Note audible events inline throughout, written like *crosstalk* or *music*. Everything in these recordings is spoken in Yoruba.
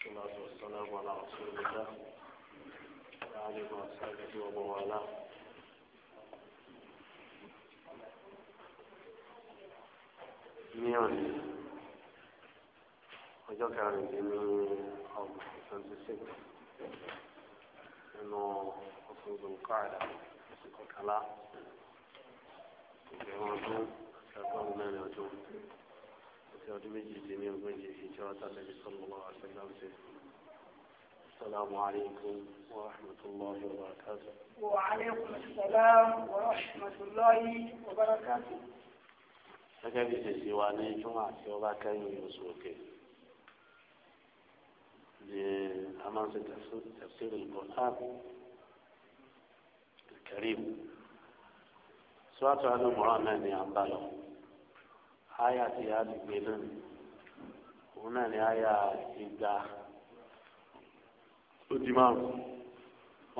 والصلاة والسلام على رسول الله وعلى وصحبه ومن والاه ní òní ọjọ́ kẹrìndínlẹ́ ọgbọ̀n twenty six nínú ọ̀sán zolkada ọ̀sán kọkànlá ìgbẹ̀rún ọdún àti ọgọ́rùn mẹ́rin ọdún àti ọdún méjìléní ogójì ìjọba tàbí sọlọ́lá àṣẹláńṣe. السلام عليكم ورحمة الله وبركاته وعليكم السلام ورحمة الله وبركاته gẹ́gẹ́ bí ṣe ṣe wa ní júmọ̀ àti ọba kẹ́yìn oṣù òkè ní amáṣe tafsir al-Qur'an al-Karim sọ́tọ̀ àdúgbò náà ni à ń bá lọ aya ti a ti gbé náà òun náà ni aya ìgbà ó di márùn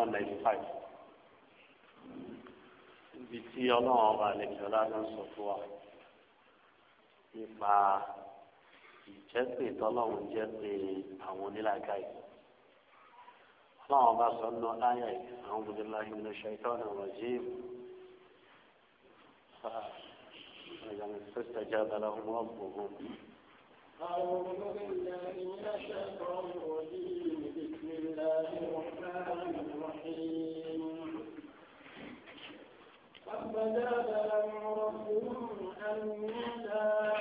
one ninety five ibi tí ọlọ́run ọba àlejò ọlọ́run ń sọ fún wa nípa ìjẹ́pè tọ́lọ́run jẹ́pè àwọn onílàgá yìí ọlọ́run ọba sọ nù aya yìí àwọn ọmọdé láyé ní ṣe ìtọ́nà ọ̀rọ̀ yìí. يعني فاستجاب لهم ربهم أعوذ بالله من الشيطان الرجيم بسم الله الرحمن الرحيم فاستجاب لهم ربهم أن لا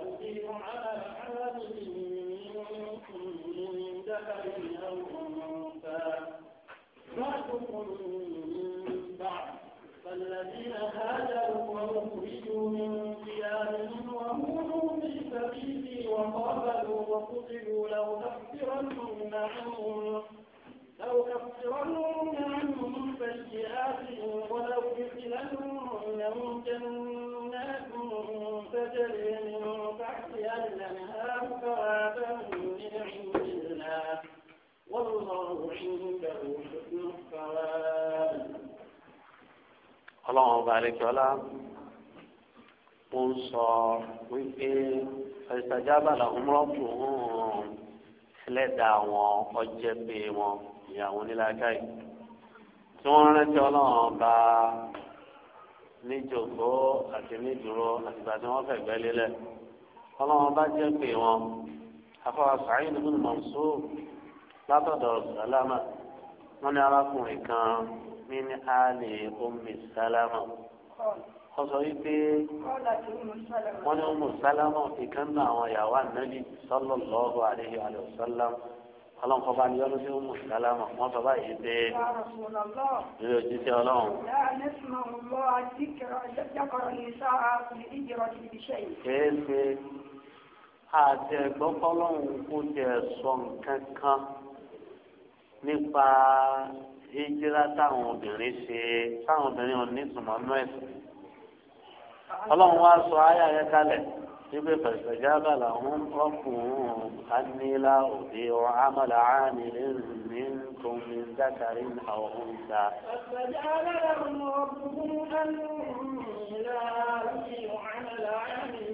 أضيع على حال من ذكر أو أنثى بعضكم الذين هاجروا وأخرجوا من ديارهم وهونوا في سبيلي وقابلوا وقتلوا لو كفرن عنهم لو كفرن عنهم سيئاتهم ولو يدخلنهم جنات تجري من تحتها الأنهار ثوابا من عند الله والله عنده حسن الثواب ọlọ́run ọba àlekíọ́lá ó ń sọ wípé ìsàjábà làwọn rọ́pù hàn ẹlẹ́dàá wọn ọjẹ́ pé wọn ìyàwó níláàká yìí tí wọ́n rántí ọlọ́run ọba níjòkó àti nídúró àtìgbà tí wọ́n fẹ̀gbẹ́ lélẹ̀ ọlọ́run ọba jẹ́ pé wọn afọwọ́sàáyìn nínú mọ̀nsó látọ̀dọ̀ sàlámà wọ́n ní arákùnrin kan ní ní àlè omi sálámà ó sọ wípé wọ́n ní omi sálámà ìkan náà àwọn ìyàwó ànábì sallallahu alaihi wa sallam ọlọ́run kọ́ bá ní ọdún sí ọmọ ìsàlámà wọ́n sọ báyìí pé ilé òjíṣẹ́ ọlọ́run. kìí ṣe àtẹ̀gbọ́kọ́lọ́hún kó tiẹ̀ sọ nǹkan kan nípa hijira táwọn obìnrin ṣe táwọn obìnrin òní sùnmọ́ mẹ́sì. ọlọ́run wá sọ ayé rẹ kalẹ̀ níbi pẹ̀sẹ̀jábà làwọn ọkùnrin anílá òde wọn amọ̀lá àmìlẹ̀ ní tómi dákàrí àwọn òǹta. pẹ̀sẹ̀jábà làwọn ọkùnrin anílá òde wọn amọ̀lá àmìlẹ̀.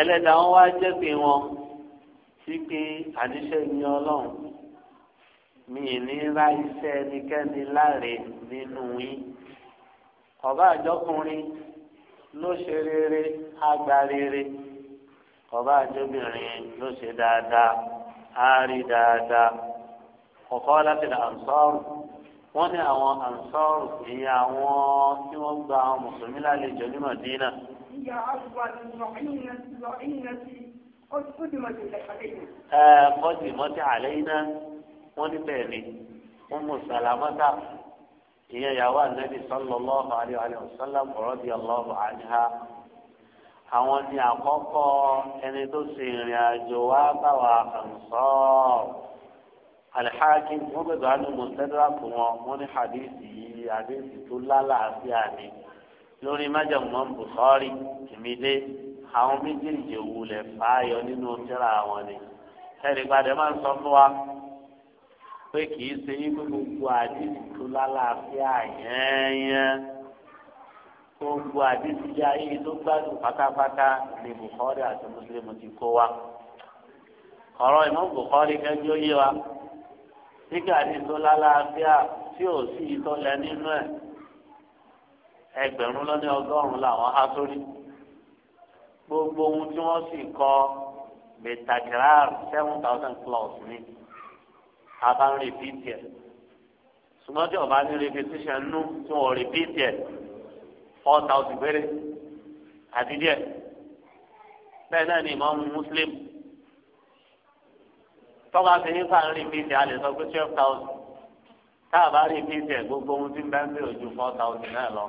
ẹlẹ́dàá wọn wá jẹ́ pé wọn sí pé àníṣe ni ọlọ́run mi ní ra iṣẹ́ ẹnikẹ́ni láre nínú yín ọba àjọkùnrin ló ṣe rere àgbà rere ọba àjọbìnrin ló ṣe dáadáa á rí dáadáa ọ̀kọ́ láti dà ń sọ́ọ̀rù. wọ́n ní àwọn ansọ́ọ̀rù ìyá àwọn tí wọ́n gba àwọn mùsùlùmí lálejò ní Mọ̀dínà. ìyá àgbà kọ́dì mọ́tì àlẹ́yìnà wọ́n ní bẹ́ẹ̀ ni wọ́n mú sàlámọ́tà ìyẹn ìyàwó ànábì sallallahu alaihi wa sallam radiyallahu anha àwọn ni àkọ́kọ́ ẹni tó ṣe ìrìn àjò wá bá alihaki wọn bẹ gbàgbọ́ mọ̀tẹ́dá kù wọn wọn ní hadithi yìí hadithi tó lálàáfíà ni lórí májàmọ́ Bukhari tìmídé àwọn méjèèjì wulẹ̀ fàáyọ nínú tírà wọn ni ẹ̀rí padà máa ń sọ fún wa pé kì í ṣe yín gbogbo hadithi tó lálàáfíà yẹ́nyẹ́n gbogbo hadithi yá yìí tó gbádùn pátápátá ni Bukhari àti Muslim ti kó wa ọ̀rọ̀ Imam Bukhari kẹ́jọ́ yé wa nígbà tí tó lálàáfíà tí ò sí ìtọ́lẹ̀ nínú ẹ̀ ẹgbẹ̀rún lọ́ní ọgọ́rùn-ún làwọn há sórí gbogbo ohun tí wọ́n sì kọ betagram seven thousand plus ni a bá ń rìpíìtì ẹ̀ ṣùgbọ́n tí ọba ní repetition nù tí wọ́n rìpíìtì ẹ̀ four thousand péré àti díẹ̀ bẹ́ẹ̀ náà ni Imam Muslim tọ́ba ti ní sáà rí bíi a lè sọ pé twelve thousand tá rí bíi ẹ̀ gbogbo ohun tí ń bá ń bèrè ju four thousand náà lọ.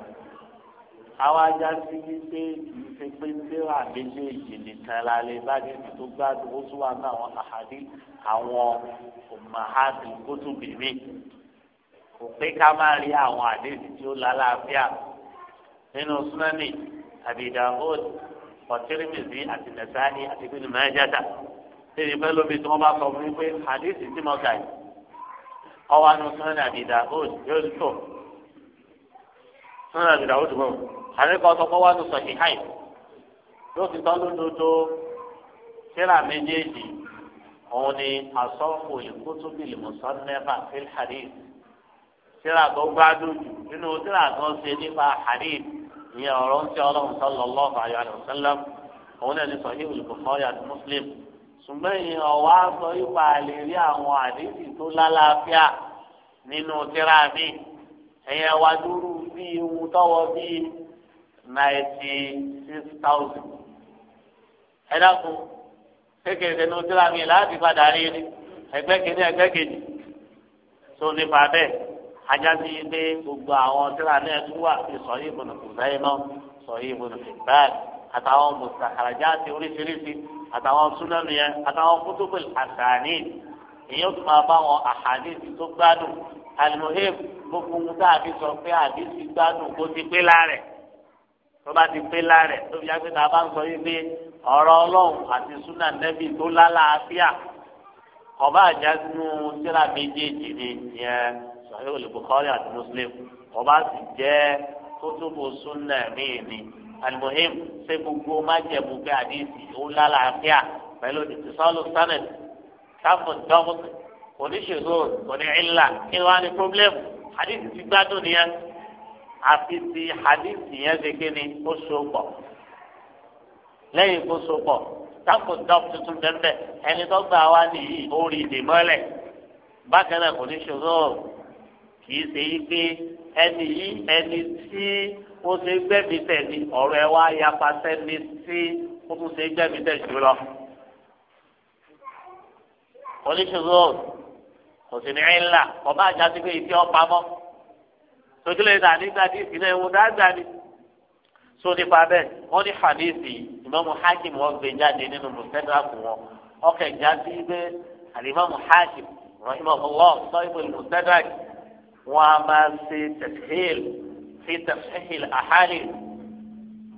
àwa ajá sí wípé kì ṣe pé tẹ́wà méjèèjì nìkan la lè bá ní ibi tó gbádùn ó tún wà ní àwọn àhàdí àwọn mahadi kótóbì mi kò pé ká má rí àwọn àdéhùn tí ó lálàáfíà nínú súnámì àbí Dawud ọ̀tírímìsì àti Nasa'i àti Ibn tẹ̀lé pẹ́ lómi tí wọ́n bá sọ fún mi pé àdéhùn tí mo kà yìí ọwọ́ anú sọ́nà àbìdá òòd yóò tó sọ́nà àbìdá òòd mọ́ àríkọ́ sọ pé ọwọ́ anú sọ̀hí háì yóò ti tán lódodo síra méjèèjì òun ni asọ́fò ìkútùbí lìmùsọ́nẹ́fà fíl hadith síra tó gbádùn nínú síra tó ṣe nípa hadith ìyẹn ọ̀rọ̀ ń ṣe ọlọ́run sallallahu alaihi wasallam òun náà ní sọ̀hí ṣùgbọ́n ìyẹn ọ̀wá sọ ipa lè rí àwọn àdéhùn tó lálàáfíà nínú tíra mi ẹ̀yẹ wa dúró bí ewu tọwọ́ bí ninety six thousand ẹ dákun kékeré nínú tíra mi láti padà rí ni ẹgbẹ́ kejì ẹgbẹ́ kejì tó nípa bẹ́ẹ̀ ajá sí pé gbogbo àwọn tíra náà tún wà fi sọ̀yìn ìbùnú kùsáyé náà sọ̀yìn ìbùnú kùsáyé àtàwọn mùsàkàràjà àti oríṣiríṣi àtàwọn súnámì yẹn àtàwọn kútùbù àsàní ìyẹn tó máa bá wọn àhàní tó gbádùn àlùmọ́hẹ́m gbogbo ohun tá a fi sọ pé àdìsí gbádùn kó ti pé lárẹ̀ tó bá ti pé lárẹ̀ tó fi yàgbé tá a bá ń sọ yìí pé ọ̀rọ̀ ọlọ́run àti súnà nẹ́bì tó lálàáfíà ọba àjàgbọ́n síra méjèèjì ni ìyẹn Sahih al-Bukhari àti Muslim ọba sì jẹ́ kútùbù súnà míì ni alimohim ṣe gbogbo májẹ̀mú pé àdéhìsì ó lálàáfíà pẹ̀lú ìtìsọ́lù sanad sáfùn dọ́mùsì kò ní ṣòro kò ní ìlà kí wọ́n á ní pọ́blẹ́mù àdéhìsì ti gbádùn nìyẹn àfi ti àdéhìsì yẹn ṣe kí ni ó so pọ̀ lẹ́yìn kó so pọ̀ sáfùn dọ́mù tuntun bẹ́ẹ̀ ẹni tó gbà wá nìyí ó rí ìdè mọ́lẹ̀ bákan náà kò ní ṣòro kì í ṣe yí pé ẹni yí ẹni tí ó ṣe gbẹ̀mí tẹ̀lé ọ̀rọ̀ ẹ̀ wá yapa sẹ́ni tí ó tún ṣe gbẹ̀mí tẹ̀ jù lọ. oníṣòwò kò sí ní ńlá ọba àjà sí pé ìfi ọ̀pamọ́ sojúlẹ̀ ìdá nígbà tí ìsìnlẹ̀ ìwò dáadáa ni so nípa bẹ́ẹ̀ wọ́n ní hadithi ìmọ̀mù hakim wọn gbé jáde nínú mùsẹ́dàkù wọn ọkẹ̀ jáde pé àlìmọ́mù hakim rahimahullah sọ ìbò mùsẹ́dàkù wọn a máa ṣe tẹ̀síhìlì fi tafsir àhálì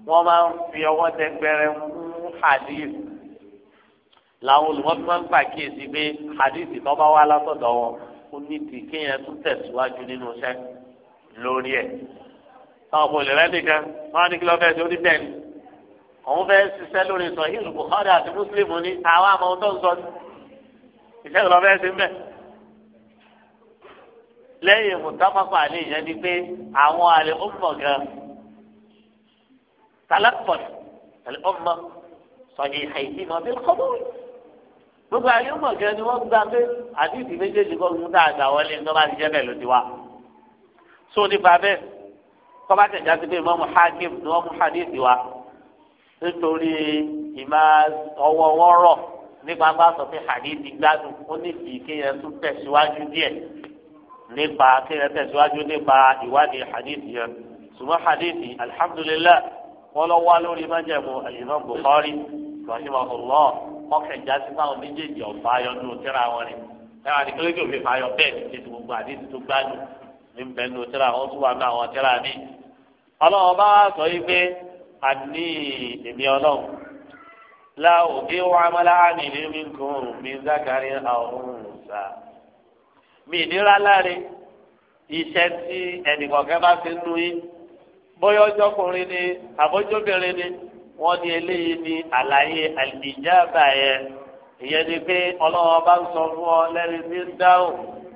وما في ń fi حديث. tẹgbẹrẹ mú hadith làwọn olùmọ́tìmọ́ ń pàkíyèsí pé hadith tó bá wá látọ̀dọ̀ wọn ó ní ti kéèyàn tún tẹ̀síwájú nínú iṣẹ́ lórí ẹ̀. táwọn ọmọ ìlera nìkan wọn á ní kí lọ́ọ́ fẹ́ẹ́ sórí bẹ́ẹ̀ ni òun fẹ́ẹ́ ṣiṣẹ́ lórí sọ yìí Bukhari àti Muslim ní àwọn àmọ́ tó ń sọ ní ìṣẹ́ ìlọ́fẹ́ẹ́ sí bẹ́ẹ̀ lẹ́yìn mùtáfàfà àlẹ́ yẹn ni pé àwọn àlẹ́ ọmọ gan talakpọ̀n àlẹ́ ọmọ sọ̀yìn àìsí ma bí kọ́mọ́ gbogbo àlẹ́ ọmọ gan ni wọ́n gba pé àdìsí méjèèjì kọ́ ń dá àgbà wọlé ní ọba àti jẹ́bẹ̀ lòdì wa so nípa bẹ́ẹ̀ kọ́ba tẹ̀jà sí pé mọ́mú hakim ni wọ́n mú hadìsí wa nítorí ìmá ọwọ́ nípa bá sọ pé hadìsí gbádùn ó ní kì kéèyàn tún tẹ̀síwájú díẹ̀ nípa kéèyàn tẹ̀síwájú nípa ìwádìí hadithi yẹn ṣùgbọ́n hadithi alhamdulillah wọ́n lọ wá lórí májẹ̀mú al-Imam Bukhari rahimahullah mọ́kànjá sí fáwọn méjèèjì ọ̀fà ayọ́nú tíra wọn ni tíra ni kílódé òfin fàyọ bẹ́ẹ̀ ní ti gbogbo hadithi tó gbádùn ní bẹ́ẹ̀nu tíra wọn tún wà ní àwọn tíra mi. ọlọ́run bá sọ yí pé àní èmi ọlọ́run la òbí wa mi ìnira láre iṣẹ́ tí ẹnìkọ̀kẹ́ bá fi nu yín bóyá ọjọ́kùnrin ni àbójóbìnrin ni wọ́n ní eléyìí ní àlàyé àlìjáàbà yẹn ìyẹn ni pé ọlọ́wọ́n bá ń sọ fún ọ lẹ́ni tí ń dáhùn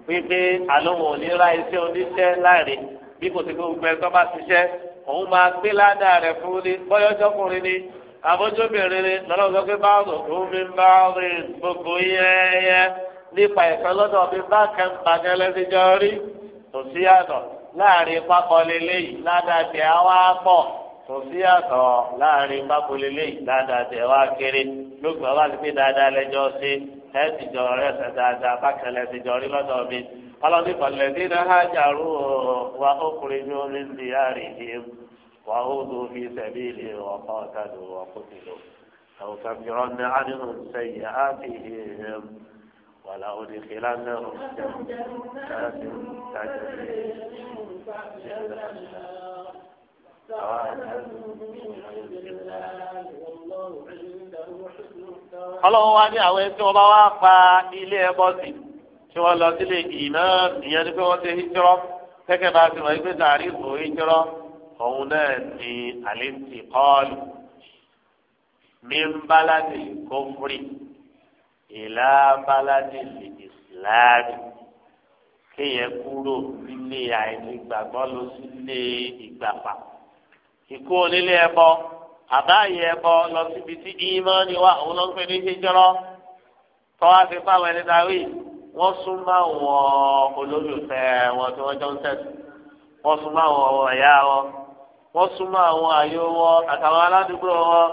wípé àlóhùn òníra iṣẹ́ oníṣẹ́ láre bí kò sí gbogbo ẹ̀ tó bá ṣiṣẹ́ òun máa gbé ládàá rẹ̀ fún ni bóyá ọjọ́kùnrin ni àbójóbìnrin ni lọ́lọ́wọ́ sọ pé báwọn òun mi bá rìn gbogbo yẹ́yẹ́ nípa ẹ̀fẹ́ lọ́dọ̀ mi bá kẹ́m gbàgẹ́lẹ́ ti jọ rí kò sí yàtọ̀ láàrin pápọ̀lẹ́ léyìí ládàtẹ̀ àwa pọ̀ kò sí yàtọ̀ láàrin pápọ̀lẹ́ léyìí ládàtẹ̀ wa kéré lóògùn ọba ti pé dáadáa lẹ́jọ́ sí ẹ̀ ti jọ rẹ̀ ṣẹ̀ dáadáa bákẹ́lẹ́ ti jọ rí lọ́dọ̀ mi ọlọ́dún pàlẹ́dé náà há jàrú wa ọkùnrin ní omi ń di àríyìn wa ó dùn fi sẹ̀mí ilé ọ̀pá ọ̀tá ولا أدخلنهم جنات تجري Ọlọ́run wá ní àwọn ẹni tí wọ́n bá wá pa ilé ẹbọ sí tí wọ́n lọ sílé ìmọ̀ ìyẹn ni pé wọ́n ṣe híjọ́rọ́ gẹ́gẹ́ bá ti mọ̀ ẹgbẹ́ tààrí ìbò híjọ́rọ́ òun náà ni àlè ti kọ́ọ̀lù mímbáládì kófúrì. ìlà baládì ìsìláàmì kéèyàn kúrò nílé àìní gbàgbọ́ lọ sílé ìgbàpá ìkó onílé ẹbọ àbáyé ẹbọ lọ síbi tí ìmọ̀ọ́ni wà òun ló ń pè ní hijrọ́ tọ́wá fi fáwọn ẹni darí wọ́n sún mọ́ àwọn olólùfẹ́ wọn tí wọ́n jọ ń tẹ̀sí wọ́n sún mọ́ àwọn ọ̀rọ̀ wọn wọ́n sún mọ́ àwọn àyò wọn àtàwọn aládùúgbò wọn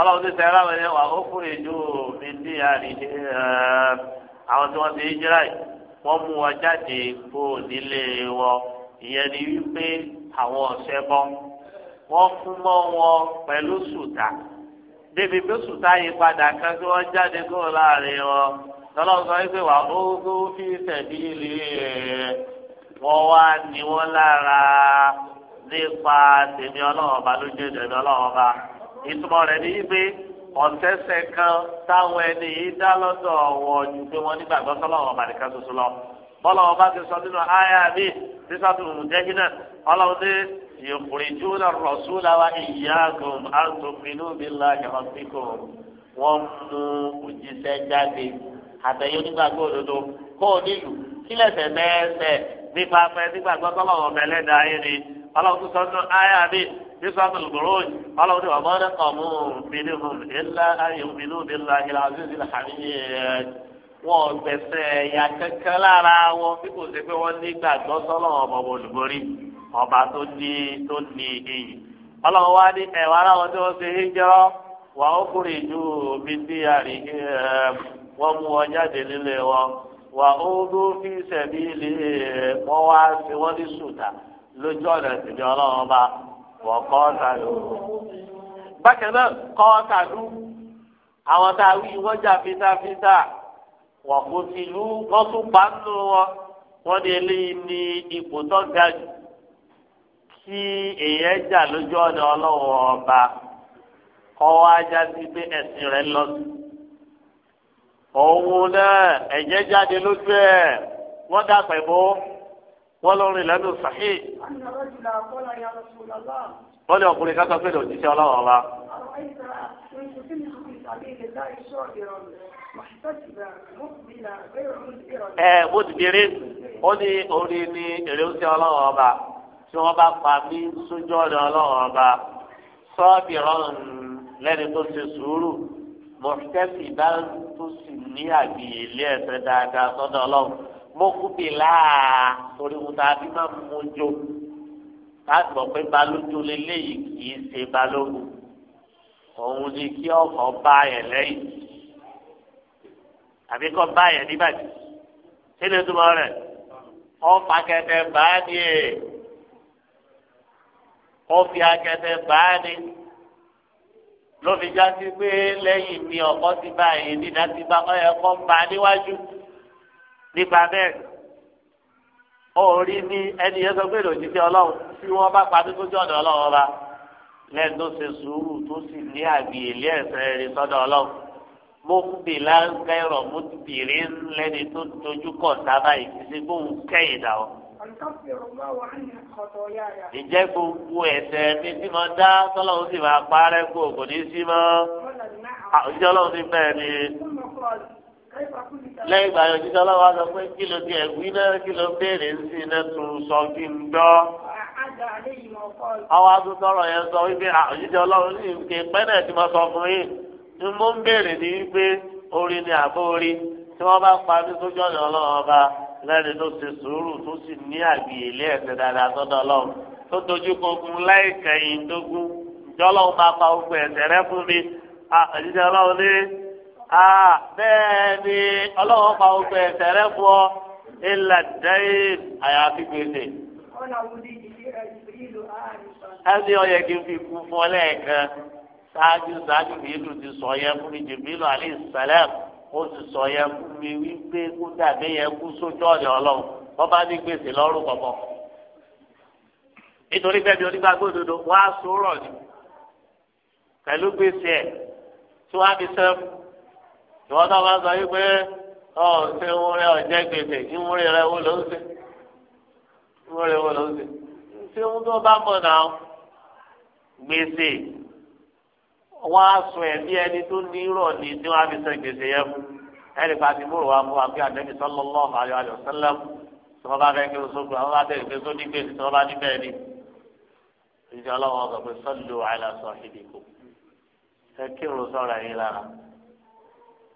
ọlọ́run ti sẹ́yìn láwọn ẹ̀yẹ wà ó fúre ju mi ní àrídé àwọn tí wọ́n ti yíra yìí wọ́n mú wọn jáde kó nílé wọn ìyẹn ni wípé àwọn ọ̀sẹ̀ bọ́ wọ́n fún mọ́ wọn pẹ̀lú sùtà débi pé sùtà yìí padà kan tí wọ́n jáde kó láàrin wọn lọ́lọ́run sọ wípé wà ó tó fi tẹ̀lé ilé e. wọn wá ní wọn lára nípa tèmi ọlọ́run lójú ìdẹ̀mí ọlọ́run ìtumọ̀ rẹ̀ ní ibi ọ̀sẹ̀sẹ̀ kan táwọn ẹni yìí dá lọ́dọ̀ ọ̀wọ̀ ju pé wọ́n nígbàgbọ́ sọ́lọ́wọ́ ọ̀bàdìkan ṣoṣo lọ. bọ́lá wọn bá ti sọ nínú àyà mi ní sátúrù jẹ́gínà ọlọ́run ní ìkùrìjú náà rọ̀ṣú làwọn ìyáàgùn àtòfinú mi la ìrọ̀síkò wọ́n mú òjíṣẹ́ jáde àtẹ̀yẹ onígbàgbọ́ òdodo kó o nílùú kílẹ̀sẹ̀ mẹ́ẹ̀ẹ́sẹ̀ nípa pẹ́ nígbàgbọ́ sọ́lọ́wọ́ ọ̀bẹ̀lẹ́dàá yìí ni ọlọ́run tó sọ nínú àyà mi يسعد البروج قالوا وما نقموا منهم إلا أن يؤمنوا بالله العزيز الحميد wọn gbẹsẹ ya kankan lára wọn bí kò sí pé wọn ní gbàgbọ́ sọ́lọ́ ọmọ olùborí ọba tó ní tó ní iyì ọlọ́run wá ní ẹ̀wọ̀n ara wọn tí wọ́n ṣe híjọ́ wà ó kúrè ju omi tí a rí wọ́n mú wọn jáde nílé wọn wà ó ló fi sẹ̀mí ilé wọn wá sí wọn ní sùtà lójú ọ̀nà ìsìnkú ọlọ́run ọba wọ́n kọ́ọ̀tàlù. bákan náà kọ́ọ̀tàlù àwọn tá a wí wọ́n jà fitafita wọ́n kò sí ìlú wọ́n tún pa ń lò wọ́n ní eléyìí ní ipò tó ga jù kí ọba ajá sí pé ẹ̀sìn rẹ̀ lọ sí. òun náà ẹ̀jẹ̀ jáde lójú ẹ̀ wọ́n wọ́n lọ sàhí. wọ́n ọkùnrin kátó pé lòjíṣẹ́ ọlọ́run ọba. ẹ bó ti bèrè ó ní orí ní èrè oúnjẹ ọlọ́run ọba tí wọ́n bá pa mí sójú ọ̀dọ̀ ọlọ́run ọba sọ́ọ̀bì rọrùn lẹ́ni tó ṣe sùúrù mọ̀tẹ́sì bá tó sì ní àgbìyèlé ẹ̀sẹ̀ dáadáa sọ́dọ̀ ọlọ́run mokubila torí wọn tàbí máa ń mójó láti mọ̀ pé balójú leléyìí kì í ṣe balógun òun ni kí ọkọ̀ bá yẹn lẹ́yìn àbí kọ́ bá yẹn níbàdí sínú ìtumọ̀ rẹ̀ wọ́n fa kẹtẹ báà ní ẹ̀ wọ́n fi akẹtẹ báà ní ló fi pé lẹ́yìn mi ọkọ̀ ti bá yẹn nídàá ti bá ọyẹ bá níwájú nípa bẹ́ẹ̀ orí ní ẹni yẹn sọ pé lòdì sí ọlọ́run tí wọ́n bá pa tuntun sí ọ̀dọ̀ ọlọ́run ọba lẹ́nu tó ṣe sùúrù tó sì ní àbí ilé ẹ̀sẹ̀ rẹ̀ sọ́dọ̀ ọlọ́run mo ń bì láńkẹ́rọ̀ mo ti bìrì lẹ́ni tó dojú kọ̀ sábà ìfisí kó ń kẹ́yìn dà ọ́. ìjẹ́ gbogbo ẹ̀ṣẹ̀ mi tí mo dá tọ́lọ́run sì máa parẹ́ kó kò ní í sí mọ́. òjijì ọlọ́run ti bẹ́ẹ̀ ni lẹ́yìn ìgbà yẹn òjíṣẹ́ ọlọ́wọ́ sọ pé kí ló tiẹ̀ wí náà kí ló béèrè ń sìn náà tún sọ kí n gbọ́. àwọn agbóhùn ọ̀rọ̀ yẹn sọ wípé òjíṣẹ́ ọlọ́wọ́ ní ìpè pẹ́ náà ti mọ sọ fún yín ni mo ń béèrè ní wípé orin ni àbó orin tí wọ́n bá pa mí sójú ọ̀nà ọlọ́wọ́ ọba lẹ́ni tó ṣe sùúrù tó sì ní àgbìyèlé ẹ̀sẹ̀ dáadáa sọ́dọ̀ ọlọ́run tó dojú kogun láìkẹyìn dógún ìjọ́lọ́run bá pa ogun ẹ̀sẹ̀ rẹ́ fún mi àjíjẹ́ ọlọ́run ní bẹ́ẹ̀ ni ọlọ́wọ́ pa ogun ẹ̀sẹ̀ rẹ fún ọ ilẹ̀ dẹ́yìn àyàfi gbèsè. ẹni ọyẹ kí n fi kú fún ọ lẹ́ẹ̀kan ṣáájú ṣáájú bìílù ti sọ yẹn fún mi jìbìlù alayhi salam ó ti sọ yẹn fún mi wípé kó dàbí yẹn kú sójú ọ̀dẹ̀ ọlọ́run wọ́n bá ní gbèsè lọ́rùn kọ̀ọ̀kan. nítorí bẹ́ẹ̀ ni onígbàgbọ́ òdodo wá sọ̀rọ̀ ni pẹ̀lú gbèsè ẹ̀ tí wọ́n á fi sẹ́fún ìwọ́n tó máa sọ yí pé ọ̀ ṣé ń rẹ ọ̀jẹ́ gbèsè ń rẹ rẹ wo ló ń ṣe ń rẹ wo ló ń ṣe ṣé ń tó bá mọ̀ náà gbèsè wọ́n á sọ ẹ̀mí ẹni tó ní rọ̀ ní tí wọ́n á fi sọ gbèsè yẹn fún ẹnì kan múrò wá fún wa pé àtẹ́bí sallallahu alaihi wa sallam tí wọ́n bá fẹ́ kí oṣooṣù àwọn àtẹ̀yìn pé sódì gbèsè tí wọ́n bá ní bẹ́ẹ̀ ni ìjọ ọlọ́wọ́ sọ pé sallu ala sahibikum ẹ kírun sọ̀rọ̀ yín lára.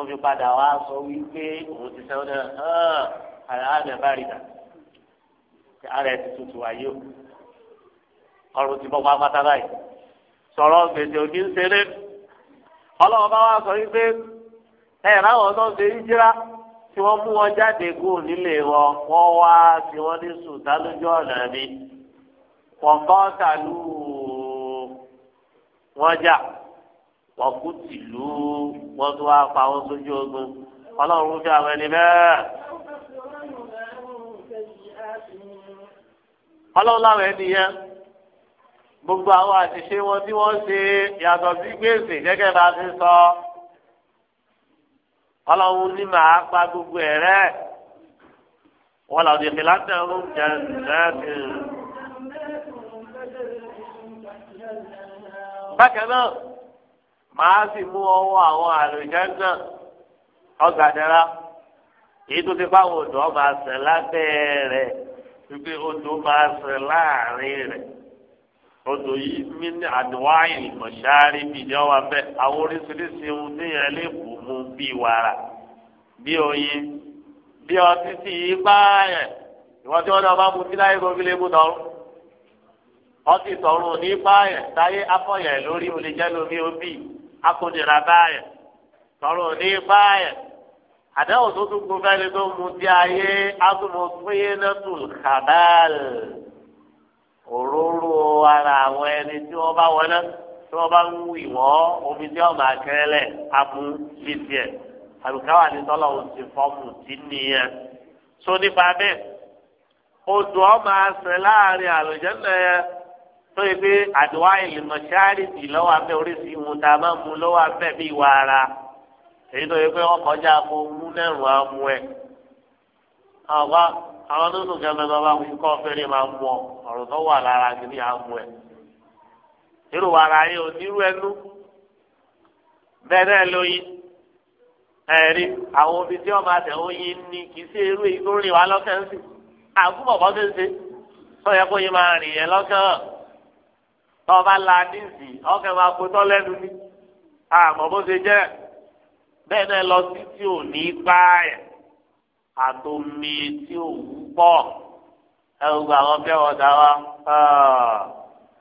tó fi padà wá sọ wípé òun ti sẹ́wọ́n náà hàn àrà àmì àbáríta àrà ẹ̀ ti tutù ayé o ọrùn ti bọ́ pápátá báyìí sọ̀rọ̀ gbèsè òní ń ṣeré ọlọ́run bá wá sọ wípé ẹ̀ ráwọn tó ń ṣe yíjíra tí wọ́n mú wọn jáde kúrò nílé wọn wọ́n wá tí wọ́n ní sùtá lójú ọ̀nà mi wọ́n tàlú wọ́n jà wọ́n kú tìlú wọ́n tún wá pa wọ́n sójú ogun ọlọ́run fi àwọn ẹni bẹ́ẹ̀. ọlọ́run láwọn ẹni yẹn gbogbo àwọn àṣìṣe wọn tí wọ́n ṣe yàtọ̀ sí gbèsè gẹ́gẹ́ bá a ti sọ ọlọ́run ní màá pa gbogbo ẹ̀ rẹ́ wọ́n làwọn ìdíje láti ẹ̀rọ oúnjẹ rẹ́ẹ̀tì. bákan náà màá sì mú ọwọ́ àwọn àlùjẹ́ náà ọgbà dára èyí tó ti bá àwọn odò ọba sẹ̀ lábẹ́ rẹ̀ wípé odò máa sẹ̀ láàrin rẹ̀ odò yìí mí ní àdúrà ìmọ̀ṣáré bíi ní ọwọ́ abẹ́ àwọn oríṣiríṣi ohun níyẹn lè bù mú bíi wàrà bíi oyin bíi ọtí tí yìí báyẹn ìwọ́n tí wọ́n náà bá mu sí láyé gbogbo ilé mú tọrún ọtí tọrún ní báyẹn táyé afọyẹ̀ lórí olè jẹ́ lómi ó bíi akọ̀dìrà báyẹ̀ tọrọ ní báyẹ̀ àdáwò tó tún kó fẹ́ lé tó mu di ayé agbọ̀mọ̀ péye náà tù kàdáàl òróró ara àwọn ẹni tí wọ́n bá wọlé tí wọ́n bá ń wù ìwọ́ omi tí wọ́n máa kẹ́lẹ̀ amú bí tiẹ̀ àbíkáwá ní tọ́lá òun ti fọ́ọ̀mù tí nìyẹn tó nípa bẹ́ẹ̀ odò ọ máa sẹ láàrin àlùjẹ́ náà yẹn tó yẹ pé àdúrà ìlìmọ̀ṣáàrì tì lọ́wọ́ abẹ́ oríṣi mu tá a máa mu lọ́wọ́ abẹ́ bíi wàrà èyí tó yẹ pé wọ́n kọjá kó mú lẹ́rù amú ẹ̀. àwọn àwọn tó sùn kẹ́mẹ́ tó bá wí kọ́ fẹ́rẹ́ máa mú ọ ọ̀rọ̀ tó wà lára kìíní amú ẹ̀. irú wàrà yìí ò nírú ẹnu bẹ́ẹ̀ náà lóyin ẹ̀rí àwọn omi tí wọ́n máa tẹ̀ oyin ní kì í sí irú èyí tó rìn wá lọ́kàn àkúbọ̀ bọ́ tọ́ba la níìsì ọkẹ́ máa kó tọ́ lẹ́nu ní àmọ́ bó ṣe jẹ́ bẹ́ẹ̀ náà lọ sí tí ò ní báyà àtòmí tí ò wú pọ̀ ẹ gbogbo àwọn bí wọn dá wa ah,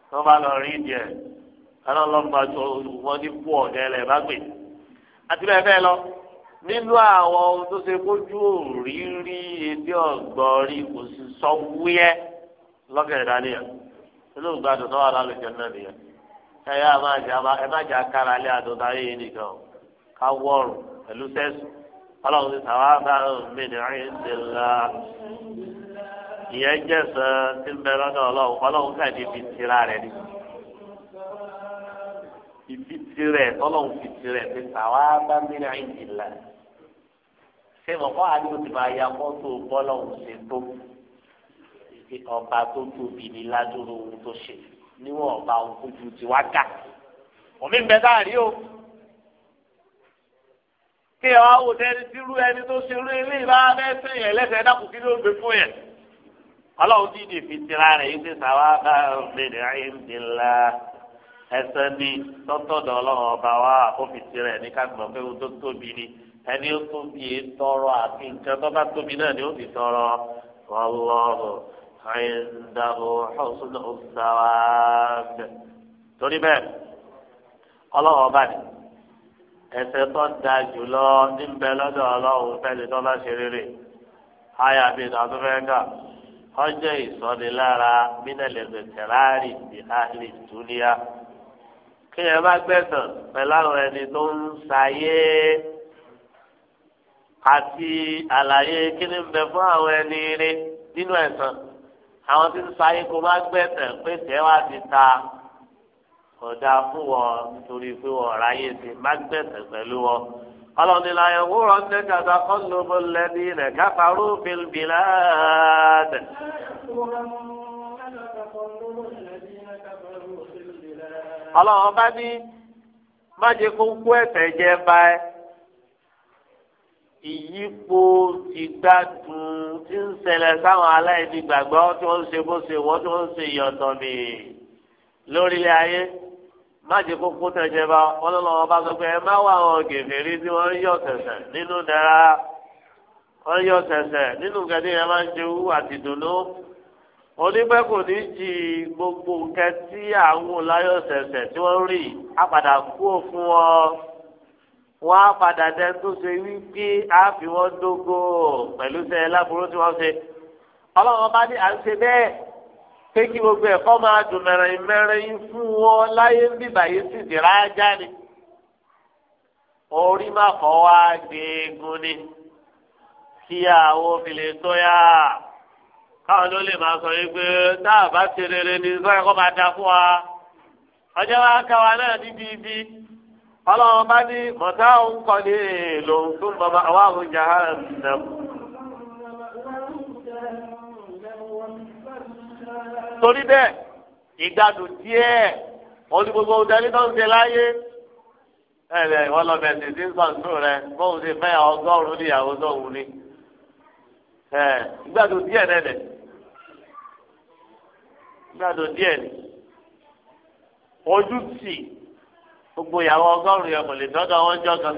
tó bá lọ rí díẹ̀ ọlọ́lọ́gba tó wọn ní kú ọ̀dẹ́ lẹ̀ bá gbè àti bẹ́ẹ̀ bẹ́ẹ̀ lọ nínú àwọn ohun tó ṣe kójú òrí rí etí kò sí sọ wúyẹ́ lọ́kẹ̀ẹ́dá inú gbádùn náà wà lálùjọ náà nìyẹn ẹ yá máa jẹ ẹ má jẹ akára alẹ́ àdóta ayé yìí nìkan o ká wọ́ọ̀rù pẹ̀lú sẹ́sù ọlọ́run ti sàwọn abáhùn mi ní ìṣẹ̀lá ìyẹn jẹ̀sán tí ń bẹ lọ́dọ̀ ọlọ́run ọlọ́run ká ní ibi tira rẹ̀ ni ibi tirẹ̀ ọlọ́run fi tirẹ̀ ti sàwọn abáhùn mi ní ìṣẹ̀lá ṣé mọ̀kọ́ àdúgbò ti máa ya mọ́tò bọ́lọ́run ṣe tó pé ọba tó tóbi ni ládùúró ohun tó ṣe níwọ̀n ọba ohun kójú ti wá ká òmí ń bẹ dáàrí o kí ẹ wá wò tẹni tí irú ẹni tó ṣe irú ilé ìbá mẹsẹ yẹn lẹsẹ dákun kí ló gbé fún yẹn Ọlọ́run tí ìdè fi tira rẹ yìí ti sàwá bá ọmọdé ayélujára ẹsẹ ní tọtọdọ Ọlọ́run ọba wa òfìsì rẹ ní ká pé ohun tó tóbi ni ẹni ó tóbi tọrọ àti nǹkan tó bá tóbi náà ni ó fi tọrọ wọn عنده حسن الثواب torí bẹ́ẹ̀ ọlọ́wọ́ bá ní ẹsẹ̀ tó da jùlọ níbẹ̀ lọ́dọ̀ ọlọ́run fẹ́ni tó bá ṣe rere àyà bí ìdánúfẹ́ńgà ọjọ́ ìsọnilára mínàlẹ́sẹ̀ tẹ̀láàrì bí àlè túnìyà kí ẹ bá gbẹ̀sán pẹ̀lú àwọn ẹni tó ń ṣayé àti àlàyé kí ni ń bẹ fún àwọn ẹni rí nínú ẹ̀sán àwọn tí ń sáyé kó bá gbẹ̀tẹ̀ pé tẹ́ wá ti ta ọ̀dà fún wọn nítorí pé wọn ráyè sí má gbẹ̀tẹ̀ pẹ̀lú wọn. ọlọ́ni láyọ̀ wúrọ̀ ń tẹ́ kàtà kọ́ ló bó lẹ́ni rẹ̀ káfà rúfin bìláàd. ọlọ́run bá ní má kú ẹ̀tẹ̀ jẹ báyìí ìyípo ti gbádùn tí ń ṣẹlẹ̀ sáwọn aláìní gbàgbọ́ tí wọ́n ń ṣe bó ṣe wọ́n tí wọ́n ń ṣe ìyọ̀tọ̀ mi lórílẹ̀ ayé má jẹ́ kókó tẹ̀jẹ̀ bá ọlọ́lọ́wọ́ bá sọ pé ẹ má wà àwọn gèfèrí tí wọ́n ń yọ̀ tẹ̀sẹ̀ nínú dára wọ́n ń yọ̀ tẹ̀sẹ̀ nínú gẹ̀dẹ́ yẹn máa ń ṣe wú àti dùnú onígbẹ́ kò ní jì gbogbo nǹkan àwọn láyọ̀ tẹ̀sẹ̀ tí wọ́n rí àpàdà kú òfin wọn. wọ́n á padà dẹ tó ṣe wípé á fi wọ́n dógó pẹ̀lú sẹ láburú tí wọ́n ṣe ọlọ́run bá ní à ń ṣe bẹ́ẹ̀ pé kí gbogbo ẹ̀kọ́ máa dùn mẹ́rin mẹ́rin fún wọn láyé ń bíbà yìí sì ti ni orí má kọ́ wá ni kí àwọn obìnrin tó káwọn ló lè máa sọ wípé bá ṣe rere ni sọ́yìn kó máa fún wa ọjọ́ wa ọlọ́run bá ní mọ̀tá òun kọ́ ní èèlò tó ń bọ̀bọ̀ àwọn àwọn ìjà nà. torí bẹ́ẹ̀ ìgbádùn díẹ̀ olùgbogbo ọ̀dẹ́ni tó ń ṣe láyé ẹ̀rẹ̀ ìwọ lọ bẹ̀ tètè ń sàn tó rẹ bóun ṣe fẹ́ ọgọ́rùn-ún níyàwó tóun ní. ìgbádùn díẹ̀ nẹ̀nẹ̀ ìgbádùn díẹ̀ ni ojú tì gbogbo ìyàwó ọgọ́rùn-ún yẹn kò lè dọ́dọ̀ wọn jọ kan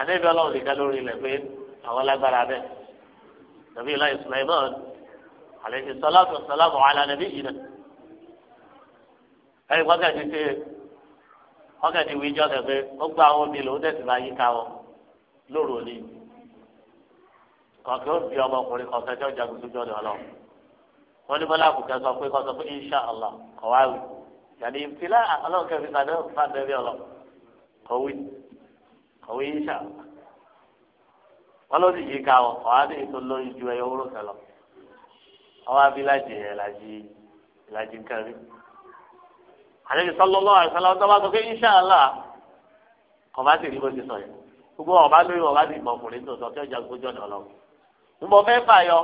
àdébí ọlọ́run nìkan lórí ilẹ̀ pé àwọn lágbára bẹ́ẹ̀ nàbí ilá Sulaiman àlejò sọláàtù sọláàmù àlà nàbí ìyìnà ẹ̀yìn wákàtí ṣe wákàtí wí jọ́ kẹfẹ́ ó gba àwọn omi lòún tẹ̀sí máa yíká wọn lóru òní kọ̀ọ̀kẹ́ ó bí ọmọkùnrin kọ̀ọ̀kẹ́ tí ó jagun sójú ọ̀dọ̀ ọlọ́run wọ́n ní bọ́lá àbùkẹ́ sọ pé kọ́ sọ pé inṣàlá kọ̀wáwì yàtì ìfìlà ọlọ́ọ̀kẹ́ fi padà fàdé bí ọlọ́ kọ̀wé kọ̀wé ìṣà wọn ló sì yíká ọ ọ̀hán ní ètò lóyún ju ẹyọ wúrò kan lọ ọwọ́ abilájì ẹ̀ làjì ìlàjì kẹrin àlejò sọlọ́lọ́ àìsàn lọ́wọ́ tó bá sọ pé ìṣà ńlá ọba sì rí bó ti sọ yẹn gbogbo ọba lóyún ọba sì mọ ọkùnrin tó sọ kí ọjà gbójú ọ̀nà lọ nbọ fẹ́ fàyọ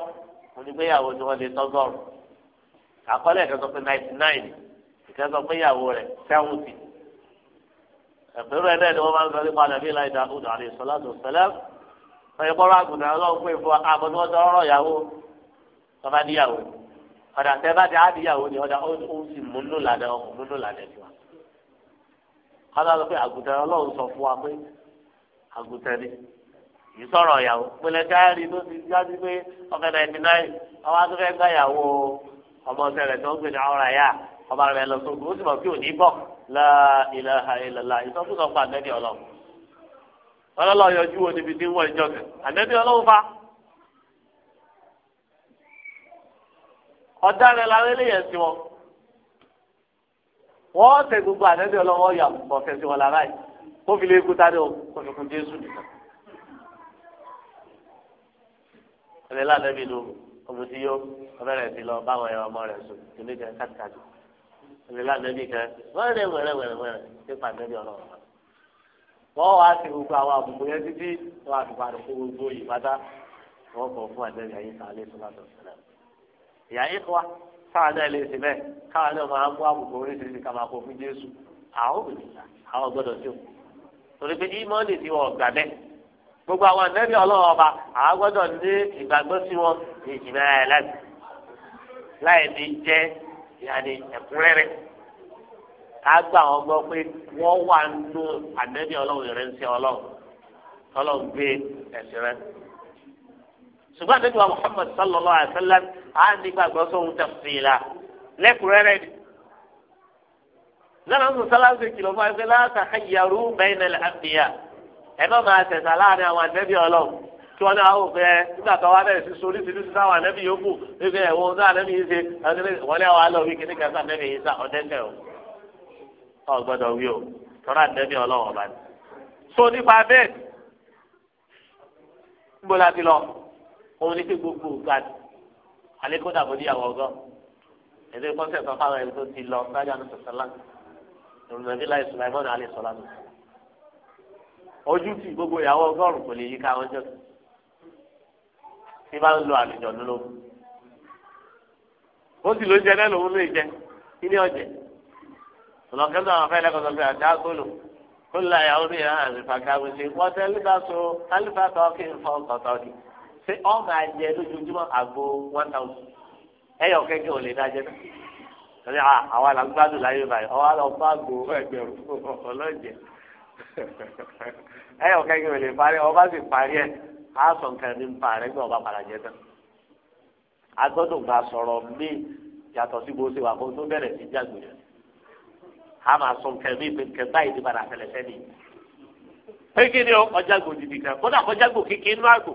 onígbéyàwó ni wọ́n lè tọ́gọ́rùn àkọlé ẹ̀ka nine kẹ́ sọ pé ìyàwó rẹ̀ sẹ́wùtì ẹ̀fẹ́rẹ́ náà ni wọ́n máa ń sọ nípa nàbí láì dá ọdún àlè sọlá tó sẹlẹ̀ wọ́n yẹ kọ́ra àgùntàn ọlọ́run pé fún àbọ̀ tí ah, wọ́n sọ ọ̀rọ̀ ìyàwó ọba níyàwó ọ̀dà tẹ́ bá ti àdìyàwó ni ọ̀dà ó sì múnú làdẹ ọkùn múnú làdẹ ni wa. kọ́ra lọ pé àgùntàn ọlọ́run sọ fún wa pé àgùntàn ni yìí sọ̀rọ̀ ìyàwó pínlẹ̀ káyọ̀rì ló ti jáde pé ọ̀kẹ́ náà ẹni náà ọwọ́ ọba rẹ lọ sógun ó sì mọ pé òní bọ la ilaha illallah ìsọfúnṣọ pa ànẹbí Ọlọ́run ọlọlọ yọjú wo níbi tí ń wọ ìjọ kẹ ànẹbí Ọlọ́run fa ọ̀daràn làwọn eléyẹn sí wọn wọn tẹ gbogbo ànẹbí Ọlọ́run wọn yà pọ fẹsí wọn lára yìí kó fi lè kú tádé o kó fi kún Jésù nìkan ẹlẹ́lá ànẹbí ló ọmọ tí yó ọbẹ̀ rẹ̀ ti lọ báwọn ẹ̀ ọmọ rẹ̀ sùn kí ní jẹ káàkiri ìrìlá nẹ́bí kan wẹ́rẹ́ wẹ́rẹ́ wẹ́rẹ́ wẹ́rẹ́ pépà nẹ́bí ọlọ́run wọ́n wá sí gbogbo àwọn àbùkù yẹn títí wọ́n á fi padà kó gbogbo yìí pátá wọ́n kọ̀ fún àdéhùn yàyí sàlẹ̀ sọ́làtọ̀ sẹ́lẹ̀. ìyá ìkọ́wá káwọn náà lè ṣe bẹ́ẹ̀ káwọn náà máa ń kó àbùkù oríṣiríṣi ká máa kó fún Jésù àwọn òbílà àwọn gbọ́dọ̀ sí o. torí pé ìmọ̀lì ti wọ̀ gbà bẹ́ẹ̀ gbogbo àwọn àdéhùn ọlọ́wọ́ yàrá ẹ̀kúnrẹ́rẹ́ kagbà wọn gbọ́ pé wọn wà nù ànẹbí Ọlọ́run rẹ ń sẹ Ọlọ́run Ọlọ́run gbé ẹsẹ rẹ ṣùgbọ́n àti ìwà Muhammad sallallahu alaihi wasallam á ní gbàgbọ́ sóhun tafsila lẹ́kùnrẹ́rẹ́ ni nana musala ṣe fún ẹgbẹ́ láti àyàrú bayna al-anbiya ẹ má máa tẹ̀sà láàrin àwọn ànẹbí Ọlọ́run tí wọn náà wò pé nígbà tó wá bẹ̀rẹ̀ sí sórí sí lùsí sáwọn anẹ́bí yòókù wípé ẹ̀wọ̀n náà anẹ́bí yìí ṣe wọ́n lé àwọn alọ́ wí kíní kẹta anẹ́bí yìí sá ọ̀dẹ́ńdẹ́ o ọ̀ gbọ́dọ̀ wí o tọ́lá anẹ́bí ọlọ́wọ́ bá ní. so nípa bẹ́ẹ̀ níbo la ti lọ òun ní kí gbogbo gbà alẹ́ kó dàbò níyàwó ọgọ́ ẹ̀dẹ́ kọ́sẹ̀ sọ fáwọn ẹni tó ti lọ sájà ní sọ̀sọ́lá ìrùnàdínláì sùláìmọ́nù alẹ́ sọ̀lá ojú ti gbogbo ìyàwó ọgọ́rùn-ún kò lè yí ká wọn jọ́sìn tí bá ń lo àlejò ló ó sì ló jẹ náà lòun ló jẹ kí ni ọjẹ ọlọkẹtọ àwọn afẹ lẹkọọ sọfẹ àdágọlò ó là yà orí yà àlùfà kàwé ṣe wọtẹ lífà so àlùfà tọkì nfọ tọtọkì ṣé ọ máa jẹ lójoojúmọ́ àgbo one thousand ẹyọ kẹkẹ ò lè dá jẹ náà torí àwa là ń gbádùn láyé báyìí ọwọ́ àlọ́ bá gbó ẹgbẹ̀rún ọlọ́jẹ ẹyọ kẹkẹ ò lè parí ọ á sọ nǹkan ẹni ń pa rẹ gbọ́n ọba padà jẹ tán a gbọ́dọ̀ gba sọ̀rọ̀ mí yàtọ̀ sí bó ṣe wà kó tó bẹ̀rẹ̀ sí jágbe a máa sọ nǹkan mí pé nǹkan báyìí ti padà fẹlẹ̀ sẹ́ni pé kí ni ọjà gbòdì nìkan kódà kọjá gbò kékeré nínú àgbò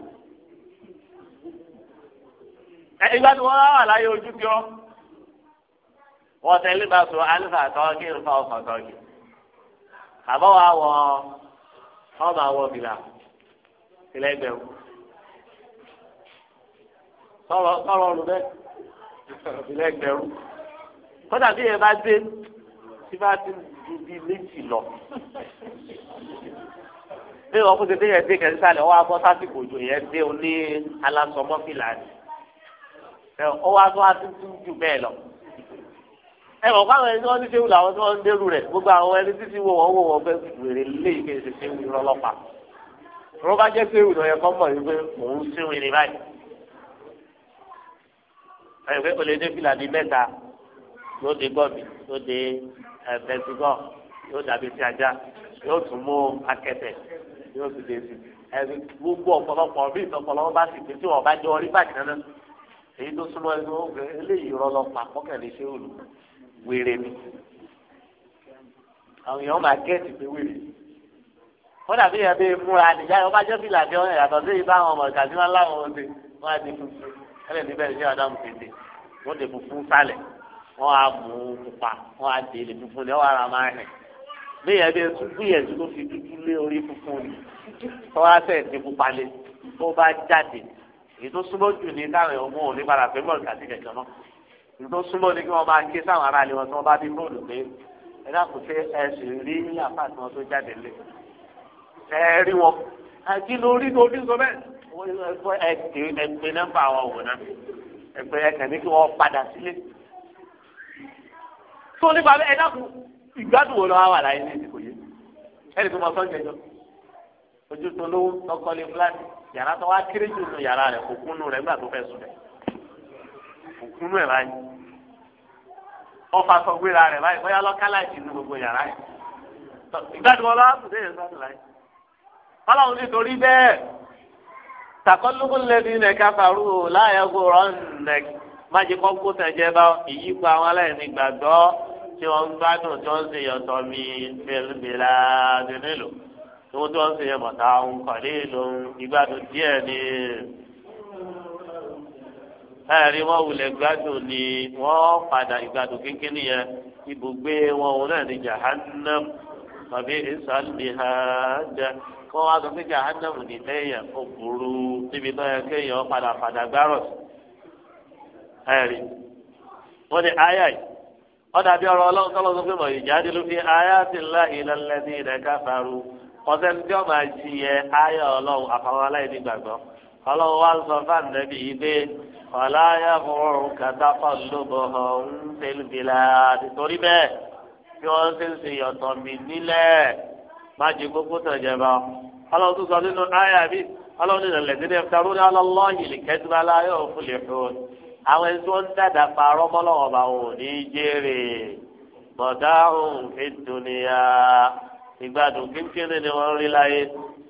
ìgbà tí wọn wà láyé ojú bí ọ wọn tẹlẹ bá sọ alifa tọọkì nfa ọfà tọọkì àbọ wa ọmọ àwọn bìlà sílẹ̀gbẹ̀ o sọ̀rọ̀ sọ̀rọ̀ ọ̀rùn bẹ́ẹ̀ bí yẹn bá dé tí bá ti ju bí méjì lọ bí wọn kó ti yẹn dé kẹsí sálẹ̀ wọn abọ́ sásìkò òjò yẹn dé o ní alásọmọ́fìlà ni ọ wá tó jù bẹ́ẹ̀ lọ ẹ mọ̀ fáwọn ẹni tí wọ́n ti ṣe wù làwọn tí wọ́n ń dérú rẹ̀ gbogbo àwọn ẹni títí wò wọ́n wò wọ́n fẹ́ wèrè lé ìgbésẹ̀ ṣe wù lọ́lọ́pàá wọ́n bá jẹ́ pé ìwòsàn yẹn kọ́ mọ̀ wípé òun síwìn ní báyìí. ẹ̀yìn pé olè dé fìlà bíi mẹ́ta yóò dé gọ́ọ̀bì yóò dé bẹ́sígọ́ yóò dàbí ti ajá yóò tún mú akẹ́tẹ̀ yóò sì dé sí ẹ̀rí gbogbo ọ̀pọ̀lọpọ̀ bí ìtọ́pọ̀lọpọ̀ bá sì pé tí wọ́n bá jọ orí bàjẹ́ náà èyí tó súnmọ́ ẹni ó gbé eléyìí rọlọ́ pa kọ́kẹ́lẹ́ ṣé òòlù wéré ni àwọn èèyàn máa gẹ́ẹ̀tì pé wéré ni kódà bí yẹn bí múra nìyá yẹn ọba jẹ́ fìlà bí ọ̀hún yàtọ̀ sí ibà àwọn ọmọ ìkàtí máa ń láwọn ọdẹ wọn á di funfun ẹlẹ́ níbẹ̀ ní ọ̀dàmù tètè wọ́n di funfun sálẹ̀ wọ́n á mú pupa wọ́n á di ilé funfun ní ọwọ́ ara máa rìn bí yẹn bí túbú yẹn tó fi dúdú lé orí funfun ni wọ́n á tẹ̀ ní pupa lé tó bá jáde èyí súnmọ́ jù ní táwọn ọmọ òní padà fẹ́ bọ́ọ̀lù kàtí kẹ̀kẹ́ náà ẹ rí wọn àti lórí ní ojú sọ bẹ́ẹ̀ ẹgbẹ ẹgbẹ nọ́mbà wọn wò náà ẹgbẹ ẹkẹ ní kí wọn padà sílé tó nípa bẹ ẹ dákun ìgbádùn wo lọ wà láyé ní ìdìbò yìí ẹni tó mọ sọjọjọ ojú tó lówó tọkọlé fúlàní yàrá tó wá kéré jù nù yàrá rẹ kò kúnnú rẹ nígbà tó fẹ́ sùn rẹ kò kúnnú ẹ báyìí ọfà sọgbéra rẹ báyìí bóyá lọkàlà ìdìbò gbogbo yàrá yìí ìgbádùn wọn kùdé yẹn sọ ọlọ́run nítorí bẹ́ẹ̀ takọ́lùkù lẹ́ni nẹ̀ka faru láyé gbòòrò nẹ̀k májèkọ́ kó tẹ̀jẹ́ bá ìyípo àwọn aláìní gbàgbọ́ tí wọ́n ń gbádùn tí wọ́n ń ṣèyàn tọ́ mi bẹ́ẹ̀lá dénìlò tí wọ́n tí wọ́n ń ṣèyàn bọ̀tà ń kọ̀lé ló ń ìgbádùn díẹ̀ ni ẹ̀rí wọn wulẹ̀ gbádùn ni wọ́n padà ìgbádùn kékeré yẹn ibùgbé wọn òun náà ní jahannam tàbí ìsàlùmí ha jẹ́ kí wọ́n wá sọ pé jahannamu ní lẹ́yìn ó burú níbi tó yẹ kéèyàn padà padà gbárọ̀ sí. ẹ̀rí wọ́n ní àyà yìí wọ́n dàbí ọ̀rọ̀ ọlọ́run tọ́lọ́ sọ pé mọ̀ ìjádìlú fi àyà ti ńlá ìlànà ní ìdẹ́ká faru ọ̀sẹ̀ ní ọ̀ma jiyẹ àyà ọlọ́run àfàwọn aláìní gbàgbọ́ ọlọ́run wá sọ fáàn nẹ́bí yìí pé ọ̀la ayá fọwọ́rùn kàtà fọ́ọ̀lùbọ̀ ọ̀hún tẹ́lifílà torí bẹ́ẹ̀ bí wọ́n má jẹ gbogbo tàn jẹba ọlọ́run tó sọ nínú àyà mi ọlọ́run nínú lẹ́sìn ẹ̀ fẹ́ràn ní alọ́lọ́yìn lè kẹ́tùmá láyọ̀ fún lè fún un àwọn ẹni tó ń dàdà parọ́ mọ́lọ́wọ́ bá wọn ò ní jèrè bọ̀dá òun fi dùnìyà ìgbádùn kékeré ni wọ́n rí láyé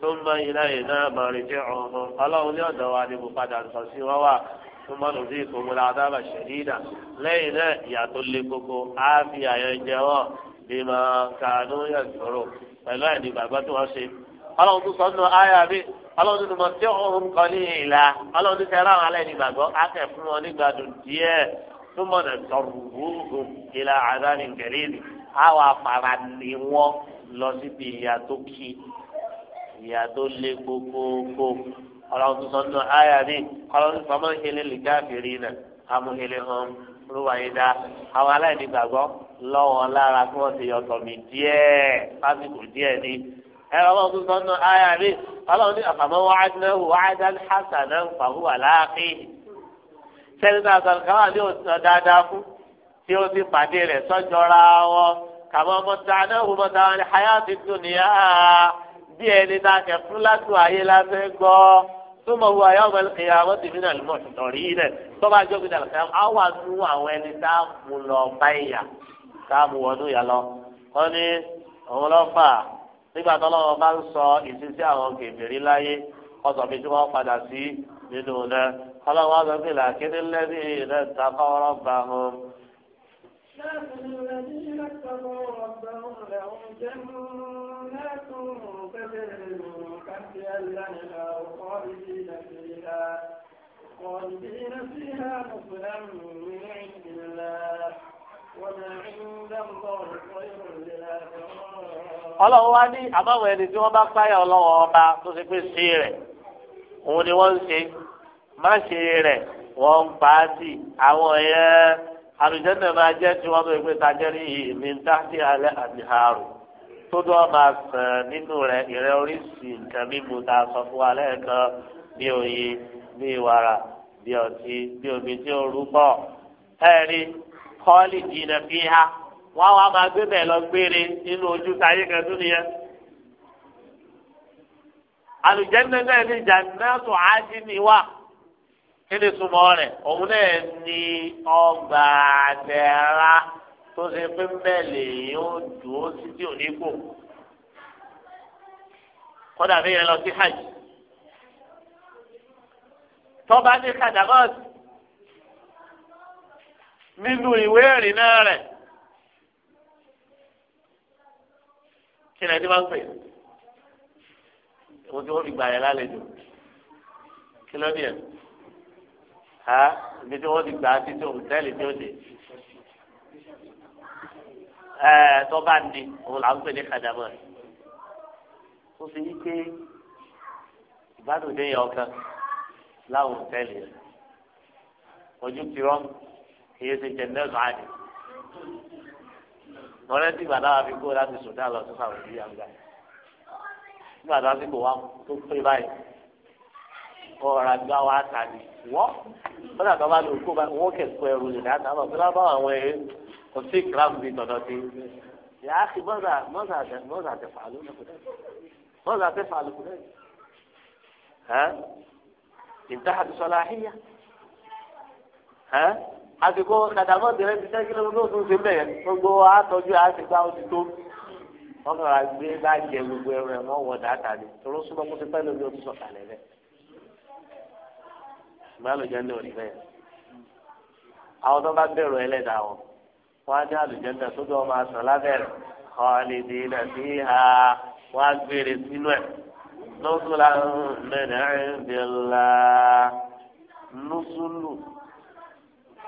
tó ń bá yìí láyé náà máa rí jẹ́ ọ̀hún ọlọ́run ní ọ̀dọ̀ wa ni mo padà sọ sí wọ́n wà tó mọ́ lòdì ìfowópamọ́ àdábà ṣẹ̀dídà lẹ́yìn náà ìyà tó le á fi àyẹ̀ jẹ́wọ́ bí máa kàánú yẹ̀ sọ̀rọ̀ pẹ̀lú àìní ìgbàgbọ́ tí wọ́n ṣe. ọlọ́run tún sọ nínú ayé àbí ọlọ́run tún mọ sí òun kan ní ìlà ọlọ́run tún fẹ́ràn àwọn aláìní ìgbàgbọ́ akẹ́ fún wọn nígbàdùn díẹ̀ tó mọ̀ nà sọ̀rọ̀ ìlà àdáni gẹ̀rẹ́ẹ̀lì àwọn afárá ni wọ́n lọ síbi ìyá tó kí ìyá tó lé gbogbogbò ọlọ́run tún sọ nínú ayé àbí ọlọ́run tún sọ mọ́ lọ́wọ́ lára kí wọ́n ti yọ̀tọ̀ mi díẹ̀ fásitì díẹ̀ ni. ẹ ọlọ́run tó sọ nù ayé àbí ọlọ́run ní àfàmọ́ wáhádì náà wò wáhádì alhassan náà ń fàwọ́ wà láàfin. sẹ́ńtà sọ̀rọ̀káwá ní òsàn dáadáa fún tí ó ti pàdé rẹ̀ sọ́jọ́ra wọn. kàmọ́ mọ́ta náà wò mọ́ta wọn ní hayati bí ẹni tá kẹ fún látò ayé lásẹ̀ gbọ́ súnmọ́ wo ayé ọmọ ẹ̀yà wọ́n ti mìíràn lọ́mọ́ ìtọ̀rí rẹ̀ tó jókòó dàlùkẹ́ àwọn àwọn ẹni tá a mú lọ báyà táàmù wọnú yà lọ wọn ní òun lọ fà nígbà tó lọ́wọ́ bá ń sọ ìṣesí àwọn kèfèrí láyé ọ̀sọ̀ mi tí wọ́n padà sí nínú rẹ̀ ọlọ́wọ́ sọ pé làkínní lẹ́bí rẹ̀ takọ́ rọ́bà hàn. لكن الذين اتقوا ربهم لهم جنات فيها خالدين من عند الله ọlọ́run wá ní àbáwọn ẹni tí wọ́n bá páyà ọlọ́wọ́ ọba tó ṣe pé sí rẹ̀ òun ni wọ́n ń ṣe má ṣe rẹ̀ wọ́n ń pa á sí àwọn yẹn àlùjànnà máa jẹ́ tí wọ́n tó ṣe pé tajẹ́ ní ìmí ń dá sí alẹ́ àdìhàrò tó tó wọn máa sàn nínú rẹ̀ ìrẹ́ oríṣi nǹkan mímu tá sọ fún wa lẹ́ẹ̀kan bí oyin bí wàrà bí ọtí bí omi tí ó rú pọ̀ ẹ̀rí kọ́ọ̀lì jìnnà fi ha wọ́n wá máa gbé bẹ́ẹ̀ lọ gbére nínú ojú táyé kan tó nìyẹn. àlùjẹ́nà náà ní jannatu adini wà kíni súnmọ́ rẹ̀ òun náà ní ọgbà àtẹ̀rà tó ṣe pé mẹ́lẹ̀ yóò dùn ó tí ò ní kù. kódà bí yẹn lọ sí hajj. tọ́ba ní kàdàmọ́sì nínú ìwé ẹ̀rí náà rẹ̀ kí ni ẹni máa ń pè wọ́n ti wọ́n fi gbà yẹn lálejò kí ló dé ẹ̀ ha ibi tí wọ́n ti gbà á sí tó hòtẹ́ẹ̀lì tí ó dé ẹ̀ tó bá ní òun là ń pè ní kàdàmọ́ ẹ̀ ó fi yí pé ìbádòde yẹn ọkàn láwọn hòtẹ́ẹ̀lì rẹ̀ ojú ti rọ́ọ̀mù. kìí ṣe jẹnẹtọ àdì mọlẹ tí gbàdá wa fi kó láti sòdá lọ sí sàwọn ìdí àgbà nígbà tó àsìkò wa tó pé báyìí ọ̀rọ̀ àgbà wa tàbí wọ́n wọ́n dàgbà bá lò kó báyìí wọ́n kẹ̀kọ́ ẹrù lè dá tàbí ọ̀gbìn lábá àwọn ẹ̀ kò sí kíláàmù bíi tọ̀dọ̀ ti yà á sì mọ́sà mọ́sà mọ́sà tẹ̀fà ló lọ́kùn dẹ́ mọ́sà tẹ̀fà ló kù dẹ́ ẹ̀ ìdáhàtúsọ̀lá àhíyá ẹ̀. àsìkò dàdàmọ́ tẹ̀lé ti sẹ́kí lóko tó tún ṣe ń bẹ̀rẹ̀ gbogbo àtọ́jú àtìgbà òtí tó wọ́n kàn á gbé bá jẹ gbogbo ẹrù ẹ̀ mọ́ wọ̀ dáadáa ni tòró súnmọ́ kó ti pẹ́ lómi oṣù sọ̀kalẹ̀ rẹ̀ ṣùgbọ́n àlùjẹ́ndẹ̀ ò ní bẹ́ẹ̀ àwọn tó bá bẹ̀rù ẹlẹ́dàá wọn wọ́n á ní àlùjẹ́ndẹ̀ tó dọ̀ máa sàn lábẹ́rẹ̀ kọ́ọ̀lìdì náà sí ha wọ́n á gbére sínú ẹ̀ lọ́sùn làwọn mẹ́rin ẹ̀ ń bẹ̀rẹ̀ la nùsùlù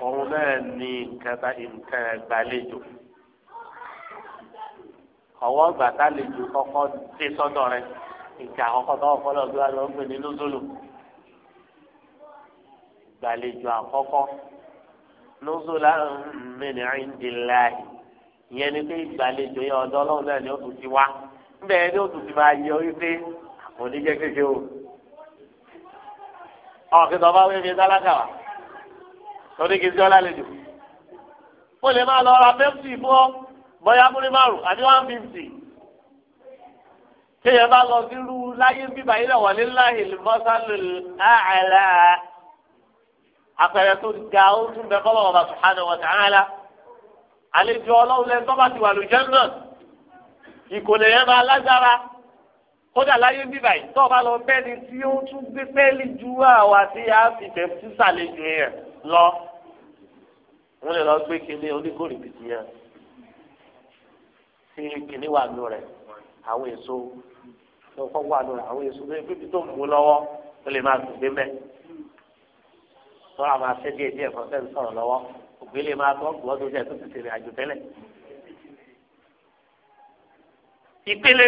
òun náà ní nǹkan nǹkan gbàlejò ọwọ́ gbàtàlejò kọ́kọ́ dé sọ́dọ̀ rẹ nǹkan àkọ́kọ́ tó kọ́kọ́ lọ́ọ́ gbé wa lọ́ọ́ gbé ní lóṣòlù gbàlejò àkọ́kọ́ lóṣòlù mìíràn ìdíláì ìyẹn ni pé ìgbàlejò yẹn ọ̀dọ̀ ọlọ́run náà ni ó tún ti wá bẹ́ẹ̀ ni ó tún ti máa yọ wípé òní jẹ́ kékeré o bá wí fi tálákà wá lórí kìí jọ́ lálejò. mo lè máa lọ ra pepsi fún ọ bóyá múrí márùn àbí one fifty. kéèyàn bá lọ sírú láyé bíbá yìí lọ́wọ́ nílá ìlúmọ́sálù àlá. àpẹẹrẹ tó ga ó tún bẹ kọ́lọ́ ọba subhanahu wa ta'ala. àlejò ọlọ́run lẹ́nu tó bá ti wà lójẹ́ náà. ìkòlè yẹn máa lágbára kódà láyé bí báyìí tó lọ bẹ́ẹ̀ ni tí ó tún gbé pẹ́ẹ́lí ju àwa tí a fi bẹ̀ yẹn lọ wọ́n lè lọ gbé kinní oníkórè bìtì yẹn tí kinní wà nù rẹ̀ àwọn èso tó kọ́ wà nù rẹ̀ àwọn èso tó ibi tó mú lọ́wọ́ ó lè máa gbé mẹ́ tó a máa ṣe díẹ̀ díẹ̀ fọ́n sẹ́ni sọ̀rọ̀ lọ́wọ́ òbí lè máa tọ́ gbọ́ tó jẹ́ tó ti tẹ̀lé àjò tẹ́lẹ̀. ìpele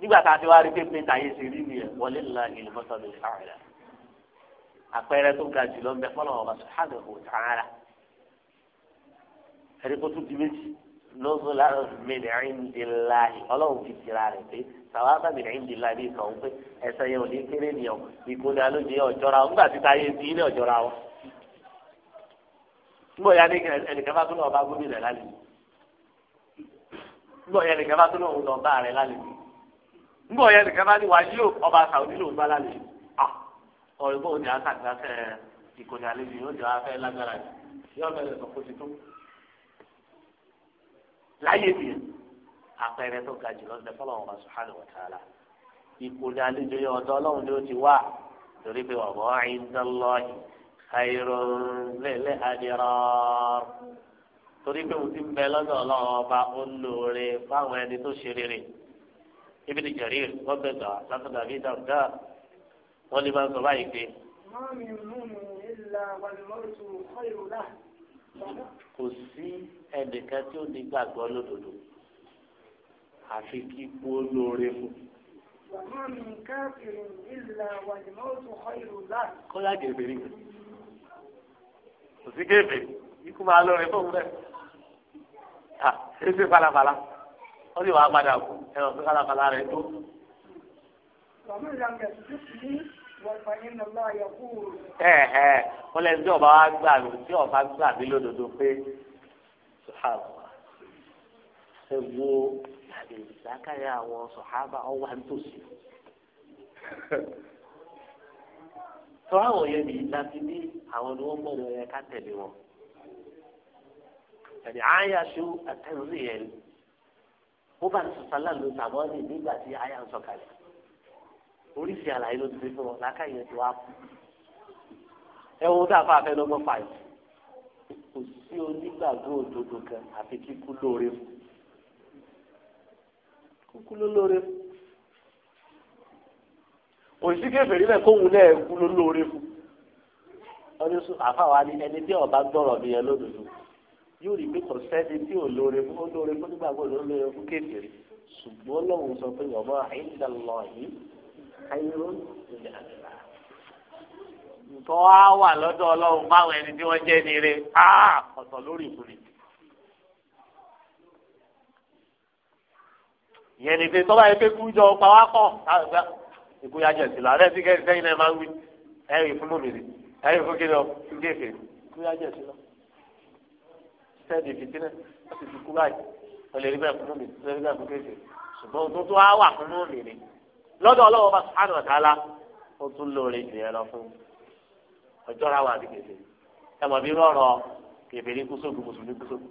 nígbà tá a ti wá rí pé pé tàyè ṣe rí nìyẹn wọlé ńlá ìlú mọ́tò lè ṣàwẹ̀dà. àpẹẹrẹ tó ga jùlọ ń bẹ fọlọ ọba sùhánù kò tàn án ẹni kó tún di méjì lóso lára mìíràn ìdíláàyè ọlọ́run fi tira rẹ̀ pé sàwọn bá mìíràn ìdíláàyè bí ń pé ẹsẹ̀ yẹn ò ní kéré alóde ni ẹnìkan bá tún lọ gómìnà nígbà yà ẹnìkan bá tún lọ nígbà yà ẹnìkan bá ní ọ̀rẹ́ bóun ni àkàtà fẹ́ ìkòní àlejò yóò jẹ́ wá fẹ́ lágbára yóò bẹ̀rẹ̀ sọ kó ti tó. láyé bìí àpẹẹrẹ tó ga jùlọ ní fọlọ́wọ́n wa subhanahu wa ta'ala ìkòní àlejò yóò ọ̀dọ̀ ọlọ́run ni ó ti wá torí pé wa ma indallahi khairun lil abrar torí pé mo ti ń bẹ lọ́dọ̀ ọlọ́run ọba ó lóore fáwọn ẹni tó ṣe rere ibi ti jẹ̀rí wọ́n bẹ̀ gbà látọ̀dọ̀ àbí dáadáa wọ́n ní máa ń sọ báyìí pé. kò sí ẹnìkan tí ó ní gbàgbọ́ lódodo àfi kí kú ó lóore fún. kó yá gèbèrè yẹn kò sí gèbèrè ikú máa lóore fún bẹ́ẹ̀. ṣé ṣé falafala wọ́n sì wá padà kú ẹ̀rọ sí falafala rẹ̀ tó ẹ̀ẹ́ wọ́n lẹ́nu tí ọba wa gbà mí tí ọba gbà mí lódodo pé sùhàbà ẹ wo àbẹ̀ ìsákàyà àwọn sùhàbà ọwọ́ àǹtòsí. *laughs* tọ́ àwọn yẹn nìyí láti ní àwọn ni wọ́n mọ̀ yẹ ká tẹ̀lé wọn. ẹ̀dẹ̀ àyàṣu àtẹ̀wé yẹn ó bá ní sọ̀tàlá ló tàbọ̀ ní nígbà tí àyà ń sọ̀kalẹ̀ oríṣi àlàyé ló ti fi fún wọn lákàyè ti wá fún ẹ wo tá a fà fẹ́ lọ́gbọ́n fàyè kò sí onígbàgbọ́ òdodo kan àfi kíkú lóore fún kúkú ló lóore fún kò sí kébèrè bẹ́ẹ̀ kóhun náà kú ló lóore fún ọdún sùn àfàwà ni ẹni tí ọba gbọ́rọ̀ mi yẹn lódodo yóò rí pé kò sẹ́ni tí ò lóore fún ó lóore fún nígbàgbọ́ òdodo lóore fún ṣùgbọ́n lọ́hùn sọ pé ọmọ àyíǹdà lọ́hìn káyọ̀ ìlẹ̀ àgbà. Ntọ́ á wà lọ́dọ̀ ọlọ́run báwọn ẹni tí wọ́n jẹ́ nire áà ọ̀tọ̀ lórí ìkùnrin. Ìyẹn ni pé tọ́ba yẹn pé kújọ pàwákọ̀ láàgbá ìkúyàjẹ̀ sí lọ. Àlẹ́ tí kẹ́sì sẹ́yìn náà máa ń wí ẹ̀rì fún mòmìnir ẹ̀rì fún kí ni ọ fún kéfì ìkúyàjẹ̀ sí lọ. Sẹ́ẹ̀dì fìtínẹ̀ ó ti fi kú báyìí. Ó bẹ́ẹ̀ fún mòmìnir ó bẹ́ẹ̀ fún kéfì ṣùgbọ́n tó tó á wà fún mòmìnir lọ́dọ̀ ọlọ́wọ́ bá sùpánù ọ̀tàlá ó tún lóore jù yẹn lọ fún ọjọ́ ra wà ní kèfé ẹmọ bí rọrọ kèfé ní kúsókù mùsùlùmí kúsókù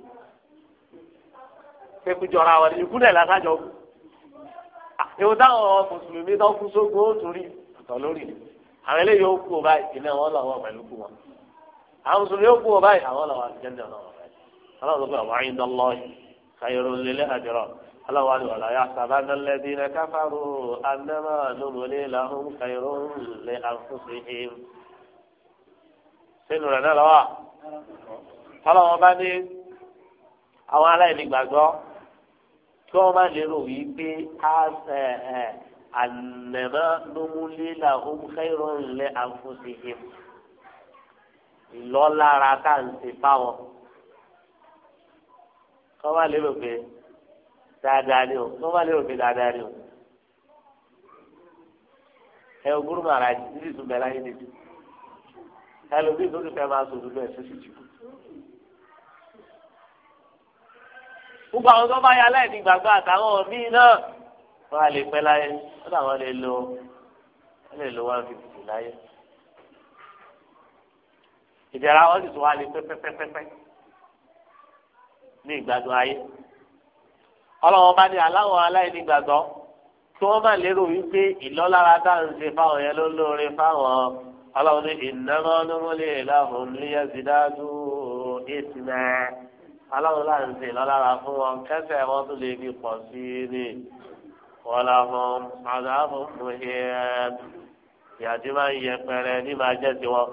pẹkùjọra wà ní ikú náà lásàjọ ìwọ táwọn mùsùlùmí tó kúsókù ó tún rí ọ̀tọ̀ lórí àwọn eléyìí ó kú ọ báyìí iná wọn lọ wọn pẹ̀lú kú wọn àwọn mùsùlùmí ó kú ọ báyìí àwọn lọ wọn jẹ́ ní ọ̀nà wọn báyìí aláwa ni wàlá yà sábà nàlẹ́dí rẹ̀ káfáró anáma lómọlé làwọn kàìró lè àǹfọ̀sì hìm. sínú rẹ̀ náà lọ́wọ́ ọlọ́wọ́n bá ní àwọn aláìní gbàgbọ́ kí wọ́n má lérò wípé anáma lómọlé làwọn kàìró lè àǹfọ̀sì hìm. ìlọ́lára tá à ń ṣe fáwọn. kọ́ wá lérò pé dáadáa ni o tó bá lérò pé dáadáa ni o ẹ o gbúrú màrà níbi tún bẹ láyé níbi ẹ lò bí ìtòkè fẹ máa sọ òdodo ẹ sísì jù. gbogbo àwọn tó bá yà láìní gbàgbọ́ àtàwọn míì náà wọ́n á lè pẹ́ láyé wọ́n làwọn lè lo wọ́n lè lo one fifty láyé. ìdẹ̀ra wọn sì tún wá lè pẹ́ pẹ́pẹ́pẹ́ ní ìgbádùn ayé ọlọ́wọ́n bá ní aláwọ̀ aláìní gbàgbọ́ kí wọ́n má lérò wípé ìlọ́lára tá à ń ṣe fáwọn yẹn ló lóore fáwọn ọlọ́wọ́n ní ìnáwó ọdúnmọ́lẹ̀ láhùn níyà sí dájú ìsìnà aláwọ̀ là ń ṣe ìlọ́lára fún wọn kẹsẹ̀ wọn tún lè fi pọ̀ sí i ní wọn làwọn àdáàbò fún ẹ ìyàtí máa ń yẹpẹrẹ ní máa jẹ́ tiwọn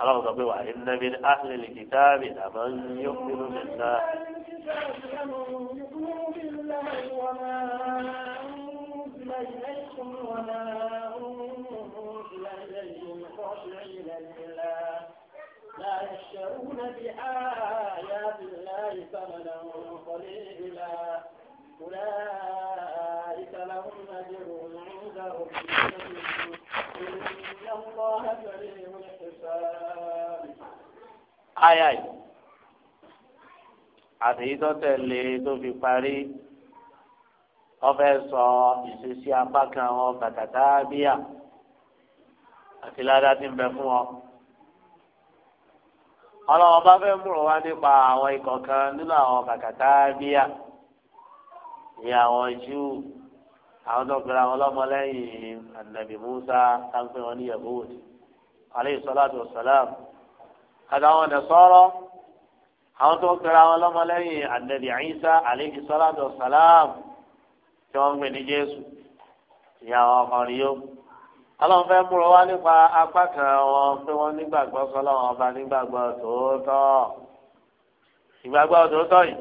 aláwọ̀ sọ pé wà ní nàbí áhìlì kìtàbì àmọ́ yóò fi تعلموا يؤمنوا بالله وما أنزل إليكم وما أنزل إليهم خاشعين لله لا يشترون بآيات الله ثمنا قليلا أولئك لهم أجرهم عند ربهم إن الله سريع الحساب. آي آي àtẹ̀yí tó tẹ̀lé tó fi parí ọfẹ́ sọ ìṣesí apá kan wọn bàtàtà bíyà àti ládàá ti ń bẹ fún wọn. ọlọ́wọ́n bá fẹ́ múrò wá nípa àwọn ikọ̀ kan nínú àwọn bàtàtà bíyà ní àwọn júù àwọn tó gbéra wọn ànàbì Musa táǹpẹ́ wọn ní Yahudi alayhi salatu wa salam àtàwọn ọ̀nà sọ́rọ́ àwọn tó kẹra wọn lọ́mọlẹ́yìn ànábì Ìsá alayhi salatu wa salam tí wọ́n ń pè ní jésù ìyàwó ọkùnrin yó. ọlọ́run fẹ́ múra wá nípa apá kan wọn pé wọ́n nígbàgbọ́ sọ́lọ́wọ́n ọba nígbàgbọ́ tòótọ́ ìgbàgbọ́ tòótọ́ yìí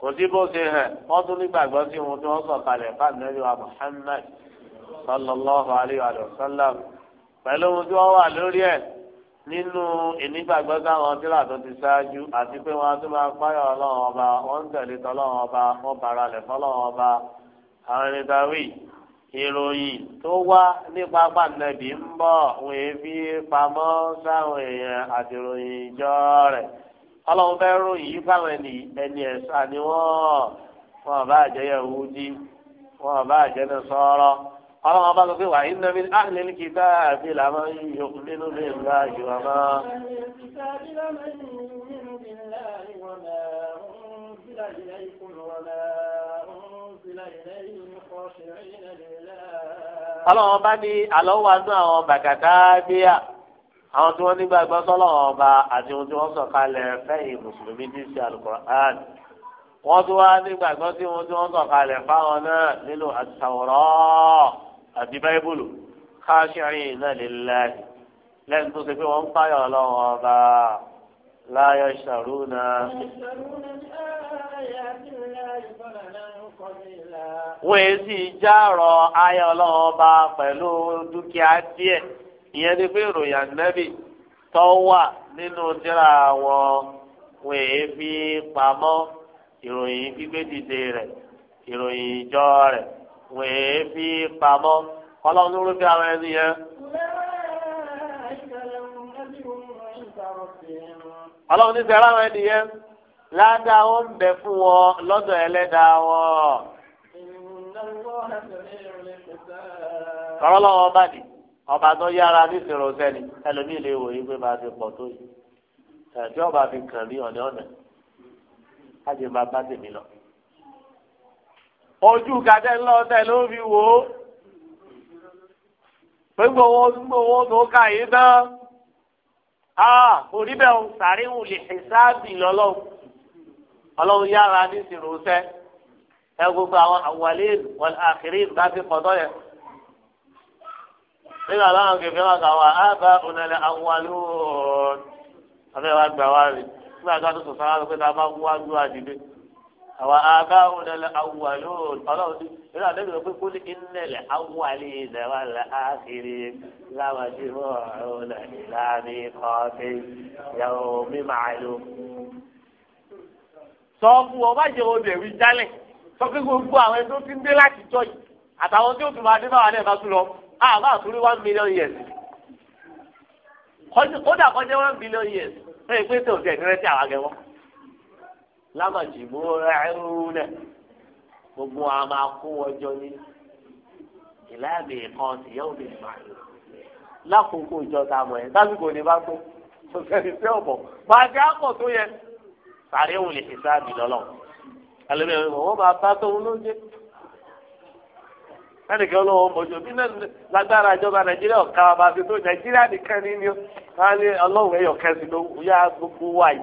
kò sí bó ṣe hàn wọ́n tún nígbàgbọ́ sí ohun tí wọ́n sọ kalẹ̀ fáànẹ́lì wa Muhammad sallallahu alayhi wa sallam pẹ̀lú ohun tí wọ́n wà lórí ẹ̀ nínú ìnígbàgbọ́ táwọn tíra tó ti ṣáájú àti pé wọn a tún máa páyọ̀ ọlọ́run ọba wọn ń tẹ̀lé tọ́lọ́run ọba wọn bára lẹ̀ fọ́lọ́run ọba àwọn ẹni tàwí ìròyìn tó wá nípa pàǹdẹ̀bì ń bọ̀ òun èéfì pamọ́ sáwọn èèyàn àti ìròyìn ìjọ rẹ̀ ọlọ́run fẹ́ ròyìn yí fáwọn ẹni ẹ̀sà ni wọ́n wọn bá jẹ́ Yẹhudi wọn bá jẹ́ Nasara ọlọ́run ọba sọ pé wà inna min ahli al-kitabi laman yu'minu billahi wa ma. ọlọ́run ọba ní àlọ́ wà nú àwọn bàkàtà bíyà àwọn tí wọ́n nígbàgbọ́ sọ́lọ́run ọba àti ohun tí wọ́n sọ kalẹ̀ fẹ́yìn mùsùlùmí ní sí al-Qur'an wọ́n tún wá nígbàgbọ́ sí ohun tí wọ́n sọ kalẹ̀ fáwọn náà nínú àtàwòrán àti báíbùlù káṣírin náà lè láàyè lẹ́yìn tó ṣe pé wọ́n ń pààyà ọlọ́run ọba láyà ṣàrúnà. wọ́n èyí sì járọ̀ ayé ọlọ́run ọba pẹ̀lú dúkìá díẹ̀ ìyẹn ni pé ìròyìn ànábì tó wà nínú tírà wọn wọ́n fi pamọ́ ìròyìn gbígbé dìde rẹ̀ ìròyìn ìjọ rẹ̀ wèé fi pamọ́ ọlọ́run ló rúfẹ́ àwọn ẹni yẹn. ọlọ́run ní sẹ́ra àwọn ẹni yẹn ládàá ó bẹ fún wọn lọ́dọ̀ ẹlẹ́dàá wọn. ọlọ́run ọba nì ọba tó yára nísìnyí sẹ́ni ẹlòmíì lè wòye pé máa ti pọ̀ tó yìí ẹ̀jọ́ ọba fi kàn ní ọ̀nà ọ̀nà á jẹ́ máa bá tèmi lọ ojú kàtẹ́ ńlọ tẹ̀ ló fi wò ó gbogbo owó gbogbo tó kà yín tán orí bẹ́ẹ̀ ń sàríhùn lè ṣèṣáàbì lọ́lọ́run ọlọ́run yára ní ìsìnrúnṣẹ́ ẹ gbogbo àwọn àwàlẹ́ẹ̀lì wọn àkèrè ìgbà fi pọ̀tọ́ yẹn nígbà láwọn kẹfẹ́ wọn kà wá ábá ònàlẹ́ àwàlúùn ọ̀fẹ́ wa gbà wá rè nígbà tó a tó sọ̀tàn wá lọ pé tá bá wá gbó àdìbẹ́ àwọn abáwọn lọlẹ awọlọ Ọlọ́run ti ìlú àdébí lọ pé kó ní ìnẹlẹ awọlẹ ìdẹwà lẹ àkìrí láwàjú ọ̀rọ̀ lẹ ìlànà kọfí yàwó mímà ló. sọ fún ọ má jẹ obìnrin jálẹ sọ pé gbogbo àwọn ẹni tó ti ń dé láti jọ yìí àtàwọn tí ó tún máa dé báwa náà bá tún lọ àbá àtúrí one million years kódà kọjá one billion years ẹ pé tó tẹ̀ ní rẹ́tí àwọn agẹmọ́ lámàjì mú ẹrú rẹ gbogbo wa máa kó ọjọ́ ní ìlànà ìkan tìyẹ́wò lè máa lò lákòókò ìjọta mọ̀ ẹ́ lásìkò ní bá tó tó fẹ́ẹ́ fẹ́ ọ̀bọ̀ máa jẹ́ àpọ̀ tó yẹ sàrí òun lè fi sáàbì lọ́lọ́ àlejò ìwọ̀n wọn máa bá tóun ló jẹ́ ẹnìkan ló wọn mọ̀jọ bí náà lágbára ìjọba nàìjíríà ọ̀ka bá fi tó nàìjíríà nìkan ní ni ọlọ́run ẹ̀yọ̀ kẹsì ló yá gbogbo wáyé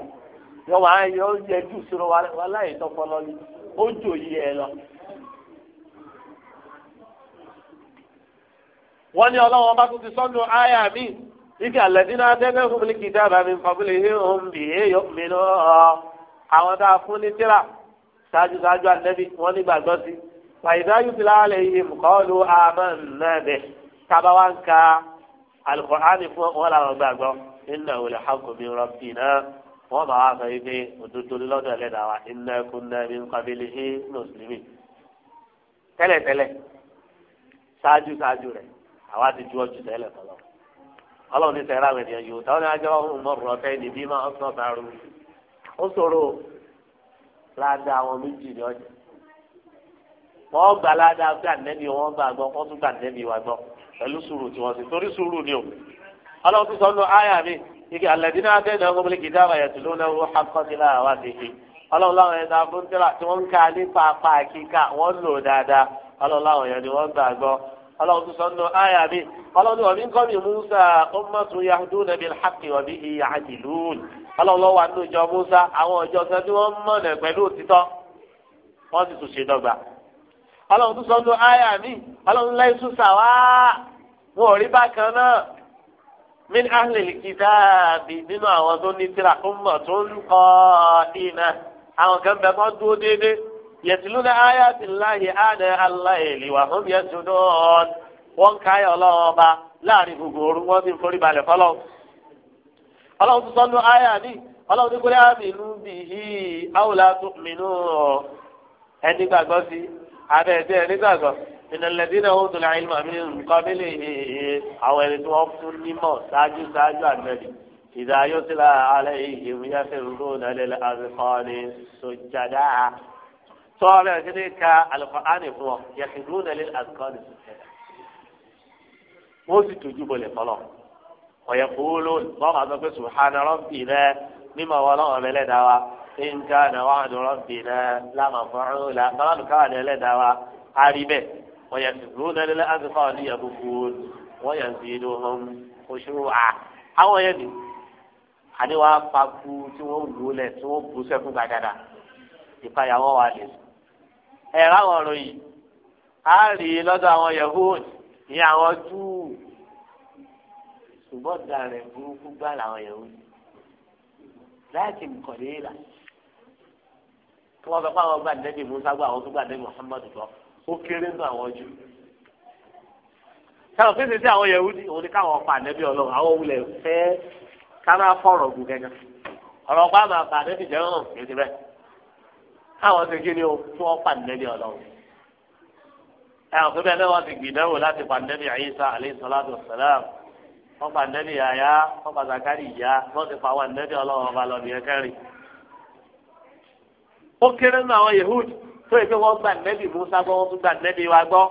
yọ wàá yọ yẹ jù sọ̀rọ̀ wà láyé tọpọlọ ni ó jò yí ẹ lọ. wọ́n ní ọlọ́wọ́n bá tún ti sọ́nu àyà mi ike àlẹ́dínlá dẹ́gbẹ́ fún mi kìí dábàá mi fàbílì híhùn bì í yọ mí lọ àwọn tá a fún ní tíra ṣáájú ṣáájú ànẹ́bí wọ́n nígbàgbọ́ sí fàyídá yóò fi láàlẹ̀ yìí mùkọ́lù àmàlẹ́bẹ̀ tábà wá ń ka alukọ̀hánì fún wọn làwọn gbàgbọ́ nínú àwọn olùhàkùnmí rọ̀bì náà wọ́n bá wá sọ yìí pé òdodo lọ́dọ̀ ẹlẹ́dàá wa iná ẹkún náà ní nkàbílì hí mùsùlùmí tẹ́lẹ̀tẹ́lẹ̀ ṣáájú ṣáájú rẹ̀ àwa ti ju ọjọ́ tẹ́lẹ̀ tọ́lọ́ ọlọ́run ní sẹ́ra àwọn ènìyàn yòó táwọn ajá ọ̀hún mọ̀rọ̀ ọ̀fẹ́ níbí máa ń sọ bàrù ó ṣòro láda àwọn méjì ní ọjà wọ́n gbà láda gbà nẹ́bí wọ́n gbà gbọ́ wọ́n tún gbà nẹ́bí wa gbọ́ pẹ̀lú sùúrù tí wọ́n sì torí sùúrù ni o ọlọ́run tún sọ nù áyà mi ike alẹ́dínà àtẹ̀dẹ̀ ọkùnrin kìí dáhùn ẹ̀yẹ̀ tìlú náà wọ́n hakọ́sí lára wá sí i ọlọ́run láwọn ẹ̀dá fúntìlá tí wọ́n ń ka nípa apá kíkà wọ́n lò dáadáa ọlọ́run láwọn ẹ̀yẹ̀ ni wọ́n gbàgbọ́ ọlọ́run tó sọ nù áyà mi ọlọ́run wọ̀mí kọ́mi musa ummatu yahduna bil haqqi wa bihi ya'dilun ọlọ́run lọ́wọ́ àti ìjọ musa àwọn ìjọ sọ tí wọ́n mọ̀nà pẹ̀lú òtítọ́ wọ́n sì tún ṣe dọ́gba ọlọ́run tó sọ nù áyà mi ọlọ́run lẹ́sùn sàwá wọn ò rí bákan náà min ahlil kitaabi nínú àwọn tó ní tírà ummatun qa'ima àwọn kan bẹ kọ́ dúró déédéé yatluna ayati llahi ana al-layli wa hum yasjudun wọ́n ń káyọ̀ ọlọ́wọ́ ọba láàrin gbogbo òru wọ́n ti ń forí balẹ̀ fọlọ́ ọlọ́run tó sọ́nù ayé àní ọlọ́run tó gbélé àmínú bìí àwòlá tó mìínú ẹni gbàgbọ́ sí abẹ́ ẹ̀dẹ́ ẹni gbàgbọ́ sí ìnàlẹ́dínà ó tó láyé màmí nǹkan nílé àwọn ẹni tí wọ́n fún nímọ̀ ṣáájú ṣáájú ànábì ìdá yóò ti la alẹ́ yìí ìwúyà fẹ́ rúdó nàlẹ́ àzùkọ́ni sojada tọ́ọ̀rẹ́ kíni ka alùpàánì fún ọ yàtì rúdó nàlẹ́ àzùkọ́ni sojada wọ́n sì tójú bọ̀lẹ̀ fọlọ́ ọ̀yẹ̀ kúló lọ́wọ́ àti ọ̀pẹ̀ subhana rọ́bì náà mímọ̀ wọn lọ́wọ́ mẹ́lẹ́dá wa nǹkan náà wàhùn rọ́bì náà lámà fọ́ọ̀rọ̀ la bàbá mi káwà ní ẹlẹ́dá wa á rí bẹ́ẹ̀. ويسجدون للأذقان يبكون ويزيدهم خشوعا àwọn yẹn ni àní wàá paku tí wọn wù ú lẹ tí wọn bù sẹkùn gbàdàdà ìpayàwọ wa lè ẹ ráwọn ọ̀rọ̀ yìí á rí i lọ́dọ̀ àwọn yahood ní àwọn júù ṣùgbọ́n dàrẹ burúkú gbà làwọn yahood láti nkọlẹ là tí wọn fẹ́ kó gbàdébì musa gbọ àwọn tó gbàdébì muhammadu gbọ ó kéré nínú àwọn jù táwọn fèsì sí àwọn yẹwù ní òun káwọn pa ànẹ́bí ọlọ́run àwọn wulẹ̀ fẹ́ kára fọ̀rọ̀ gùn gẹ́gẹ́ ọ̀rọ̀ pa àmà pa ànẹ́bí jẹ́ hàn kì ti bẹ́ẹ̀ káwọn ti kí ni o tí wọ́n pa ànẹ́bí ọlọ́run ẹ̀hàn fún bẹ́ẹ̀ wọ́n ti gbìdánwò láti pa ànẹ́bí Ìsá alayhi salatu wọ́n pa ànẹ́bí Yahya wọ́n pa Zakari ìyá wọ́n ti pa àwọn ànẹ́bí ọlọ́run ọba lọ tó yẹ kí wọ́n gba nẹ́bí musa gbọ́ wọ́n tún gba nẹ́bí wa gbọ́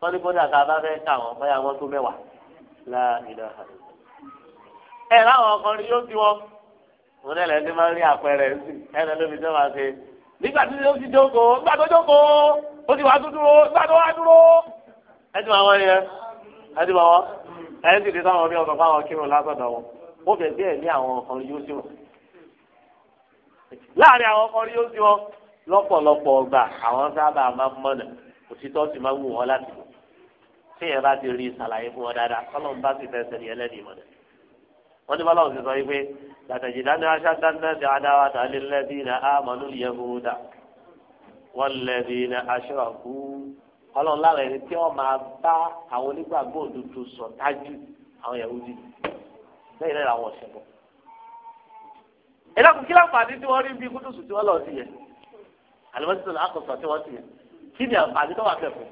wọ́n ní kódà tá bá fẹ́ ká wọn báyà wọ́n tún mẹ́wàá láàbìlà ẹ̀ láwọn ọkùnrin yóò ti mo ní ẹlẹ́ni máa ń rí àpẹẹrẹ sí ẹ̀rọ lómi tó máa ṣe nígbà tí ó ti jókòó nígbà tó jókòó ó ti wá dúró nígbà tó wá dúró ẹ ti máa wọ́n yẹn ẹ ti máa wọ́n ẹ ti di sáwọn ọmọ ọgbà fáwọn kírun látọ̀dọ̀ wọn ó fẹ́ bẹ́ẹ̀ ní àwọn ọkùnrin yóò sí láàrin àwọn ọkùnrin yóò sí lọ́pọ̀lọpọ̀ ọgbà àwọn sábà máa ń mọ̀nà òtítọ́ sì máa ń wù wọ́n láti lò tíyẹn bá ti rí ìsàlàyé fún wọn dáadáa kọ́lọ́n bá sì fẹsẹ̀ ní ẹlẹ́dìí mọ̀nà. wọ́n ní bọ́lá òsì sọ wípé làtàjì dáná aṣá dáná ti adáwà tàlẹ́ lẹ́bí na ámọ́nú yẹ̀húdà wọ́n lẹ́bí na aṣọ́ọ̀kú kọ́lọ́n láwọn ẹni tí wọ́n máa bá àwọn onígbàgbọ́ òdodo sọ tájú àwọn yẹ̀húdì lẹ́yìn náà làwọn ọ̀sẹ̀ bọ̀ àlùmọ́sítò àkọsọ tí wọ́n ti yẹn kí ni àǹfààní tó wà kẹfọ́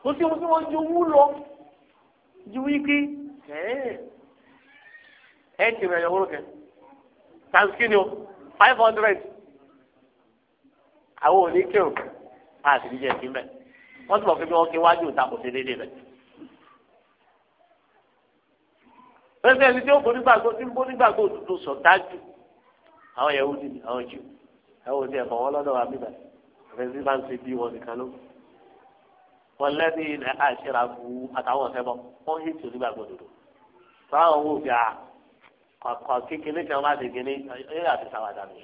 kò sí ohun tí wọ́n ju wú lọ ju wíkí ẹ ti rẹ̀ yọ̀wúrò kẹ times o five hundred àwọn òní kírun àti níjẹ̀ sí mbẹ́ wọ́n ti mọ̀ pé bí wọ́n ké wájú ìta kò sí déédéé rẹ̀. pẹ́sẹ́ ẹni tí ó bonígbàgbọ́ tí ń bonígbàgbọ́ òdodo sọ dájú àwọn Yahudi àwọn Júù ẹ wò ní ẹ̀fọ́ wọn lọ́dọ̀ wa bíbẹ̀ àfẹsí máa ń ṣe bí wọn nìkan ló wọn lẹ́ni ilẹ̀ àṣírà bu àtàwọn ọ̀sẹ̀ bọ̀ wọ́n hì tì onígbà gbòdòdò táwọn owó fi à kékeré kan má dègé ní eré àti sàwádà mi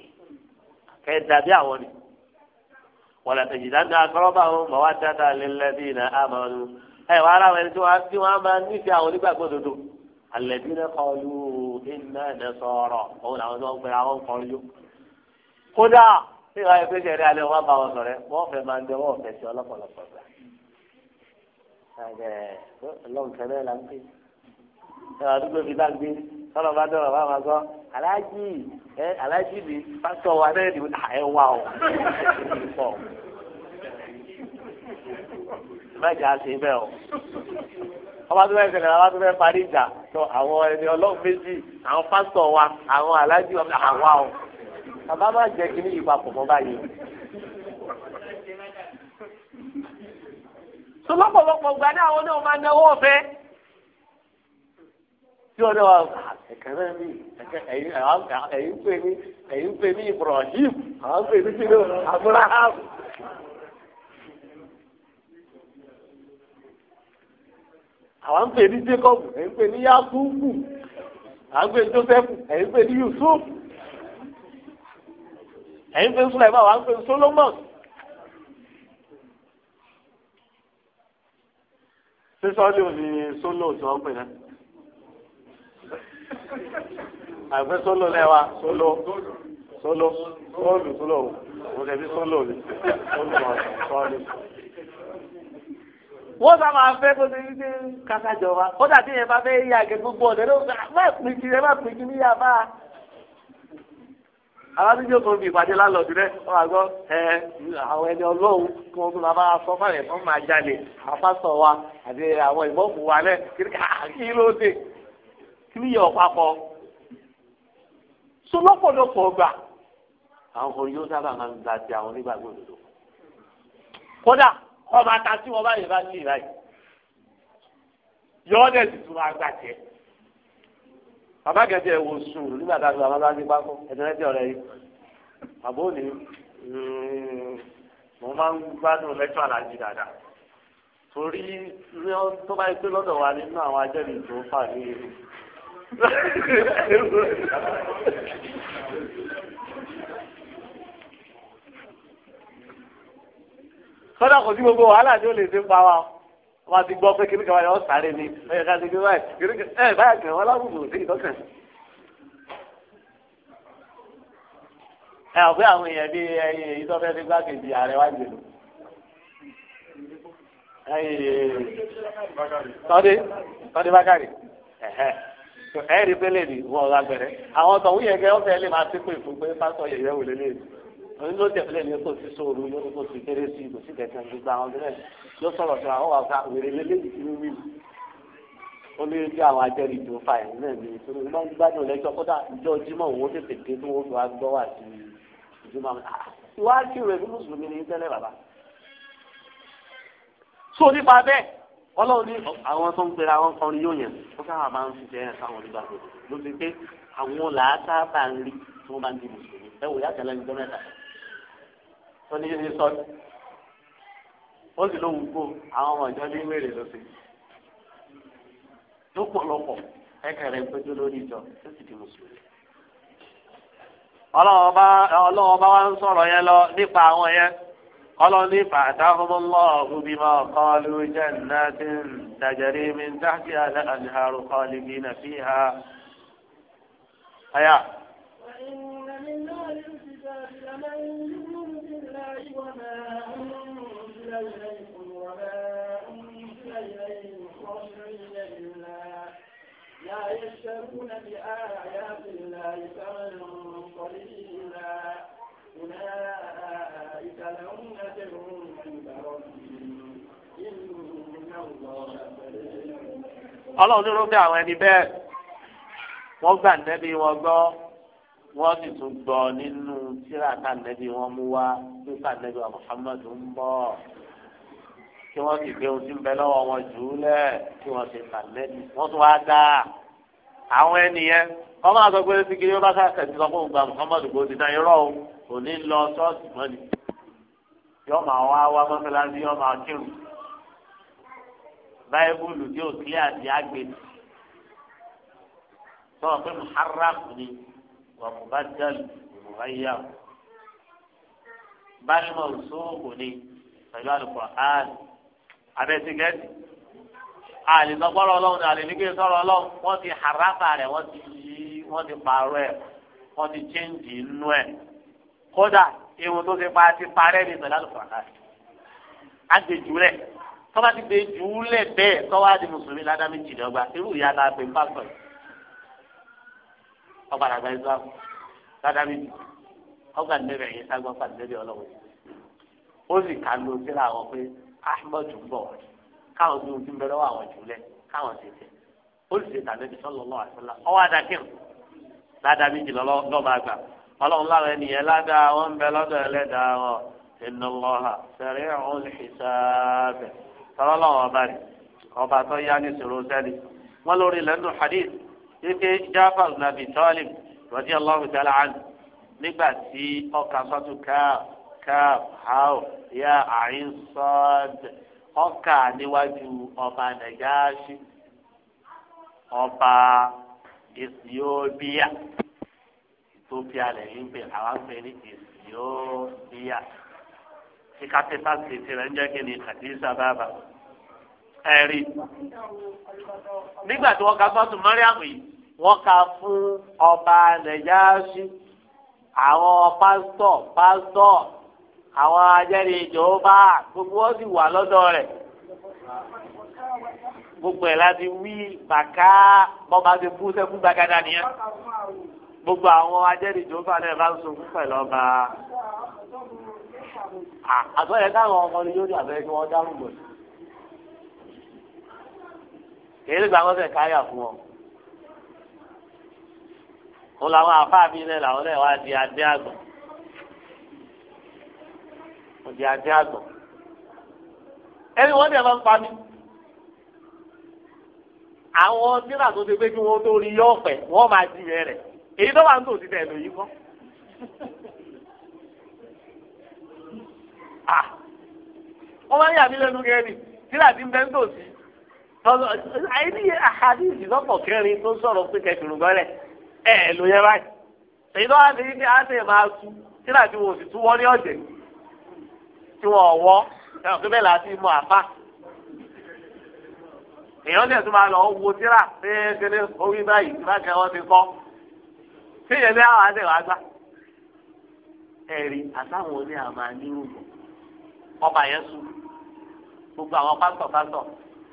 kẹ́ ẹ dàbí àwọn ni wọn lẹ́tẹ̀ jìdá ní akọ́rọ́bà wọn mọ̀ wá dáadáa lẹ́lẹ́bí ilẹ̀ àmọ́ ọdún ẹ wà ara wọn tí wọn tí wọn máa nífẹ̀ẹ́ àwọn onígbàgbọ́ dodo alẹ́bí náà kọlu iná ẹ̀ sọ̀rọ̀ òun làwọn tó ń pè àwọn kọlu kódà tí ìwà ìpè jẹrẹ alẹ wọn bá wọn sọ̀rọ̀ wọn fẹ́ máa ń bẹ wọn fẹ́ sí ọlọpọlọpọ gbà ẹ Ọlọ́run tẹ́lẹ̀ ń pè ẹ àdúgbò mi náà gbé sọlọ bá dọ̀rọ̀ bá máa gbọ́ aláàjì ẹ aláàjì mi pásítọ̀ wa náà ni ẹ wà o pọ mẹ́jọ ṣe bẹ́ẹ̀ o ọba tó fẹ́ẹ́ ṣẹlẹ̀ ọba tó fẹ́ẹ́ parí ìjà tó àwọn ẹni Ọlọ́run méjì àwọn pásítọ̀ wa àwọn aláàjì wa àwa o bàbá má jẹ́ kí ní ìpapọ̀ mọ́ báyìí. tó lọ́pọ̀lọpọ̀ gbà ní àwọn náà máa náwó ọ̀fẹ́. tí wọ́n náà ẹ̀kẹ́ náà mi ẹ̀yìn pè mí ẹ̀yìn pè mí Ibrahim àwọn pè mí kíló Abraham. àwọn ń pè ní Jacob ẹ̀yìn pè ní Yakubu àwọn ń pè ní Joseph ẹ̀yìn pè ní Yusuf ẹ̀yin pé Sulaiman wà ń pè Solomon. sísọ́lì ò ní sólò tí wọ́n pè náà àgbẹ̀ sólò lẹ́wà sólò sólò sólò sólò ò tẹ̀sí sólò ni sólò sọ́ọ̀lì. wọ́n sá máa fẹ́ kó ṣe wípé kásájọba kódà tí yẹn bá fẹ́ yí àgẹ̀ gbogbo ọ̀dẹ́ ló máa pín kiri ẹ máa pín kiri yá aládùúgbò tó ń bi ìpàdé lálọ́ọ̀dù rẹ wọ́n wá gbọ́ ẹ àwọn ẹni ọlọ́run kí wọ́n tún máa bá a sọ fún ẹ̀fọ́n máa jalè àfàsọ wa àti àwọn ìbọ̀mù wa lẹ ah, kí ló dé kí ló yẹ ọ̀pá pọ̀ so lọ́pọ̀lọpọ̀ ọgbà àwọn ọkùnrin yóò sábà máa ń gba ti àwọn onígbàgbọ́ òdodo kódà ọba ta tí wọn bá bá ní ìlà yìí yọ ọ́ dẹ̀ sì tún máa gbà tiẹ̀ bàbá kẹtì wò sùn nígbà tá a fi bàbá bá pákó ẹtẹrẹ tí ọ̀rẹ́ yìí àbó ni hmm, mo máa ń gbádùn lẹ́tọ́ àlàjì dáadáa torí tó bá yẹ pé lọ́dọ̀ wa nínú àwọn ajẹ́bí tó fà ní ewu. sọ́dọ̀ kò sí gbogbo wàhálà tí ó lè ṣe pa wa o wọ́n ti gbọ́ pé kí ní kàwá yọ sáré ni ẹ̀ ká ti gbé báyìí kí ní kàwá ẹ̀ báyà kàn wọ́n láwùjọ sí ìtọ́kàn. ẹ ọ̀pẹ́ àwọn èèyàn bíi ẹyin èyí tó fẹ́ fi gbákejì ààrẹ wá jèlò. tọ́dé tọ́dé bákàrí ẹ rí pé lè ní àwọn tọ̀hún yẹn kẹ́ ọ́fẹ́ lè máa ti pè fún pé pásọ yẹ̀yẹ́ wò lélẹ́yìn òun ló tẹ̀lé ní kò sí sóoru yóò kò sí kéré sí kò sí kẹ̀kẹ́ gbogbo àwọn ọ̀dẹ́rẹ́ ló sọ̀rọ̀ sí àwọn wàá ká wèrè lélẹ́yìn tí wíwí ó ní bí àwọn ajẹ́rìí tó fà yìí náà ní ìṣòro ìmọ̀ gbádùn lẹ́jọ́ kódà ìjọ jímọ̀ òun ó tètè dé tí wọ́n fi wá gbọ́ wà sí ìjọba ìwà kírun ẹ̀mí mùsùlùmí ni tẹ́lẹ̀ bàbá. so nípa bẹ́ẹ̀ ọlọ́run ní àwọn tó ń pera àwọn kan ni yóò yàn ó sábà máa ń fi jẹ́ ẹ̀ka àwọn onígbàgbọ́ ló fi pé àwọn làákà bá ń rí tí wọ́n bá ń di mùsùlùmí ẹ wò yàtọ̀ lẹ́nu jọ́ mẹ́ta tó ní ní sọ́ọ̀tì ó sì lóhùn kó àwọn ọmọ ìjọ ní lọ́sẹ̀ lọ́pọ̀lọpọ̀ lórí ìjọ tó sì di mùsùlùmí ọlọ́wọ́ bá wá ń sọ̀rọ̀ yẹn lọ nípa àwọn yẹn máa kọ́ jẹ́ mi ń alẹ́ kọ́ níbi nà fi hà. الله وما أنزل إليكم وما أنزل إليهم خاشعين لله لا يشترون بآيات الله ثمنا قليلا أولئك لهم أجرهم عند ربهم إن الله سريع الله نور بها وين بها وقبل النبي وقبل wọ́n sì tún gbọ́ nínú tírà tànẹ́bí wọn mú wá nípa nẹ́bí wa muhammadu ń bọ̀ kí wọ́n sì gbé ojú bẹ lọ́wọ́ wọn jù ú lẹ̀ kí wọ́n sì tànẹ́bí wọ́n tún wá dá àwọn ènìyàn wọ́n máa sọ pé ó ti kiri ó bá sàṣẹ̀ ti sọ pé òun gba muhammadu kò ti dá irọ́ o kò ní lọ ṣọ́ọ̀ṣì mọ́ ni yọ́ máa wá wá mọ́sálásí yọ́ máa kírun báyìbùlù tí kílẹ̀ àti àgbè sọ pé muharram ni. ومبدل ومغير بل موصوف لي pẹ̀lú alukur'an abẹ́sígẹ́sì àlìsọ́gbọ́rọ̀ ọlọ́run àlìníkè sọ̀rọ̀ ọlọ́run wọ́n ti harafa rẹ̀ wọ́n ti yí wọ́n ti pààrọ̀ ẹ̀ wọ́n ti chéǹjì inú ẹ̀ kódà ewu tó ti pa ti parẹ́ ní pẹ̀lú alukur'an agbèjú rẹ̀ tọ́ba ti gbèjú lẹ̀ bẹ́ẹ̀ tọ́wá di mùsùlùmí ládàá méjì lọ́gbà irú ìyá náà pé pásítọ̀ yìí ọgbà làgbà islam dáadáa bíi ọgbà níbẹ̀ yìí sagbọ́n fà níbẹ̀ ọlọ́wọ́ ó sì kà ló síra àwọn pé ahmed ń bọ̀ káwọn tó ń fi mẹ́rọ àwọn jùlẹ̀ káwọn sì tẹ̀ ó sì ṣe tàbí sallallahu alaihi wasallam ọwọ́ adakẹ́wò dáadáa bíi jìlọ lọ́ba àgbà ọlọ́run láwọn ènìyàn ládàá wọn ń bẹ lọ́dọ̀ ẹlẹ́dàá wọn innallaha sari'ul hisab tọ́lọ́lọ́wọ́ ọba rẹ̀ ọba tó yá ní sòrò sẹ́ni wọ́n lórí lẹ́nu hadith wípé Jafar nígbà tí ọkà ya àyín ọkà níwájú ọba ọba Ethiopia Ethiopia lẹ́yìn pé àwọn pè ní Ethiopia tètè rẹ̀ ń jẹ́ kí ni kàdísà bàbà ẹ̀rí nígbà tí wọ́n ka wọ́n ka fún ọba nàìjíríà àwọn pásítọ̀ pásítọ̀ àwọn ajẹ́rìí ìjọba gbogbo wọn sì wà lọ́dọ̀ rẹ̀ gbogbo ẹ̀ láti wí bàká bọ́ba ti kú sẹ́kú gbàgádà nìyẹn gbogbo àwọn ajẹ́rìí ìjọba náà bá ń sunkún pẹ̀lú ọba àtọ́yẹ káwọn ọmọ ni yóò dé àbẹ́rẹ́ kí wọ́n dárúgbọ̀n kì í lè gbàgbọ́sẹ̀ káyà fún ọ wọn làwọn àfáà náà làwọn náà wá di adé àgbọn wọn di adé àgbọn ẹni wọn dẹ̀ máa ń pa mí àwọn nígbà tó ti pé kí wọn tó rí yọ ọ̀fẹ́ wọn máa di rẹ rẹ èyí tó wà ń tò sí tẹ̀ lóyún kọ́. *laughs* Ah! wọ́n máa ń yà mí lẹ́nu gẹ́rì sílà tí ń bẹ́ ń tò sí. àyè àhàdí ìdìlọ́pọ̀ kẹrin tó sọ̀rọ̀ pé kẹfìrún gbọ́lẹ̀ ẹ̀ ló yẹ báyìí èyí tó wá ní àti máa tu sílà tí wọn sì tú wọ́n ní ọ̀jẹ̀ tí wọn ò wọ́ ẹ̀rọ pé bẹ́ẹ̀ láti mú àfa èèyàn dẹ̀ tún máa lọ wo sílà pé kéde orí báyìí tí báyìí wọn ti kọ́ tí ìyẹn bí àwọn àti wàá gbà ẹ̀rí àtàwọn oní àmà nírú yọ ọba yẹn sùn gbogbo àwọn pásítọ̀ pásítọ̀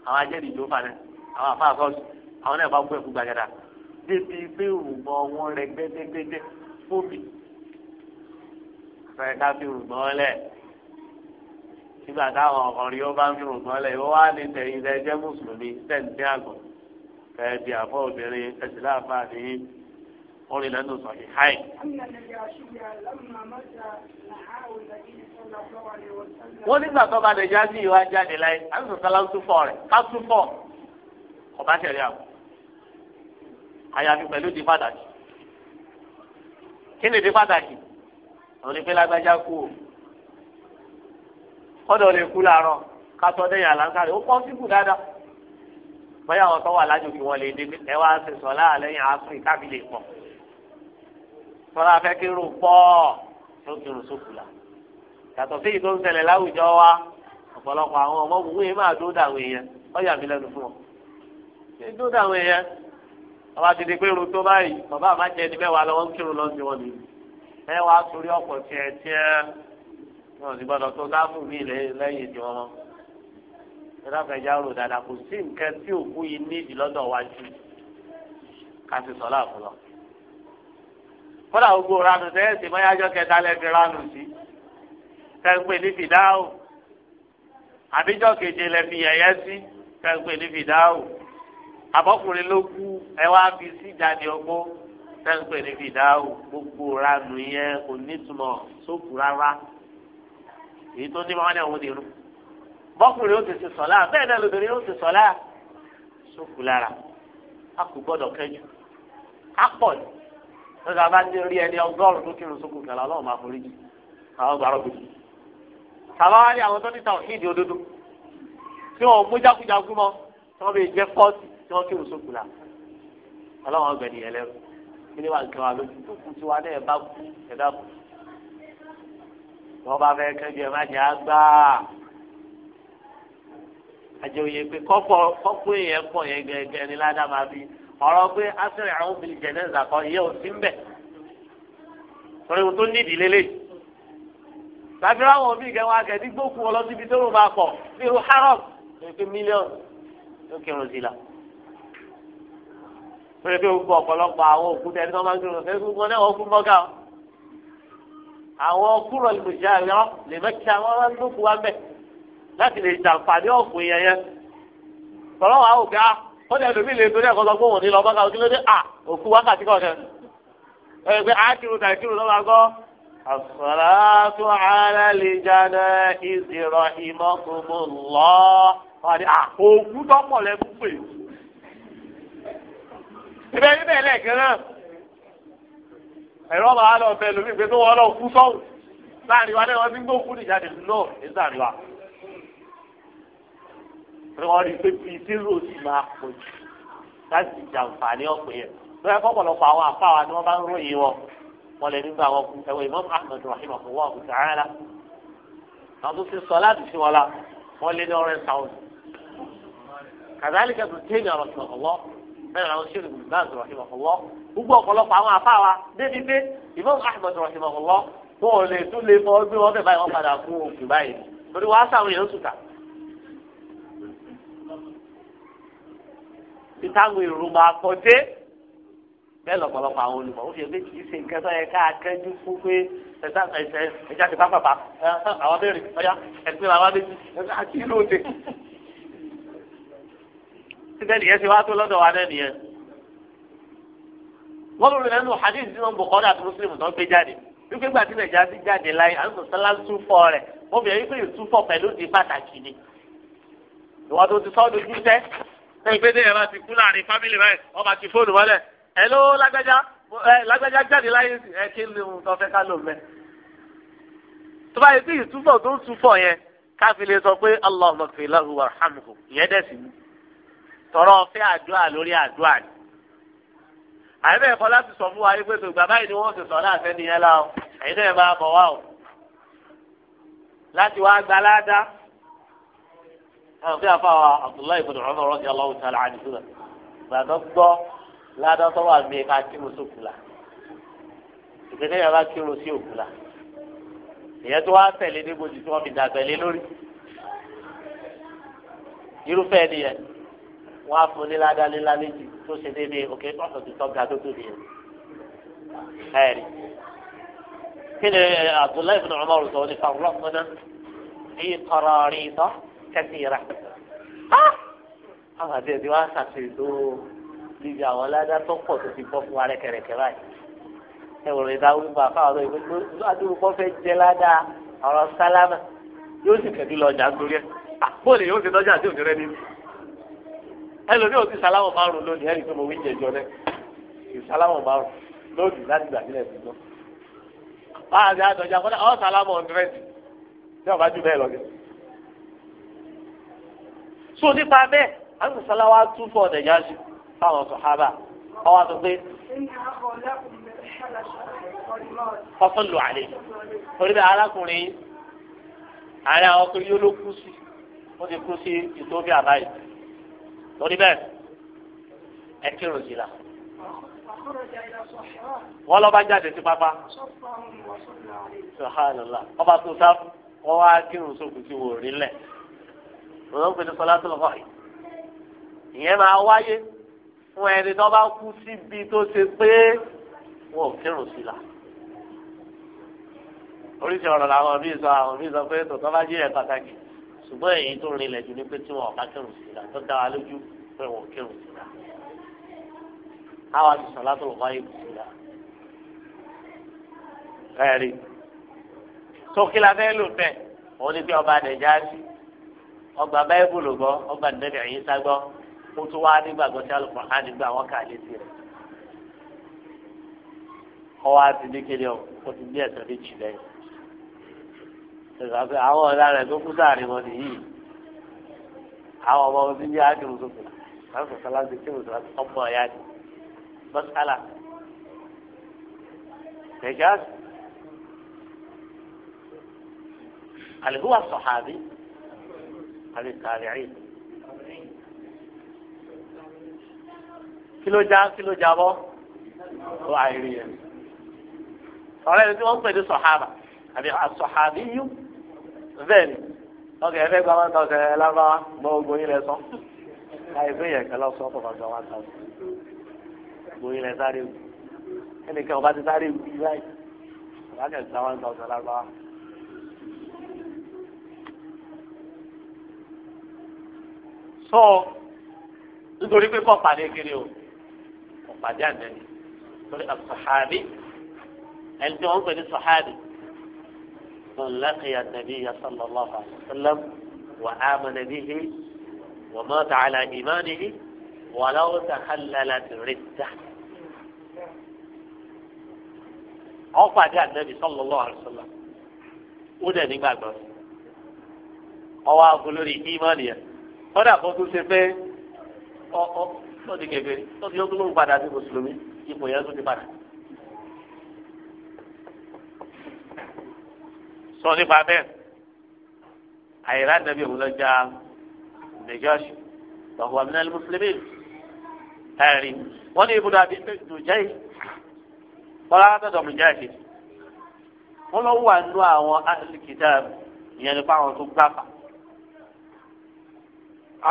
àwọn ajẹ́nìjó fanẹ́ àwọn àfa àfọ́sù àwọn náà bá gbọ́ ẹ̀kú gbàgẹ́dà débi pé rùgbọ́n wọn rẹ gbẹ́dẹ́gbẹ́dẹ́ fóbi fẹ́ ká fi rùgbọ́n lẹ̀ nígbà táwọn ọkùnrin ó bá fi rùgbọ́n lẹ̀ ó wá ní tẹ̀yìn tẹ́ jẹ́ mùsùlùmí tẹ̀ǹtì àgọ̀ fẹ́ẹ́ di àfọ́ obìnrin ẹ̀sìn láàfáà ní orin lẹ́nu sọ̀hìn háì. wọ́n nígbà tó bá lè jáde ìwà jáde láyé àti sọ̀tàlá ń túfọ̀ rẹ̀ ká túfọ̀ ọ̀bá tẹ̀lé àyàfi pẹ̀lú di pàtàkì kí ni di pàtàkì òun ni pé lágbájá kú o kọ́dọ̀ lè kú làárọ̀ kátó dẹ́yìn àlàkàrẹ̀ ó pọ́n síkù dáadáa bóyá àwọn tó wà lájò kí wọ́n lè dé ẹ wá ṣe sọ láàlẹ́yìn àásùn ìkábí lè pọ̀ tọ́lá fẹ́ kí irun pọ̀ tó kí irun sókù la yàtọ̀ sí ìtò ń ṣẹlẹ̀ láwùjọ wa ọ̀pọ̀lọpọ̀ àwọn ọmọ òwúwe máa dó dàwọn èèyàn ọ̀yà mi lẹ́nu fún wọn ṣé dó dàwọn èèyàn ọba ti di pé irun tó báyìí bàbá àbájẹ ẹni mẹ́wàá lọ́wọ́ ń kírun lọ́sí wọn ni mẹ́wàá torí ọ̀pọ̀ tiẹ̀ tiẹ̀ wọn sì gbọ́dọ̀ tó dáàbò mí lẹ́yìn tí wọ́n mọ́ ìdáfẹ̀já rò dáadáa kò sí nǹkan tí òkú yìí nídìí lọ́dọ̀ wájú ká ti sọ̀lá fún lọ. kódà gbogbo ranù tẹ́ ẹ̀sìn mọ́yájọ́ kẹta lẹ́fi ranù sí kẹ́ńpé ní fìdáhùn àbíjọ́ keje lẹ́fi yẹ̀yẹ́ sí kẹ́ńpé ní fìdáhùn abọ́kùnrin ló kú ẹ wá fi síjáde ọgbó tẹ́ǹpẹ̀ ní fìdáwò gbogbo ranu yẹn kò nítumọ̀ sókù rárá èyí tó ní mọ́wálé òun dèrò bọ́kùnrin ó ti ṣe sọ̀lá bẹ́ẹ̀ náà lóbìnrin ó ti sọ̀lá sókù lára a kò gbọ́dọ̀ kẹ́jú a pọ̀ ní lọ́sọ̀ abá ní rí ẹni ọgọ́rùn tó kírun sókù kẹlẹ́ ọlọ́run máa forí jù àwọn gbàrọ̀ gbèsè tàbá ní àwọn tó ní tàwọn ìdí wọ́n kéwù sókù la ọlọ́wọ́n ọgbẹ́ nìyẹn lẹ́rú kí ni wà ń kẹwàá lójú tó kù tiwa náà ẹ bá kú ẹ dàkú wọ́n bá fẹ́ kẹ́jú ẹ má jẹ́ àgbà àjẹwòye pé kọ́pọ̀ kọ́pọ̀ èèyàn pọ̀ yẹn gẹ́gẹ́ ni ládàá máa fi ọ̀rọ̀ pé asẹ́rẹ̀ àwọn obìnrin jẹ̀nẹ́sà kan yẹ ò sí ń bẹ̀ torí ohun tó nídìí lélẹ̀ tàbí àwọn òbí ìgẹ̀ wọn akẹ́dígbòkun ọlọ́sibí tó rò máa pọ̀ bí irú haram lè fi mílíọ̀nù ló kẹrùn sí la pé pé gbogbo ọ̀pọ̀lọpọ̀ àwọn òkúta ẹni tó máa ń kírun fẹ́ gbogbo náà wọ́n fún mọ́gà o. àwọn kúrò lùjà rẹ lè mẹ́kí àwọn máa ń mẹ́ láti lè jàǹfààní ọ̀fun yẹn yẹn. tọ́lọ́ wa ò ga ah, ó ní ẹlòmíì lè torí ẹ̀kọ́ sọ pé òun ní lọ mọ́gà o kí à ah, òkú wákàtí kọ̀ọ̀kan. ẹ gbé akírun ibẹ̀ níbẹ̀ lẹ́ẹ̀kan náà ẹ̀rọ bàá lọ bẹ lómi ìgbésẹ̀ wọn lọ kú sọ́hùn láàrin wa náà wọn ti ń gbókùn ìjáde lọ ní sàrin wa wọn rí i pé bíi zero sì máa pọ̀ jù láti jàǹfààní ọ̀pẹ̀ yẹn lọ́yẹ̀ kọ́pọ̀lọpọ̀ àwọn àfáwa ni wọ́n bá ń ròyìn wọn wọn lè nígbà wọn kú ẹ̀wọ̀n Imam Ahmed rahimahullah ọ̀hún sàrẹ́lá àwọn tó ti sọ láti sí wọn la wọn lé ní ọrẹ sáwọn kàdálíkà tó tẹ́lẹ̀ ọ̀rọ̀ sọ̀rọ̀ bẹ́ẹ̀ làwọn ṣe ìgbìmọ̀ bá àzọ̀rọ̀ ìmọ̀ ọ̀wọ́ gbogbo ọ̀pọ̀lọpọ̀ àwọn afá wa débi pé Imam Ahmad rahimah ọ̀wọ́ wọn ò lè tún lè fọ gbé wọn bẹ́ẹ̀ báyìí wọ́n padà fún òkè báyìí torí wàá sàwọn èèyàn sùtà. ìtàwọn èrò máa kọ dé bẹ́ẹ̀ lọ̀pọ̀lọpọ̀ àwọn olùmọ̀ ó fi ẹgbẹ́ kì í ṣe nǹkan tó yẹ ká kẹ́jú fún pé ẹja ti pápá àti ìlú síbẹ̀ nìyẹn ti wá tó lọ́dọ̀ wa náà nìyẹn. wọ́n lórí lẹ́nu hadith nínú Bukhari àti Muslim tó ń gbé jáde wípé gbà tí nàìjíríà ti jáde láyé àwọn mùsùlùmí ń túfọ̀ rẹ̀ mo bẹ̀rẹ̀ wípé ìtúfọ̀ pẹ̀lú di pàtàkì ni. ìwọ́n tó ti sọ́ dojú sẹ́ lẹ́yìn pé déyẹ̀ bá ti kú láàrin fámìlì báyìí wọ́n bá ti fóònù wọlé ẹ̀ ló lágbájá jáde láyé ẹ̀ eh, kí ni mo tọ́ fẹ́ ká lò mẹ́. tó bá yẹ kí ìtúfọ̀ tó ń túfọ̀ yẹn káfílẹ̀ sọ pé allah tọrọ fẹ́ àdúrà lórí àdúrà ni àyẹ̀bẹ̀ ẹ̀kọ́ láti sọ fún wa yìí pé gbogbo àbáyé ni wọ́n ti sọ láàfẹ́ nìyẹn la o ẹ̀yin náà máa bọ̀ wá o láti wá gba ládá ẹ̀fẹ́ àfa wa Abdullahi ibn Umar radiyallahu ta'ala anhu gbàdọ́ gbọ́ ládá tó wà mí ká kírun sókù la ìgbésẹ̀ yàrá kírun sí òkú la ìyẹn tó wá tẹ̀lé ní gbòdì tí wọ́n fi dàgbẹ́ lórí irúfẹ́ nìyẹn wọn á fún níládá níláléjì tó ṣe déédéé òkè ọ̀sán ti tọ́ ga tó tóbi yẹn. ẹ̀rí kí ni Abdullahi bin Umar sọ ní farrọ́kùnà ní kọ́rọ́ọ̀rì tán kẹ́sì rà. àwọn àti ẹ̀dínwá ṣàṣèlú níbi àwọn aládá tó pọ̀ tó ti bọ́ fún wa rẹ́kẹ̀rẹ́kẹ̀ báyìí. ẹ wò lè dáwọ́ ìgbà fáwọn ọ̀rọ̀ ìwé tó adúgbò kọ́ fẹ́ jẹ́ ládàá ọ̀rọ̀ sálámà yóò sì kẹ́dú lọ jà ń torí ẹ̀ àpò ah, ẹlòmíì ò ti sàlámù márùn lónìí ẹni tó mo wí jẹjọ rẹ ìsàlámù márùn lónìí láti gbà sílẹ̀ sí lọ. báyà ní àdọ̀jà kọ́dà ọ̀ sàlámù ọ̀ndrẹ́dì tí ọba jù bẹ́ẹ̀ lọ́gẹ̀. so nípa bẹ́ẹ̀ àwọn ìsàlá tún fún ọ̀dẹ̀ yá sí fáwọn sọ̀hábà ọwọ́ àti pé. ọ̀sán lò àlè orí bẹ́ẹ̀ arákùnrin àárẹ̀ àwọn ọkùnrin yóò ló kú sí wọ́n ti kú sí Ethiopia báyìí lórí bẹ́ẹ̀ ẹ kírun sí la wọ́n lọ́ba jáde sí pápá sọ̀hánàlá ọba tó sá wọ́n wá kírun sókùn sí wò rí lẹ̀ lọ́dọ̀ ń sọlá tó lọ́kọ̀ yìí ìyẹn máa wáyé fún ẹni tó bá kú síbi tó ṣe pé wọn kírun sí la oríṣi ọ̀rọ̀ làwọn míì sọ àwọn míì sọ pé tòótọ́ bá jí ẹ̀ pàtàkì ṣùgbọ́n èyí tó rinlẹ̀ jù ní pé tí wọn ọ̀ka kírun sí náà tó dá wa lójú pé wọn ò kírun sí náà àwa ti sọ látọ̀ lọ́wọ́ ayé sí náà. ẹ̀rí sókè la fẹ́ lò bẹ́ẹ̀ òun ni pé ọba àdẹ̀já sí ọgbà báyìbùlù gbọ́ ọgbà nẹ́bẹ̀ ẹ̀yìn sá gbọ́ mo tún wá nígbàgbọ́ tí alùpùpù á nígbà wọn kà lé tirẹ̀ ọwọ́ àti ní ẹ̀sẹ̀ méjì ìgbàgbé àwọn ọ̀la rẹ̀ tó kú sáàrin wọn nìyí àwọn ọmọ ọdún ní àdùn tó kù láti sọ sọlá ti kéwòn sọlá ọmọ ọ̀ya ni mọ́sálà tẹ̀jáàs àlùkùwà sọ̀hábí àti tààríì kílójà kílójà bọ́ tó àìrí yẹn ọ̀rẹ́ mi tí wọ́n ń pè ní sọ̀hábà bẹ́ẹ̀ ni ọkẹ́ ẹ̀fẹ́ gba one thousand ẹ̀ lábáwá gbọ́ ogun yín lẹ sọ àìsí yẹn kẹlẹ́ sọ fọ̀fọ̀ gba one thousand ogun yín lẹ sáré wù ẹnìkan ọba ti sáré wù yí báyìí ọba kẹ̀ gba one thousand lábáwá. sọ nítorí pé kọ́ pàdé kiri o kọ́ pàdé àná ni torí àti sọ̀hábì ẹni tí wọ́n ń pè ní sọ̀hábì. من لقي النبي صلى الله عليه وسلم وآمن به ومات على إيمانه ولو تخللت ردة ọ̀pá dé ànábì sallallahu alaihi wasallam ó dẹ̀ nígbàgbọ́ ọwọ́ aago lórí ìmánì yẹn kọ́dà kó tún ṣe pé ọ́ ọ́ ọ́ di kẹfẹ́ ọ́ di ọ́ tó ló ń padà sí mùsùlùmí ipò yẹn tó ti padà. sọ nípa bẹ́ẹ̀ àyèrè àdàbí òun lọ já nàìjọ́sì lọ́wọ́ àmì mùsùlùmí ẹ̀rí wọ́n ní ibùdó àbí dùjẹ́yì kọ́lá àtọ̀dọ̀ mùjáde wọ́n lọ wà nù àwọn alìkìtà ìyẹn nípa àwọn tó gbàgbà.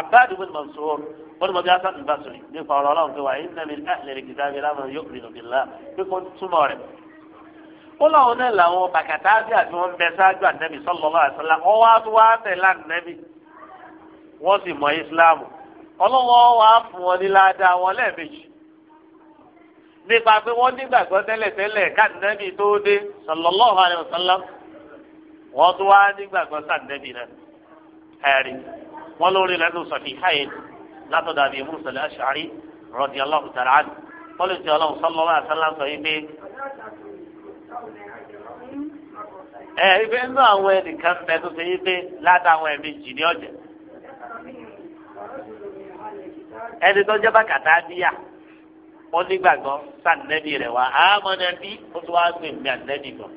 عباد بن منصور قل ما بيعت البصري يقول الله تعالى إن من أهل الكتاب لمن يؤمن بالله يقول سمارة ó láwọn náà làwọn bàkàtà àti àti wọn bẹ ṣáájú ànẹ́bí sallallahu alaihi wasallam wá tó wá tẹ̀lé ànẹ́bí wọ́n sì mọ ìsìláàmù wa fún wọn ní ládàá wọn lẹ́ẹ̀mejì nípa pé wọ́n nígbàgbọ́ tẹ́lẹ̀tẹ́lẹ̀ káàdínẹ́bì tó dé sallallahu alaihi wasallam wọ́n wá nígbàgbọ́ sàdínẹ́bì náà ẹ̀rí wọ́n lórí lẹ́nu sahihayn látọ̀dọ̀ Abi Musa al-Ash'ari radiyallahu sọ ẹ ibi nínú àwọn ẹnìkan bẹ tó ṣe yí pé látàwọn ẹ̀mí jì ní ọ̀jẹ̀ ẹni tó jẹ́ bàkàtà bíyà wọ́n nígbàgbọ́ sànẹ́bí rẹ̀ wá àmọ́ nẹ́bí ó tún wá gbé mi ànẹ́bí gan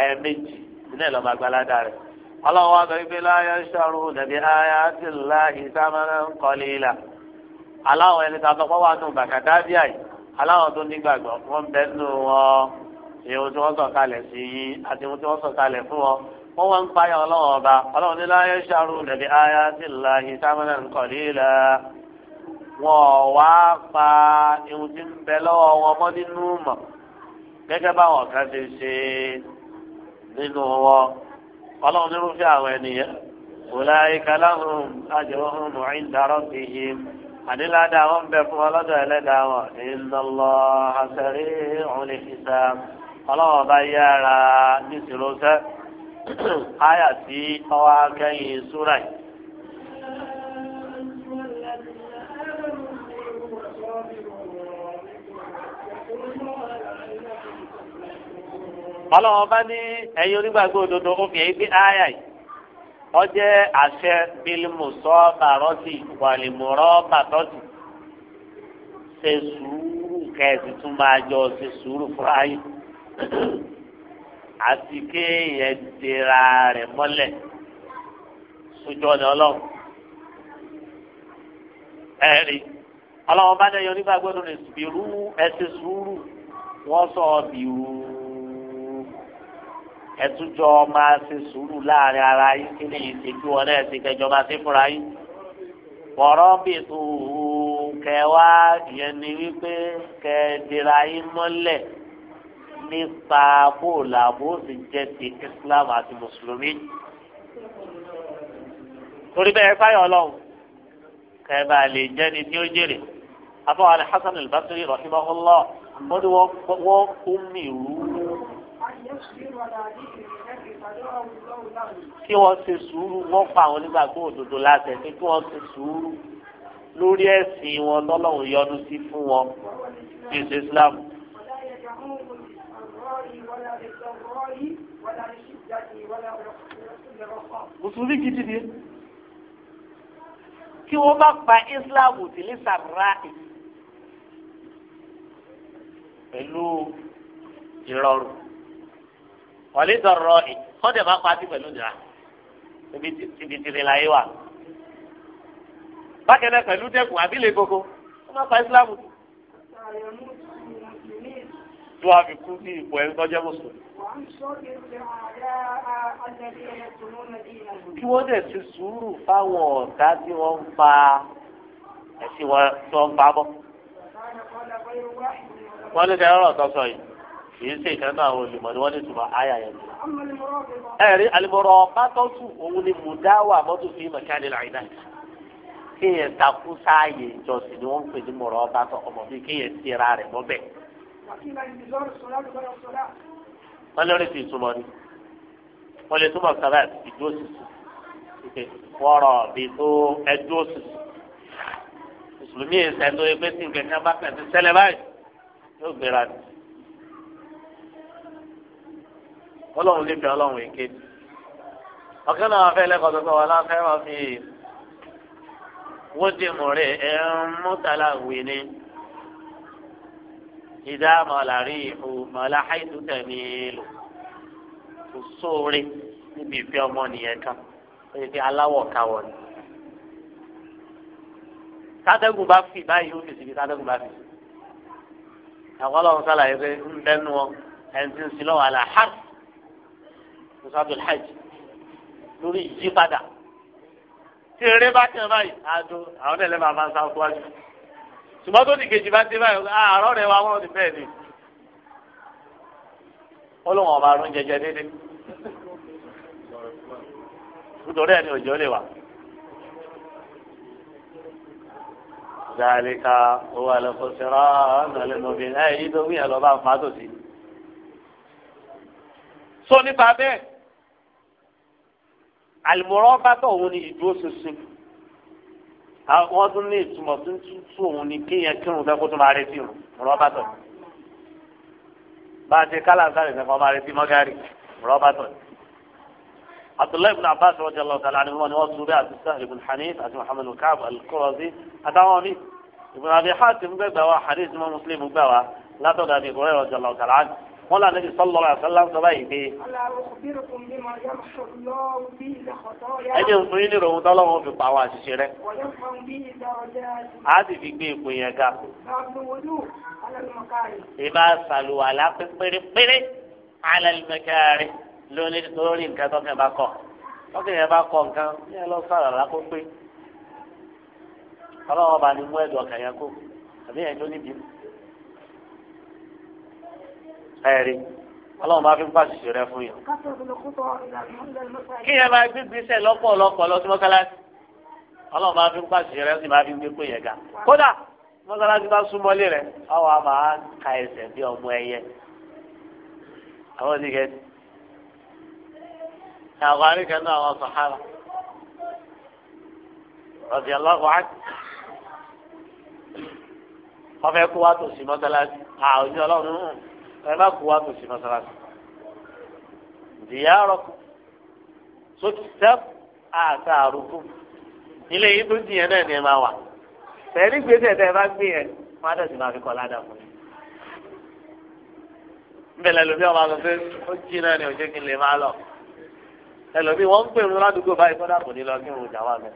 ẹ̀ẹ̀mejì nílẹ̀ lọ́mọ agbálada rẹ̀ ọlọ́wọ́ àgbà wípé láyé sọ̀rọ̀ nàbí ayé àti láyé sámánà ń kọ́lé la aláwọ̀ ẹni tó àtọ́kọ́ wà nù bàkàtà bíyà yìí aláwọ̀ tó nígbàgbọ́ wọ́n bẹ́ẹ̀ nù wọ́n. ìhun tí wọ́n sọ̀kalẹ̀ sí yìí àti ìhun tí wọ́n sọ̀kalẹ̀ fún ọ wọ́n wá ọba ọlọ́run ní láyé ṣàrù nàbí aya sí láyé sámánà nkọ̀lélà wọn ò wá pa ìhun tí ń bẹ lọ́wọ́ wọn mọ́ nínú mọ̀ gẹ́gẹ́ báwọn kan ti ṣe nínú wọn ọlọ́run nírúfẹ́ àwọn ènìyàn dárọ́ fi yé wọn bẹ fún ọlọ́dọ̀ ẹlẹ́dàá wọn àṣẹrí ọlọ́wọ́ bá ara nísìlóṣẹ́ áyà tí ọwọ́ akẹ́yìn súrà yìí. ọlọ́wọ́ bá ní ẹ̀yin onígbàgbọ́ òdodo ó fi èyí yìí ọjẹ́ àṣẹ bílímùsọ́ bàrọ́tì wàlìmùrọ́ bàtọ́tì ṣe sùúrù kẹ́ẹ̀sì tún máa jọ ṣe sùúrù àti kéèyàn dira rẹ̀ mọ́lẹ̀ sójú ọ̀nà ọlọ́run ẹ̀rí ọlọ́run bá dẹ̀ yọ nígbà gbọ́dọ̀ rẹ̀ bìrú ẹsẹ̀ sùúrù wọ́n sọ bìrú ẹtújọ máa ṣe sùúrù láàrin ara yín kí ni ìṣèjú wọn náà ṣe kẹjọ máa ṣe fúnra yín pọ̀rọ̀ bí tòun kẹwàá yẹn ni wípé kẹ́ẹ̀dìrà yín mọ́lẹ̀ nípa bóòlù àbóòsì jẹ́ ti islam àti mùsùlùmí. torí bẹ́ẹ̀ fáyọ̀ ọlọ́run kẹ́ẹ̀bà lè jẹ́ ni tí ó jèrè afọwọ́ alḥasan al-basri rahimahullah wọ́n ti wọ́n kú mi rú. kí wọ́n ṣe sùúrù wọ́n pa àwọn onígbàgbọ́ òdodo láti ẹ̀ kí wọ́n ṣe sùúrù lórí ẹ̀sìn wọn lọ́lọ́run yọ́nú sí fún wọn bí ṣe mùsùlùmí gidi ni tí wọ́n bá pa islam tì ní sàrà pẹ̀lú ìrọ̀rùn wọlé dọ̀rọ̀ ì kọ́dẹ̀ bá pa á sí pẹ̀lú ìdíra ibi tìrì láyé wa bákẹ́lẹ́ pẹ̀lú dẹ́kun àbílẹ̀ gbogbo wọ́n bá pa islam tì tó wá fi kú sí ipò ẹni tọ́jẹ́ mùsùlùmí. kí wọ́n dẹ̀ ti sùúrù fáwọn ọ̀tá tí wọ́n ń pa ẹ̀sìn wọn tí wọ́n ń pa bọ́. wọ́n ní sẹ́yìn ọ̀rọ̀ sọ́sọ yìí kìí ṣe ìtàn náà àwọn olùmọ̀ ni wọ́n ní tùmọ̀ àyà yẹn. ẹ rí alimọ̀rọ̀ bátọ́tù òun ni mùdáwà mọ́tò fi mẹ̀kánì láìdá kéèyàn takú sáàyè ìjọsìn ni wọ́n ń pè ní mọ̀rọ̀ bátọ́ ọmọ bíi kéèyàn tira rẹ̀ mọ́bẹ̀ wọ́n lórí ti ìtumọ̀ ni wọ́n lè túmọ̀ sábà ìdó sísè wọ́rọ̀ bí tó ẹdó sísè mùsùlùmí ẹsẹ̀ tó ẹgbẹ́ tí nǹkan kan bá kẹ̀sì ṣẹlẹ̀ báyìí yóò gbéra ni ọlọ́run lè bẹ̀ ọlọ́run èké ọ̀kẹ́ náà wọ́n fẹ́ lẹ́kọ̀ọ́ tó kọ́ wọn láfẹ́ wọn fi wọ́n ti mú rẹ̀ ẹ̀ ń mú tàlà wí ni ìdá mọ̀lárí ìhù mọ̀láhà ìdúkẹ́ ní èèlò kò sóore níbi ìfẹ́ ọmọ nìyẹn kan ó yẹ kí aláwọ̀ káwọ̀ ni. tádẹ́gùn bá fì báyìí ó fi síbi tádẹ́gùn bá fì sí. àwọn ọlọ́run sálàyé pé ń bẹ́nu ọ ẹni ń sin lọ́wọ́ àlà musabil hajj lórí ìyípadà tí eré bá tẹ̀ báyìí àdó àwọn ẹlẹ́bàá máa ń sá fún wájú ṣùgbọ́n tó ní kejì bá dé báyìí ah, àárọ̀ rẹ̀ wá wọ́n ti bẹ́ẹ̀ ni ó lóun ọba àrùn jẹjẹ dédé nítorí ẹni òjò lè wà. ذلك هو الخسران المبين ẹ̀yìn tó wíyàn lọ́ba ń fa tòsí. sọ nípa bẹ́ẹ̀ àlùmọ́rọ́ bá tọ̀ òun ni ìdúró ṣinṣin wọ́n tún ní ìtumọ̀ tó ń tú òun ni kéèyàn kírun fẹ́ kó tó máa retí òun rọ́bà tọ̀. bá a ṣe kálásárì fẹ́ kó máa retí mọ́gárì rọ́bà tọ̀. abdullahi ibn abbas radiyallahu ta'ala anhu ni wọ́n tún bẹ́ẹ̀ àti sahl ibn hanif àti muhammad kaab al-qurazi àtàwọn mi ibn abi hatim gbẹgbẹ wa hadith mọ́ muslim gbẹ wa látọ̀dọ̀ àbí ìkórè radiyallahu ta'ala wọn là níbi sọlọ rẹ sọlá sọ báyìí pé. ẹni ń fún yín ní ìròhùn tọ́lọ́wọ́ fi pa àwọn àṣìṣe rẹ. a sì fi gbé ipò yẹn ga. ìbá sàlùwàlá pérépéré alálùmẹ́kẹ́rẹ́ lónìí lórí nǹkan tọ́kẹ́ bá kọ̀ tọ́kẹ́ yẹn bá kọ̀ nǹkan yẹn lọ sàlùwàlá kó pé. ọlọ́wọ́ bá ní mú ẹ̀dùn ọ̀kàn yẹn kó àbí yẹn tó níbi mú ẹ̀rí ọlọ́run bá fi ń pàṣẹ rẹ fún yẹn. kí yẹn máa gbé gbèsè lọ́pọ̀lọpọ̀ lọ sí mọ́sálásí ọlọ́run bá fi ń pàṣẹ rẹ sì máa fi ń gbé pé yẹn ga. kódà mọ́sálásí bá súnmọ́lé rẹ̀ ọwọ́ a máa ka ẹsẹ̀ bí ọmọ ẹyẹ. àwọn oníkẹ́ ni àwọn aríkẹ́ náà wọ́n sọ hàrà. ọ̀sẹ̀ ọlọ́kùn á wọ́n fẹ́ kó wá tòsí mọ́sálásí àwọn oní ọlọ́run nù ẹ má kó wa tó sí mọ́sálásí dìyàrọ̀kù sókè sẹ́pù àtàrùkù ilé yìí tó dìyẹn náà ni ẹ máa wà tẹ̀lé gbèsè tẹ̀ ẹ bá gbé yẹn má dẹ̀ sí máa fi kọ́ ládàá fún yín mbẹlẹ lomi ọba lọ pé ó jí náà ni òjé kí n lè máa lọ ẹlòmí wọn ń pè mí ládùúgbò báyìí kọ́dà kò ní lọ kí n rò jà wà mẹ.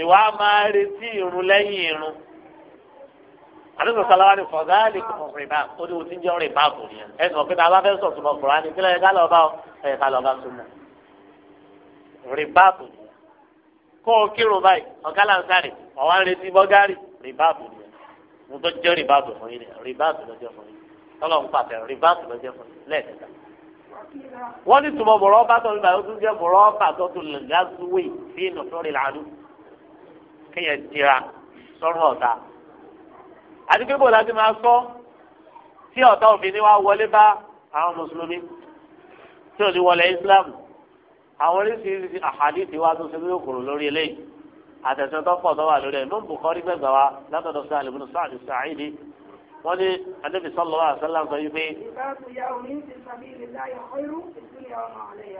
ìwà máa retí irun lẹ́yìn irun àdúgbò sáláwá ni fọdáàlì kò rìbá ó ní oṣù jẹ́ rìbá kò ní ẹ sọ pé bàbá fẹ́ sọ̀tún mọ́ kùrán ní kílẹ̀ ká lọ bá ọ ẹ̀ ká lọ bá súnmọ́ rìbá kò ní kó o kírun báyìí ọ̀gá làǹsàrì ọ̀wá ń retí bọ́gárì rìbá kò ní mo tó jẹ́ rìbá kò fún yín rìbá kò lọ́jọ́ fún yín tọ́lọ̀ ń pàtẹ rìbá kò lọ́jọ́ fún yín lẹ́ẹ̀kẹta wọ́n ní tùmọ̀ bọ̀rọ̀ọ́bà tó ń bá ó tún jẹ́ àti pé bòlá ti máa sọ tí ọ̀tá obìnrin wa wọlé bá àwọn mùsùlùmí tí ò ní wọlé islam àwọn oríṣiríṣi àhàdìsí wa tó ṣe bí òkòrò lórí eléyìí àtẹ̀sẹ̀ tó pọ̀ tó wà lórí ẹ̀ ló ń bùkọ́rí gbẹ̀gbà wa látọ̀dọ̀ sí àlùbùnú sáàdì sàáìdì wọ́n ní adébí sọ́lọ́ wa sálàm sọ wípé.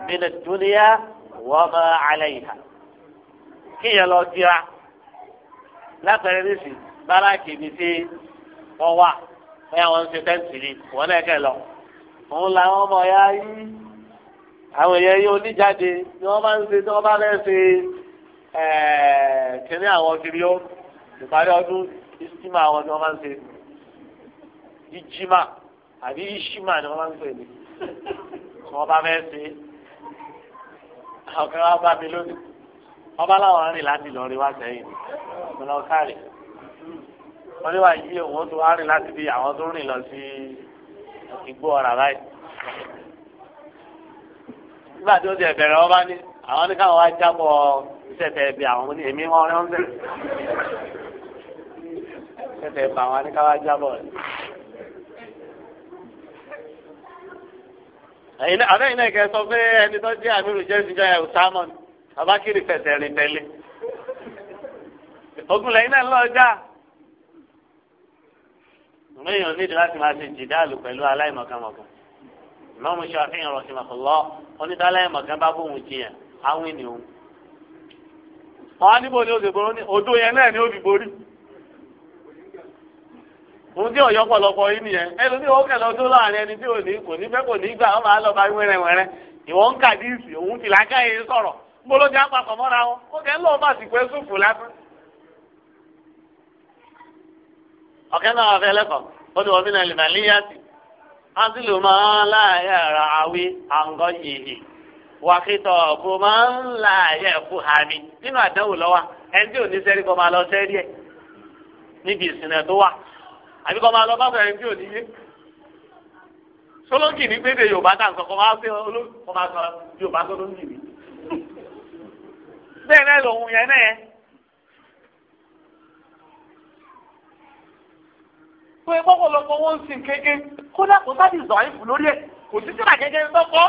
min ad-dunya wa ma 'alayha kíyàn lọ jíra látàrí nísìnyí báràkì ibi tí wọ́n wà bóyá wọ́n ṣe tẹ́ǹtì wọ́n náà kẹ́ lọ. òun làwọn ọmọ ya yí àwọn èèyàn yí oníjáde ni wọ́n bá ń ṣe tí wọ́n bá fẹ́ ṣe kíní àwọn kiri ó ìparí ọdún ìsítímà àwọn ni wọ́n máa ń ṣe ìjìmà àbí ìṣímà ni wọ́n máa ń ṣe ni wọ́n bá fẹ́ ṣe àwọn kan bá mi lónìí wọ́n bá láwọn arìn láti lọ rí wá sẹ́yìn lọ káàrí wọ́n ní wàá yí òun tó wá láti bí àwọn tó rìn lọ sí igbó ọ̀rà báyìí. nígbà tí ó ti ẹ̀bẹ̀rẹ̀ wọn bá ní àwọn ní káwọn wá jábọ̀ iṣẹ́ tẹ àwọn ní èmi wọn rẹ́ ń bẹ̀. iṣẹ́ tẹ àwọn ní káwọn jábọ̀ rẹ̀. àbẹ́yìn náà kẹ́ sọ pé ẹni tó jẹ́ àmírù jẹ́ ìjọ ẹ̀ ọ̀sámọ́n abákiri fẹ̀sẹ̀ rìn tẹ́lẹ̀. ogun lẹ́yìn náà lọ́ọ́ ṣùgbọ́n èèyàn nídìí láti máa ṣe jìdáàlù pẹ̀lú aláìmọ̀kànmọ̀kàn ìmọ̀mù ṣàfihàn rọ̀ṣìmọ̀kànlọ́ onídàáláìmọ̀kàn bá bóun jiyàn áwìn ni òun. wọn á níbo ni oṣù borí ní yẹn náà ni ó fi borí. òun tí ọ̀yọ́ pọ̀lọpọ̀ yìí nìyẹn ẹni tí ó kẹlọ tó láàrin ẹni tí ò ní kò ní fẹ́ kò ní gbà wọ́n máa lọ bá wẹ́rẹ́wẹ́rẹ́ ìwọ ń kàdíìsì òun tìlákàyè sọ̀rọ̀ gbọ́dọ̀ jẹ́ àpapọ̀ mọ́ra ọ̀kẹ́ náà fẹ́ lẹ́kọ̀ọ́ ó ti wọ́n mí náà lè máa léyàtì ásìlù máa ń láàyè ara awé àǹgọ́ yìí wàkìtọ̀ kò máa ń láàyè fún hami nínú àdánwò lọ́wọ́ ẹni tí ò ní sẹ́rí kọ́ máa lọ sẹ́rí ẹ̀ níbi ìsìn ẹ̀ tó wà àbí kọ́ máa lọ bá fẹ́rẹ̀ tí ò ní yé solongi ni gbèdé yorùbá tá nǹkan kọ máa fi olú kọ máa sọ yorùbá tó ló *laughs* bẹ́ẹ̀ náà lòun yẹn náà tó yẹ wọn ń sin kéke kódà kó sáà ti zọ̀ọ́ ìfù lórí ẹ̀ kò sí síra kéke tọ́kọ́.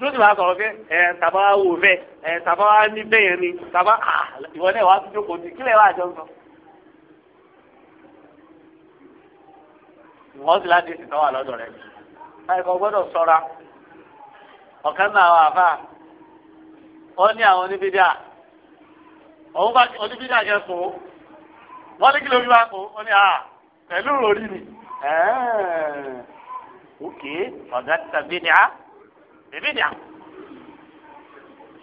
lónìí wàá sọ̀rọ̀ pé ẹ tàbá wò fẹ́ ẹ tàbá ní bẹ́yẹn ni tàbá ìwọ náà wàá tún kò sí kílẹ̀ wàá jọ sọ. wọ́n sì láti sì tọ́wà lọ́dọ̀ rẹ̀ láìpẹ́ gbọ́dọ̀ sọ́ra ọ̀kan náà wà fà ó ní àwọn oníbídà òun bá oníbídà jẹ́ sùn wọ́n ní kí ló fi máa kó ó ní à pẹ̀lú òrì ni òkè ọ̀gá ti tàbí ni à bèbí ni à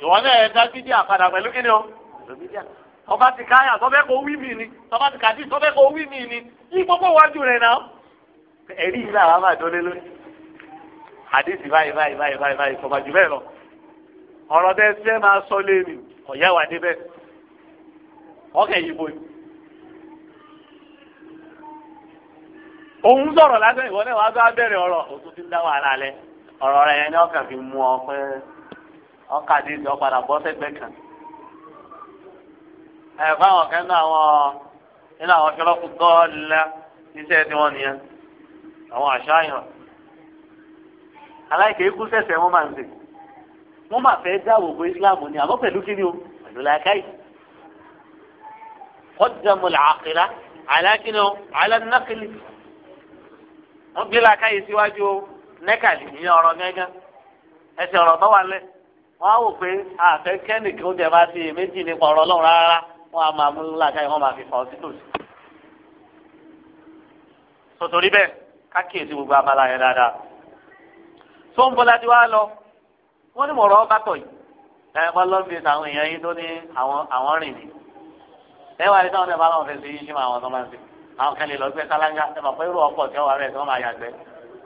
ìwọ náà dá bídíà padà pẹ̀lú kí ni o bèbí ni tọ́ba ti káyà tọ́bẹ́ kó wí mi ni tọ́ba ti kàdí tọ́bẹ́ kó wí mi ni yí gbogbo wájú rẹ̀ náà ẹ̀rí yìí làwọn máa dọ́lé lórí àdéhùn báyìí báyìí báyìí báyìí báyìí kọ̀ọ̀bà jù bẹ́ẹ̀ lọ ọ̀rọ̀ bẹ́ẹ̀ fẹ́ máa sọ lé mi ọ̀yá wà ọ̀kẹ́ yìí bóyìí. òun sọ̀rọ̀ lásán ìwọ náà wàá bá bẹ̀rẹ̀ ọ̀rọ̀ o ti ń dá wàhálà lẹ ọ̀rọ̀ rẹ̀ yẹn ni ọkàn fi mú ọ pé ọkà dé ìjọ padà bọ́ sẹ́gbẹ́ kan. ẹ̀fọ́ àwọn kan náà àwọn nínú àwọn ṣọlọ́kù gọ́ọ̀lá tí wọ́n nìyẹn àwọn aláìkè ikú sẹ̀sẹ̀ wọ́n máa ń sè wọ́n máa fẹ́ Islam ni àmọ́ pẹ̀lú kí ni o wọ́n gbé làákàyè síwájú nẹ́kàlì ìyẹn ọ̀rọ̀ gángan ẹsẹ̀ ọ̀rọ̀ bá wà lẹ̀ wọ́n á wò pé àfẹ́ kẹ́nìkì ó bá ti méjì nípa ọ̀rọ̀ ọlọ́run rárá wọ́n á máa mú làákàyè wọ́n máa fi fọ́ sí tòsí. sòtòrí bẹ́ẹ̀ kákìyèsí gbogbo abala yẹn dáadáa. tó ń bọ́lá tí wàá lọ wọ́n ní mọ̀rọ̀ bá tọ̀ yìí ẹ bá lọ́ọ́ bí àwọn èèyàn yìí tó ní àwọn rìn ní. ẹ wà ní táwọn ẹ̀ bá lọ́wọ́ fẹ́ sí yíṣẹ́ àwọn ọ̀nà máa ń sìn àwọn kan lè lọ gbé sálángá ẹ mọ̀ pé irú ọkọ̀ tí wọ́n rẹ̀ tí wọ́n máa yàgbẹ́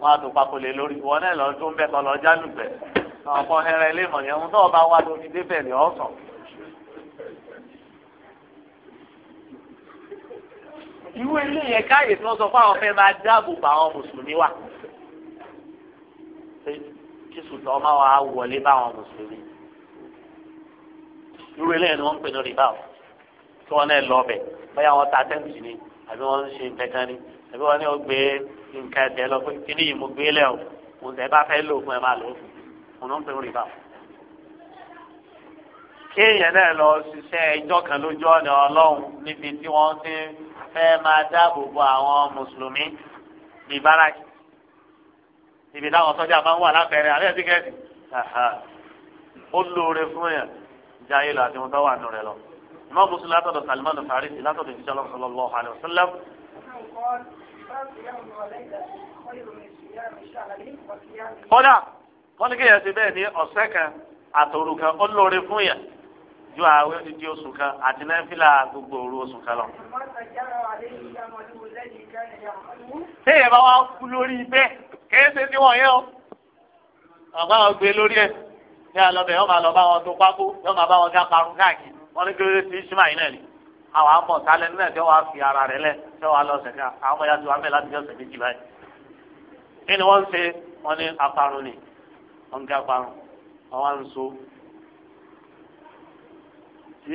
wọ́n á tún papò lé lórí wọ́n náà lọ tún bẹ́ẹ̀ kọ́ lọ jálùbẹ́ ọ̀pọ̀ ẹrẹ ilé ìmọ̀ yẹn ń tọ́ ọba wá lórí débẹ̀ ní ọ̀sán. irú ilé yẹn káyè tí wọ́n sọ fún àwọn fẹ́ máa dáàbò bá àwọn mùsùlùmí wà kí sùtọ́ máa wà wọlé bá àwọn mùsùlùmí irú ilé yẹn ni wọ́n ń pè ní rìbá o tí wọ́n náà lọ ọbẹ̀ bóyá wọ́n ta tẹ́ǹtì ni àbí wọ́n ń ṣe nǹkan kan ni àbí wọ́n ní o gbé nǹkan ẹ̀dẹ́ lọ pé kí ni yìí mo gbé lẹ̀ o mo tẹ̀ bá fẹ́ lò fún ẹ máa lò fún un ló ń pè ń rìbá. kéèyàn náà lọ ṣiṣẹ́ ẹjọ́ kan lójú ọ̀nà ọlọ́run níbi tí wọ́n ti fẹ́ máa dáàbò bo àwọn mùsùlùmí bíi báràkì ibi táwọn sọ́jà máa ń wà láfẹ̀rẹ̀ àbí ẹ̀sìn ó lóore fún yẹn jáyé lọ àti wọn tó wà nù rẹ lọ ìmáà mùsùlùmí látọ̀dọ̀ Salman al-Farisi látọ̀dọ̀ ìṣẹ́ sallallahu alaihi wasallam. kódà wọ́n ní kéèyàn ti bẹ́ẹ̀ ní ọ̀sẹ̀ kan àtòrú kan ó lóore fún yẹn ju ààwẹ̀ odidi oṣù kan àti náfìlà gbogbo òru oṣù kan lọ. téèyàn bá wá kú lórí bẹ́ẹ̀ kéé ṣe tí wọ́n yẹ o ọ̀gá wọn gbé lórí ẹ̀ ní alọ́bẹ̀ yọ́n máa lọ bá wọn tó pákó yọ́n máa bá wọn já parun káàkiri wọ́n ní kí ló dé ti Ismail náà ni àwọn amọ̀ sálẹ̀ nínú ẹ̀fẹ́ wàá fi ara rẹ̀ lẹ̀ ṣé wàá lọ sẹ̀ká àwọn ọmọ ya ti wà mẹ́ láti jọ sẹ̀mí báyìí. kí ni wọ́n ń ṣe wọ́n ní aparun ni wọ́n ń gé aparun àwọn ń so.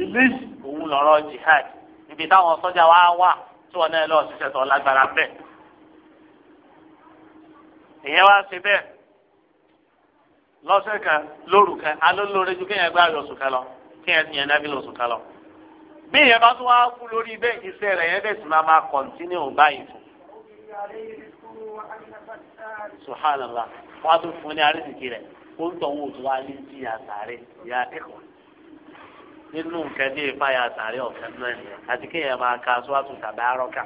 ilé òun lọ́rọ̀ jihad ibi táwọn sọ́jà wa wà tí wọ́n náà lọ ṣiṣẹ́ tó lágbára bẹ́ẹ̀. ìyẹn wá ṣe bẹ́ẹ̀ lọ́sẹ̀ kan lóru kan alólórí ju kéèyàn gbá àyọ̀sùn kan lọ. kí ẹ ti yẹn nábìlì oṣù kan bí ìyẹn bá tún wá kú lórí bẹ́ẹ̀ iṣẹ́ rẹ̀ yẹn bẹ́ẹ̀ sì máa máa kọ̀ǹtínú báyìí fún. subhanallah wọ́n á tún fún ní arísìkí rẹ̀ ó ń tọ́wọ́ òtún wá ní jí àtàrí ìyá ẹ̀kọ́ nínú nǹkan bí àtàrí náà ka aṣọ àtúntàbí arọ́kà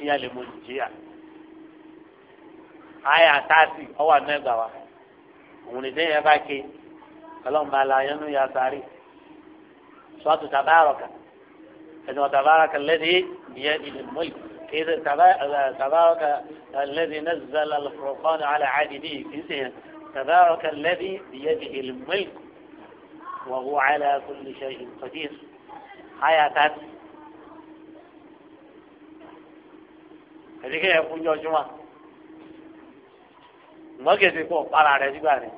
ìyá lè mọ nìjíríà àyà àtàtì ọwọ wa òun ọlọ́run bá la yẹnu ya sáré sọ́tù tabaraka ẹni wọ́n tabaraka lẹ́dí yẹ ìlú mọ́lì kì í ṣe tabaraka lẹ́dí nẹ́zẹ̀lá lọ́kọ̀ọ́n alẹ́ àdìdí kì í ṣe tabaraka lẹ́dí yẹ ìlú mọ́lì wọ́n wọ́n alẹ́ kúlù ṣe ìkọ̀dí ayé àtàtì. ẹ̀dínkì yẹn fún jọjúmọ́ mọ́kẹ́sì pọ̀ para rẹ̀ sígbà rẹ̀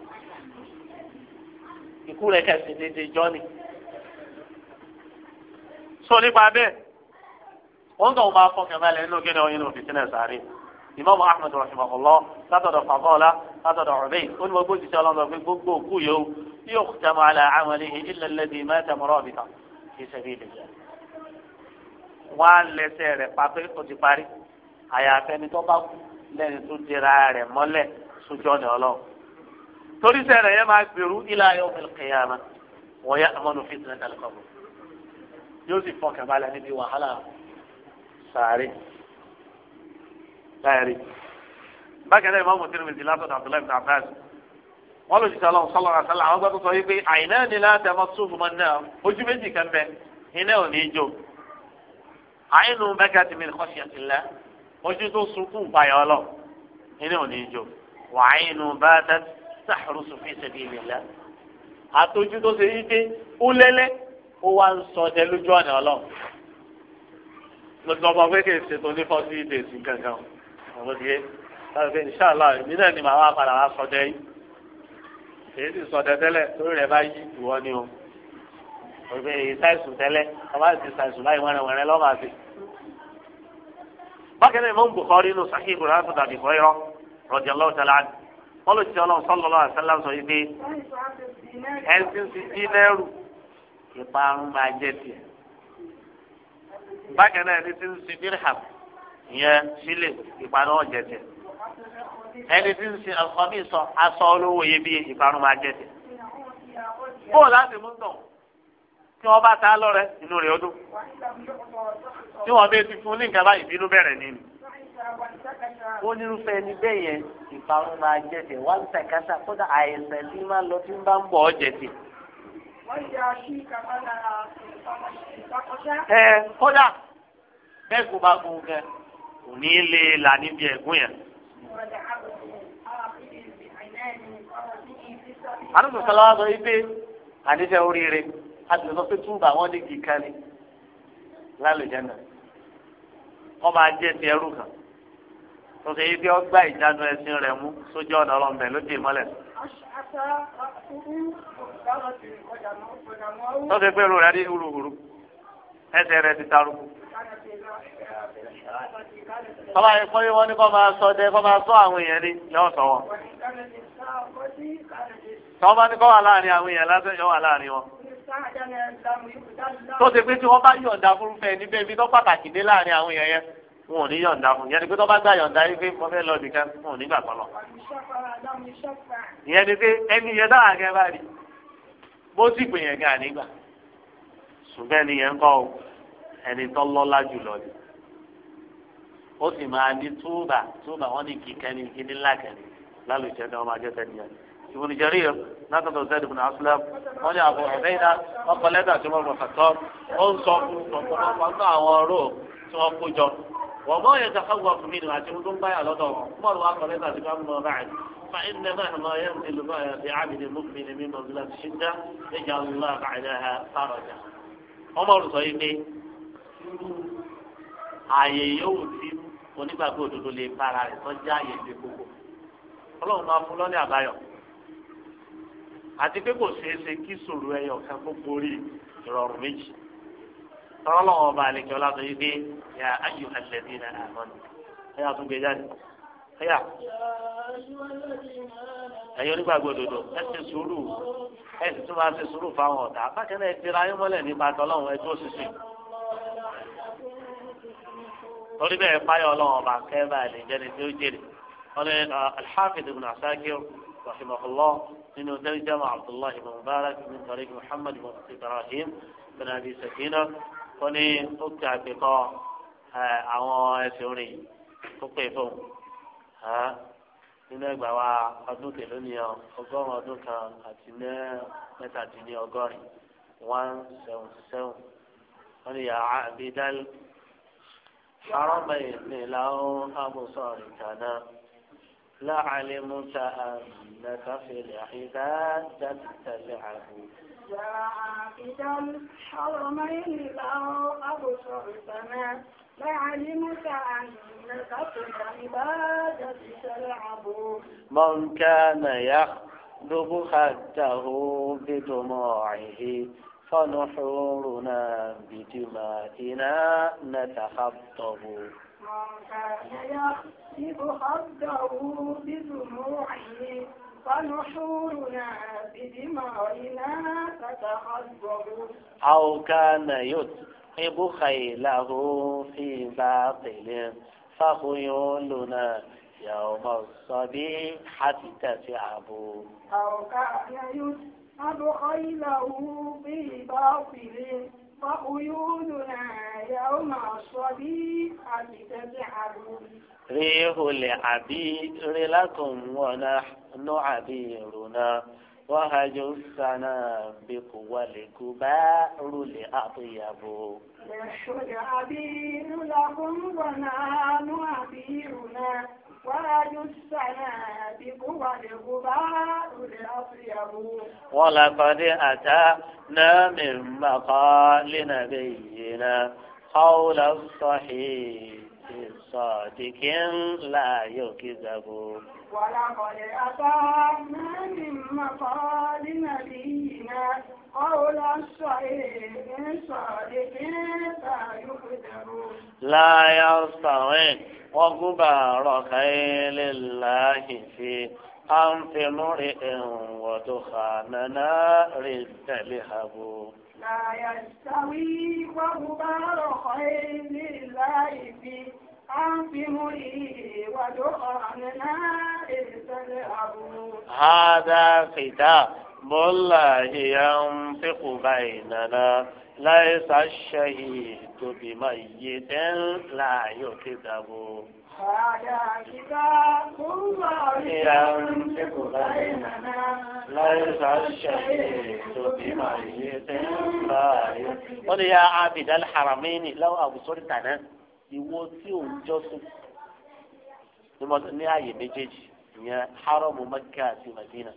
ikú rẹ̀ kẹsì dédé jọ́ni. sọ nípa bẹ́ẹ̀ wọ́n kàn máa fọkàn balẹ̀ nínú kí ni wọ́n yín nínú fìtínà sáré imaamu ahmed rahimahullah látọ̀dọ̀ fàbọ́ọ̀lá látọ̀dọ̀ ọ̀bẹ́ onímọ̀gbó ti sọ lọ́nà pé gbogbo òkú yòó yóò tẹ̀mọ̀ àlà àwọn ẹlẹ́yìn ilẹ̀ lẹ́dí mẹ́ta mọ́rọ́ ọ̀bìtàn kì í ṣẹ̀bi ìdè. wọ́n á lẹ́sẹ̀ rẹ̀ pàpẹ́ ti parí àyàfẹ́ni tó bá kú lẹ́ni tó dira rẹ̀ mọ́lẹ̀ sójú ọ̀nà ọlọ́run torí sẹ́rẹ̀ yẹn máa gbèrú ilé ayé òfin kẹyàmá wọ́n yá amọ́nu fitna dalikọ́bù yóò sì fọkàn balẹ̀ níbi wàhálà sàárè láyẹ̀rí. bákan náà ìmọ̀mù tìrìmì ti látọ̀dọ̀ abdullahi bin abbas wọ́n lòdì sọ́lọ́ sọ́lọ́ àtàlà àwọn gbàgbọ́ sọ wípé àyìnà ni láti ọmọ sùn fún náà ojú méjì kan iná ò ní í jó àyìnù bẹ́kẹ́ ti mi kọ́ àtìlẹ́ ojú tó sunkún ìpayọ̀ ọlọ́ iná ò ní í jó wàá àyìnù bá tẹ́tí tahrusu fi sabilillah àtọ́jú tó ṣe yí pé ó lẹ́lẹ́ ó wá ń sọ ọdẹ lójú ọ̀nà ọlọ́run lójú ọmọ pé kì í ṣe tó ní fọ́tí ìdèsí gangan ọ̀rọ̀ díẹ̀ láti fi ìṣàlá èmi náà ni màá wá padà wá sọ ọdẹ yìí èyí sì sọ ọdẹ tẹ́lẹ̀ lórí rẹ̀ bá yí ìwọ ni o òfin èyí ṣàìsùn tẹ́lẹ̀ ọba ti ṣàìsùn láì wẹ́rẹ́wẹ́rẹ́ lọ́mọ àti. bákan náà Imam Bukhari nù Sahih Bukhari tàbí kọ́ irọ́ radiyallahu ta'ala anhu wọn lò jẹ Ọlọ́run sọlọlọ àṣẹlá sọ yìí pé ẹsìn ti dín lẹrù ìparun máa jẹ tiẹ̀ bákan náà ẹni tí ń sin dirham ìyẹn sílẹ̀ ìparun ọjẹ tiẹ̀ ẹni tí ń sin alfọmí sọ aṣọ olówó yẹ bí ìparun máa jẹ tiẹ̀ bóòlù láti mú tàn tí wọn bá ta lọrẹ inú rẹ̀ ọdún tí wọn bẹ ti fún ní nǹkan báyìí bínú bẹ̀rẹ̀ nínú ó nírúfẹ́ ẹni bẹ́ẹ̀ yẹn ìparun máa jẹ̀sẹ̀ wá ń tàkásá kódà àìsàn tí máa lọ tí ń bá ń bọ̀ ọ́ jẹ̀sẹ̀. ẹ kódà bẹ́ẹ̀ kó bá gun kẹ kò ní í lè là níbi ẹ̀gún yẹn. àdúgbò sọlá sọ ipe àdéfẹ́ oríire a sì sọ pé túbà wọn ní kìkan ni lálùjẹ náà wọn máa jẹ ti ẹrú kan tó ṣe ibi ọgbà ìjánu ẹsìn rẹ̀ mú sójú ọ̀nà ọlọ́mọbẹ ló dé mọ́lẹ̀. tó ṣe pé irú rẹ̀ ní hurúhurú ẹsẹ̀ rẹ̀ ti tarúkú. tọ́lá yìí kọ́ wọ́n ní kọ́ máa sọ dé kọ́ máa sọ àwọn èèyàn ní yọ̀ọ́ sọ wọn. tọ́ bá ní kọ́ wà láàrin àwọn èèyàn lásán yọ̀ wà láàrin wọn tó ṣe pé tí wọ́n bá yọ̀ǹda fúnfẹ́ níbẹ̀ ibi tó pàtàkì dé láàrin àwọn èèyàn yẹn wọn ò ní yọ̀ǹda fún yẹn ni pé tó bá gbà yọ̀ǹda yìí pé mo fẹ́ lọ nìkan wọn ò ní gbà kọlọ. ìyẹn ni pé ẹni yẹn dáhà kẹ bá rí bó sì pè yẹn gan nígbà ṣùgbọ́n ẹni yẹn ń kọ́ ẹni tó lọ́lá jùlọ ni ó sì máa ní túbà túbà wọn ní kíkẹ́ni kíní ńlá lálùjẹ́ ni wọ́n máa jẹ́ tẹ́ni yẹn ibùdó jẹrí yẹn látọ̀dọ̀ zed ibùdó aslam wọ́n ní àbọ̀ ọ̀rẹ́ iná ọkọ̀ lẹ́tà tí wọ́n rọ̀ fàtọ́ ó ń sọ fún ọ̀pọ̀lọpọ̀ àwọn ọ̀rọ̀ tí wọ́n kó jọ وما يتخوف منه عشان بايع لدور مرة أخرى لذا تقام بعد فإن مهما ينزل بعبد المؤمن من منزلة الشدة يجعل الله بعدها فرجا عمر صيفي ààyè yóò ti onígbàgbọ́ òdodo lè para rẹ̀ tọ́jú ààyè ìgbé gbogbo ọlọ́run máa fún lọ́ní àbáyọ àti pé kò ṣeé ṣe kí sòrò ẹyọ kan kó borí ìrọ̀rùn méjì ترى الله مالك ولا طيبين يا أيها الذين آمنوا هيا تنقذان هيا هيا نبا قدو دو أسي سولو هيا سوا أسي سولو فاهم وطا فاكنا اتراي مولي نبا تلون ويتو سسي طريبا يفايا الله مالك كيبا لنجاني تيو جيري قال الحافظ ابن عساكر رحمه الله من ترجمة عبد الله بن مبارك من طريق محمد بن إبراهيم بن أبي سكينة ó ní ó kí àgbékọ́ àwọn ẹsẹ̀ orin tó pè fún nínú ẹgbàá wa ọdún kèló ni ọgọ́rùn ọdún kan àti mẹ́tàdínní ọgọ́rin one seven seven wọ́n ní yàrá àbídálì حرمين له أبصاركنا لعلمت أنك في العبادة تلعب يا عابد الحرمين لو أبصرتنا لعلمت أنك قد عبادتي تلعب من كان يخلب خده بدموعه فنحورنا بدمائنا نتخطب من كان يخلب خده بدموعه فنحورنا بدمائنا تتحذر أو كان يتعب خيله في باطل فخيولنا يوم حتى تعبوا أو كان يتعب خيله في باطل فخيولنا يوم حتى تعبوا ريح العبير لكم ونحن عبيرنا وهج السنا بقوى الكبار لأطيب ريح العبير لكم ونحن عبيرنا وهج السنا بقوى لأطيب ولقد أتانا من مقال نبينا قول الصحيح صادق لا يكذب ولقد أتانا من مقال نبينا قول الصحيح صادق لا يكذب لا يستوي وكبار خيل الله في أنف امرئ ودخان نار تلهب لا يستوي وغبار خير الله في أنفمه ودخان نار تذهبون هذا خطاب والله ينفق بيننا ليس الشهيد بميت لا يكذب هذا كتاب الله ينطق بيننا ليس الشهيد بميت بارد يا عابد الحرمين لو أبصرتنا ìwọ tí ò ń jọ́sìn ní ààyè méjèèjì ìyẹn haramu Mẹ́kà àti Madina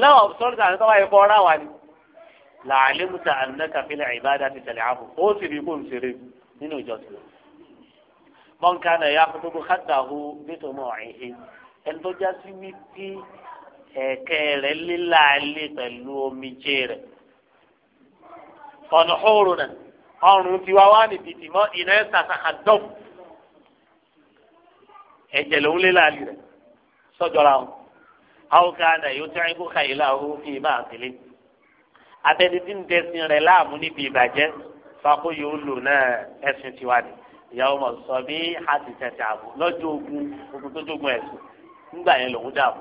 lẹ́wọ̀n sọ́ọ́dún àti tọ́wọ́ ẹ̀kọ́ ọ̀rá wa ni làálẹ́mùtà ànákàfílẹ̀ ìbádà ti tẹ̀lé ààbò ó sì rí bóun ṣeré nínú ìjọsìn mọ́nkánà ya kúndùkú hàtàhù nítorí mọ́ ọ̀hìn ẹni tó já sí wípé ẹ̀kẹ́ rẹ̀ líláàlé pẹ̀lú omijé rẹ̀ ọ̀nà òòrùn náà ọrùn tiwa wá ní títì mọ́ iná ẹ̀ sàkàkà dọ́m ẹ̀jẹ̀ ló ń líláàlé rẹ̀ sọ́jọ́ra wọn àwọn kánà yóò tẹ́ ẹ̀kú kàyílá ọ̀hún fi máa tẹ̀lé abẹ́ni tí ń dẹ́sìn rẹ̀ láàmú níbi ìbàjẹ́ fakó yóò lò náà ẹ̀sìn tiwa nìyí ìyàwó mọ̀ sọ bí àti tẹ̀tẹ̀ àbò lọ́jọ́ ogun ogun tó jogun ẹ̀sùn nígbà yẹn lòún dàbò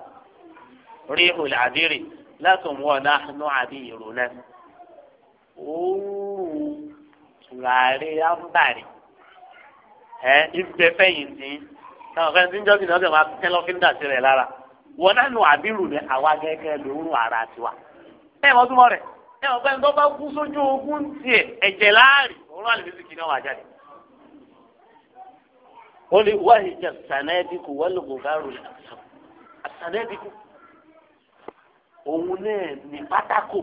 rí olè àdírì látò mú ọ̀nà àánú àbí ìrò náà òórùn tùràrí ámbàrí ẹ ìgbẹ́ fẹ́yìn tí táwọn fẹ́ẹ́ ti ń jọ́sìn náà máa tẹ́ lọ́fíńdà sí rẹ̀ lára wọn náà nù àbírù ní àwa gẹ́gẹ́ lòórùn ara tiwa ẹ mọ́ rẹ̀ ẹ mọ̀ pé ń tọ́ bá kú sójú ogun tiẹ̀ ẹ̀jẹ̀ láàrin òórùn àlùfíìsì kì í náà wà jáde. wọ́n lè wá ìjà wọ́n lè gbòbárò sànẹ́dínkù òun náà ní pátákó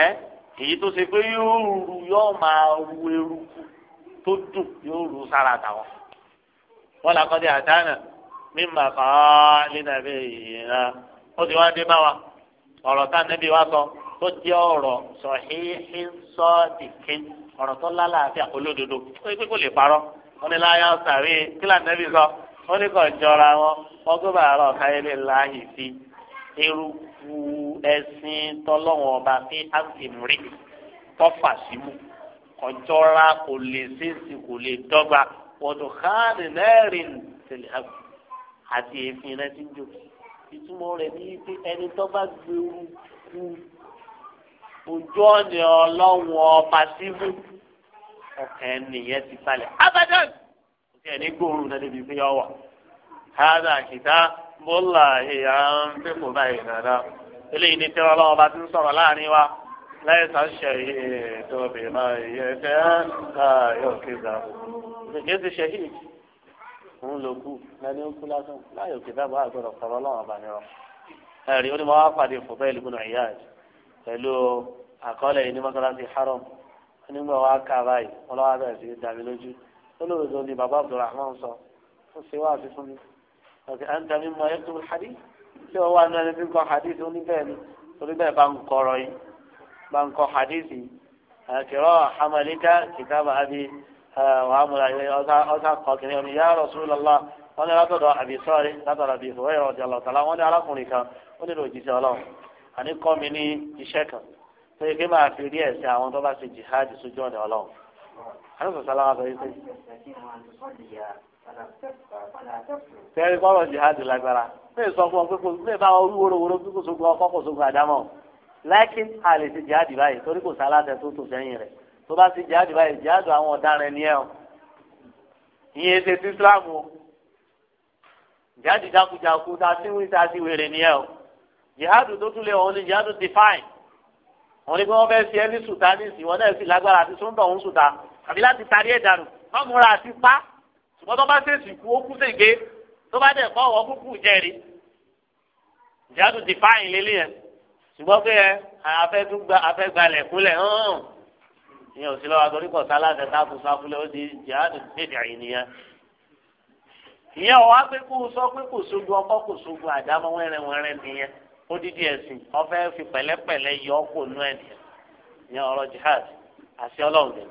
ẹ èyí tó ṣe pé yóò ru yóò máa ru eruku tó dùn yóò ru sára tàwọn wọn là kọ́ni àtànà mímà kọ́ nínú ẹ̀mí yìí náà ó ti wá dé bá wa ọ̀rọ̀ tá nẹ́bí wa sọ tó ọ̀rọ̀ tó lálàáfíà olódodo ó yẹ kó lè parọ́ wọn ni láyà sàrí kílà nẹ́bí sọ wọn ní kò jọra wọn wọn kó bàa rọ káyọ̀lẹ̀ láàyè sí eruku ẹ̀sìn tọ́lọ́wọ̀n ọba fi àtìmúrí tọ́fà símú kọjọ́ra kò lè ṣèṣì kò lè dọ́gba wọ́dọ̀ káàdì lẹ́rìn tẹ̀lé àgbà àti èéfín rẹ ti ń jò ìtumọ̀ rẹ̀ ní pé ẹni tó bá gbé orúkú ojú ọ̀nà ọlọ́wọ̀n ọba símú. ọkàn nìyẹn ti falẹ̀ abadan kò sí ẹni gbóòórùn náà níbi ìpínyà ọwọ́ hàdà kìtà bọ́là ìyá ń fẹ́ kó báyìí nàdá eléyìí ní tẹ́wọ́ bá ti ń sọ̀rọ̀ láàrin wa láyé sá ṣe tóbi fẹ́ ti ṣe kú lásán àgbọ̀dọ̀ sọ̀rọ̀ bá nírọ̀ ẹ̀rí ó ní wá pàdé fún bẹ́ẹ̀ lùgbọ́n pẹ̀lú àkọọ́lẹ̀ yìí ní nígbà wa ká báyìí wọn lọ́wọ́ bẹ̀rẹ̀ sí dàbí lójú olóòzò ni bàbá abdulrahman sọ ó ṣe wá sí fún mi ọ̀sẹ̀ à ń tẹ̀lé mọ ẹ̀kú hadith tí wọ́n wá náà níbi kan hadith ó ní bẹ́ẹ̀ ni torí bẹ́ẹ̀ bá ń kọ̀rọ̀ yìí bá ń kọ hadith yìí kìrọ̀ hamalika kìtàbà abi wàhámùlá ọ̀sà kọ̀kìnrin ọ̀nì yá rasulullah wọn ní látọ̀dọ̀ àbí sọ́ọ̀rì látọ̀dọ̀ àbí ìfowóyọ̀ ọ̀dì ọ̀lọ́tàlá wọn ní arákùnrin kan ó nílò òjì tó yẹ kí máa fi rí ẹ̀sìn àwọn tó bá ṣe jihad sójú ọ̀nà ọlọ́run àlùfáà sálámà sọ wípé tẹ́rí kọ́rọ̀ jihad lágbára ní ìsọ fún ọ pé kò ní ìbá wọn wíwòrowòro bí kò sógun ọkọ kò sógun àdámọ̀ láìkí a lè ṣe jihad báyìí torí kò sáládẹ tó tò sẹ́yìn rẹ̀ tó bá ṣe jihad báyìí jihad àwọn ọ̀daràn ẹni ẹ̀ ìyẹn ṣe ti Islam o jihad jákujáku tá a ti wí tá a ti wèrè ni ẹ̀ o jihad tó tún lé wọn ni jihad define wọn ní bí wọn fẹ́ fi ẹ́ ní sùtá ní ìsìn wọn náà sì lágbára àti sóńtọ̀ òun sùtá àbí láti tarí ẹ̀ dànù má múra àti pa ṣùgbọ́n tó bá ṣèṣì kú ó kú ṣègbè tó bá dẹ̀ kọ́ ọ̀wọ́ kúkú jẹ́rìí ìjádù ti fáyìn lélẹ̀ yẹn ṣùgbọ́n pé ẹ afẹ́gbalẹ̀ kúlẹ̀ hàn ìyẹn ò sí lọ́wọ́ àtọ́rí kọ̀ sálàdẹ̀ táàkù sáfúlẹ̀ ó di ìjádù tètè àyìnìyàn ìyẹn ò wá pé kó sọ pé kò sógun ọkọ kò sógun àdámọ́ wẹ́rẹ́wẹ́rẹ́ nìyẹn odidi ẹ̀sìn ọfẹ́ fi pẹ̀lẹ́pẹ̀lẹ́ yọ ọkọ̀ nú ẹ̀ ní ọ̀rọ̀ jihad àti ọlọ́run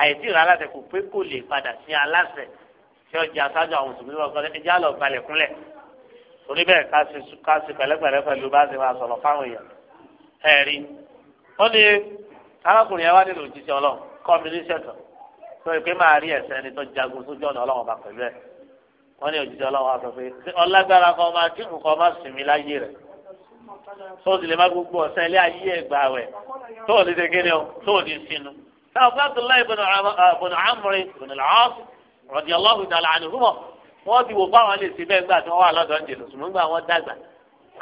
àìsí ìrọ̀ aláṣẹ kò pé kò lè padà sí aláṣẹ tí ọjà sáájú àwọn mùsùlùmí lọ sọdẹ ẹjẹ àlọ balẹ̀ kúnlẹ̀ torí bẹ́ẹ̀ ká ṣe ká ṣe pẹ̀lẹ́pẹ̀lẹ́ pẹ̀lú bá ṣe máa sọ̀rọ̀ fáwọn èèyàn ẹ̀rí wọ́n ní arákùnrin yẹn wá nílò òjíṣẹ́ ọlọ́run kọ́ mi ní sẹ́tọ̀ tó ìpè máa rí ẹ̀sẹ̀ ẹni tó jagun sójú ọ̀nà ọlọ́run ọba pẹ̀lú ẹ̀ wọ́n ní òjijì ọlọ́wọ́ aṣọ pé ọlágbára kan máa kí nǹkan máa sinmi láyé rẹ̀ tó o sì lè má gbogbo ọ̀sẹ̀ ilé ayé ẹ̀gbà rẹ̀ tó o ní ṣe kéde o tó o ní sinú. sáà fún Abdullahi ibn ah, Amri ibn al-As radiyallahu ta'ala anhuma wọ́n ti wò bá wọn lè ṣe bẹ́ẹ̀ gbà tí wọ́n wà lọ́dọ̀ ńjẹ̀ lọ́sùn mọ́ gbà wọ́n dàgbà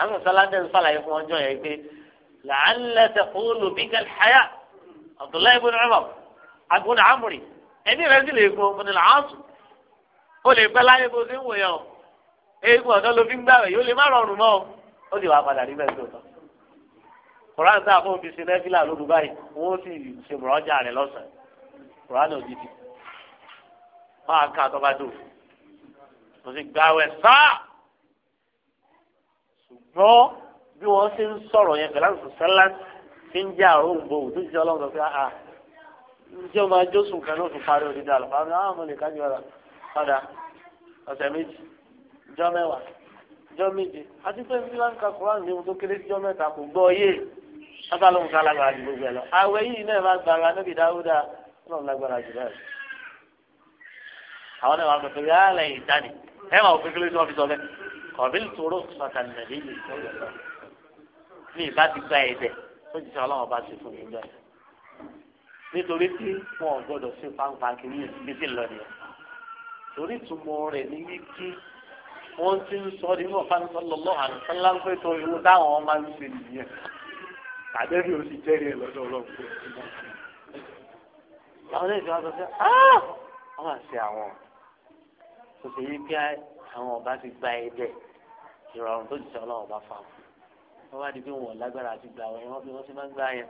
àwọn sọláńdẹ̀ ó lè pẹ́ láyé bó ti ń wòye o eégún ọ̀dọ́ ló fi ń gbàwẹ̀ yóò lè má rọrùn mọ́ o ó lè wá padà rí bẹ́ẹ̀ tó tọ́ koran tá a fún fi ṣe nẹ́fìlà lóru báyìí wọ́n sì ṣe mọ̀rọ́jà rẹ̀ lọ́sàn-án koran òjijì wọ́n á ká àtọ́ba dò mo sì gbàwẹ̀ sáà ṣùgbọ́n bí wọ́n ṣe ń sọ̀rọ̀ yẹn pẹ̀lú àtúntò sẹ́lá ti ń jẹ́ àrùn òǹbò tó ti ọlọ́run sọ pé ǹjẹ́ ah, ah, o máa jó sùn kan ló fi parí òdìdí àlùfáà mi àwọn ọmọ ah, lè kájú ọ̀rọ̀ ọ̀dà ọ̀sẹ̀ méjì jọ́ mẹ́wàá jọ́ méje àti pé ní wọn ka koran ní ohun tó kéré jọ́ mẹ́ta kò gbọ́ yé sátálóhùn ká lágbára jù gbogbo ẹ̀ lọ àwẹ̀ yìí náà máa gbára níbi dáwúdà ọlọ́run lágbára jù bẹ́ẹ̀ àwọn náà wà pẹ̀lú yàrá ìdáni ẹ̀ máa òfin kílódé wọn fi sọ bẹ́ẹ̀ kọ̀bílì tóró sọ̀tàn nàbí yìí ní ìbá ti gba ẹ̀dẹ̀ ó ti sọ ọlọ́run bá ti fún kiri yìí bí torí ìtumọ̀ rẹ̀ ní wípé wọ́n ti ń sọ nínú ọ̀fáàní sọlọ́lọ́ àlùfáàlá ń pẹ́ tó ìwọ táwọn máa ń ṣe nìyẹn àdébí o ti jẹ́rìí ẹ̀ lọ́dọ̀ ọlọ́run àwọn ẹ̀jẹ̀ wa sọ pé wọ́n máa ṣe àwọn kò sì yí pé àwọn ọba ti gba ẹ̀dẹ̀ ìrọ̀rùn tó jìṣẹ́ ọlọ́run bá fa wọn wá di pé wọn lágbára àti gbà wọn wọn bí wọn ti máa ń gbà yẹn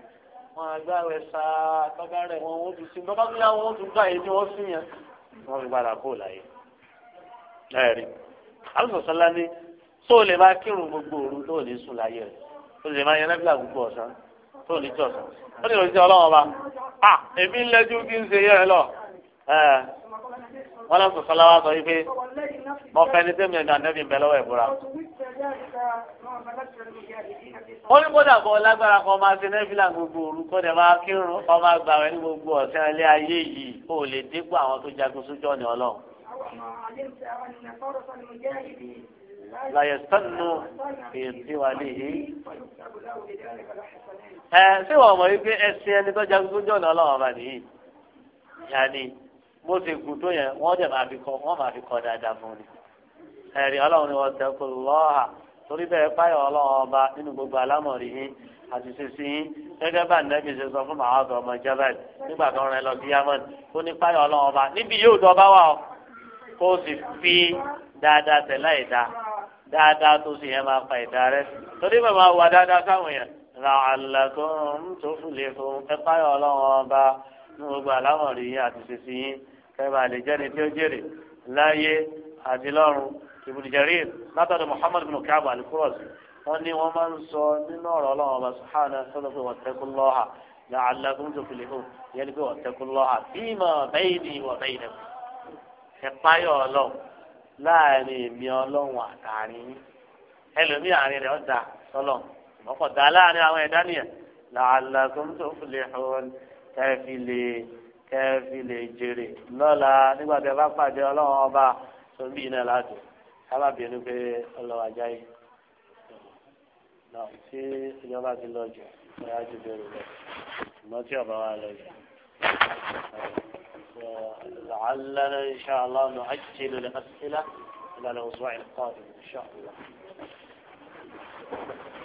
wọn àgbà rẹ̀ sáà tọ́gbà rẹ̀ wọn ò tún sí tọ́gbà wọ́n fi padà kó láyé ẹ̀rí alùsọ̀sọ́lá ní tó lè máa kírun gbogbo òru tó ní sùn láyé rẹ̀ tó lè máa yẹnẹ́bílà gbogbo ọ̀sán tó ní jọ̀sán ó ní ìròyìn ọlọ́wọ́n bá à ah, èmi ń lẹ́jú kí ń ṣe yẹ́ ẹ wọn lọ sọsọ la wa sọ yìí pé mo fẹ ni tẹmí ẹgbẹ àtẹmí bẹ lọ́wọ́ ìbúra. ó ní kódà kó lágbára kó máa ṣe nẹ́fìlà gbogbo òru kó dẹ̀ máa kírun kó máa gbà wẹ̀ ní gbogbo ọ̀sẹ̀ ilé ayé yìí kó lè dínkù àwọn tó jagun sójú ọ̀nà ọlọ́run. láyé èsì wà léyìí. ẹ ṣé wọ́n mọ̀ wípé ẹsìn ẹni tó jagun sójú ọ̀nà ọlọ́run ọba nìyí. yàní bó ṣe gùn tó yẹn wọ́n dẹ̀ máa fi kọ́ wọ́n máa fi kọ́ dáadáa fún mi. ẹ̀rí ọlọ́run ni wọ́n tẹ́ kó lọ́ọ̀hà torí bẹ́ẹ̀ páyọ̀ ọlọ́run ọba nínú gbogbo alámọ̀rí yín àti sísìn yín gẹ́gẹ́ bá nẹ́bí ṣe sọ fún màá ọ̀dọ̀ ọmọ jabal nígbà tó rìn lọ sí yamani ó ní páyọ̀ ọlọ́run ọba níbi yóò dọ̀ bá wà ó kó o sì fi dáadáa tẹ̀ láì dá dáadáa tó sì yẹn máa pa ìdá rẹ torí bẹ́ẹ̀ máa wà dáadáa sáwọn yẹn làálàkùn tó fìlè fún ẹ páyọ̀ ọlọ́run ọba nínú gbogbo alámọ̀rí yín àti sísìn yín kẹ́bà lè jẹ́ni tí ó jèrè láyé àti lọ́run Ibn Jarir látọ̀dọ̀ Muhammad bin Ka'b al-Qurazi wọ́n ní wọ́n máa ń sọ nínú ọ̀rọ̀ ọlọ́run ọba sùhánà sọ́dọ̀ pé wattaqullaha la'allakum tuflihun yẹn ni pé wattaqullaha fima bayni wa baynakum ẹ̀páyọ̀ ọlọ́run láàrin èmi ọlọ́run àtàrin ẹlòmí àárín rẹ̀ ọ̀dà sọlọ ìmọ̀kọ̀dá láàrin àwọn ẹ̀dá nìyẹn la'allakum tuflihun kẹ́ẹ̀fì lè kẹ́ẹ̀fì lè jèrè lọ́la nígbà tí a bá pàdé ọlọ́run ọba tó ń bí iná láti sábàbínú pé ọlọ́wà jáyé náà tí ìjọba ti lọ jù ọ̀yá ju bẹ̀rù lọ ṣùgbọ́n tí ọba wa lọ jù. لعلنا إن شاء الله نعجل الأسئلة إلى الأسبوع القادم إن شاء الله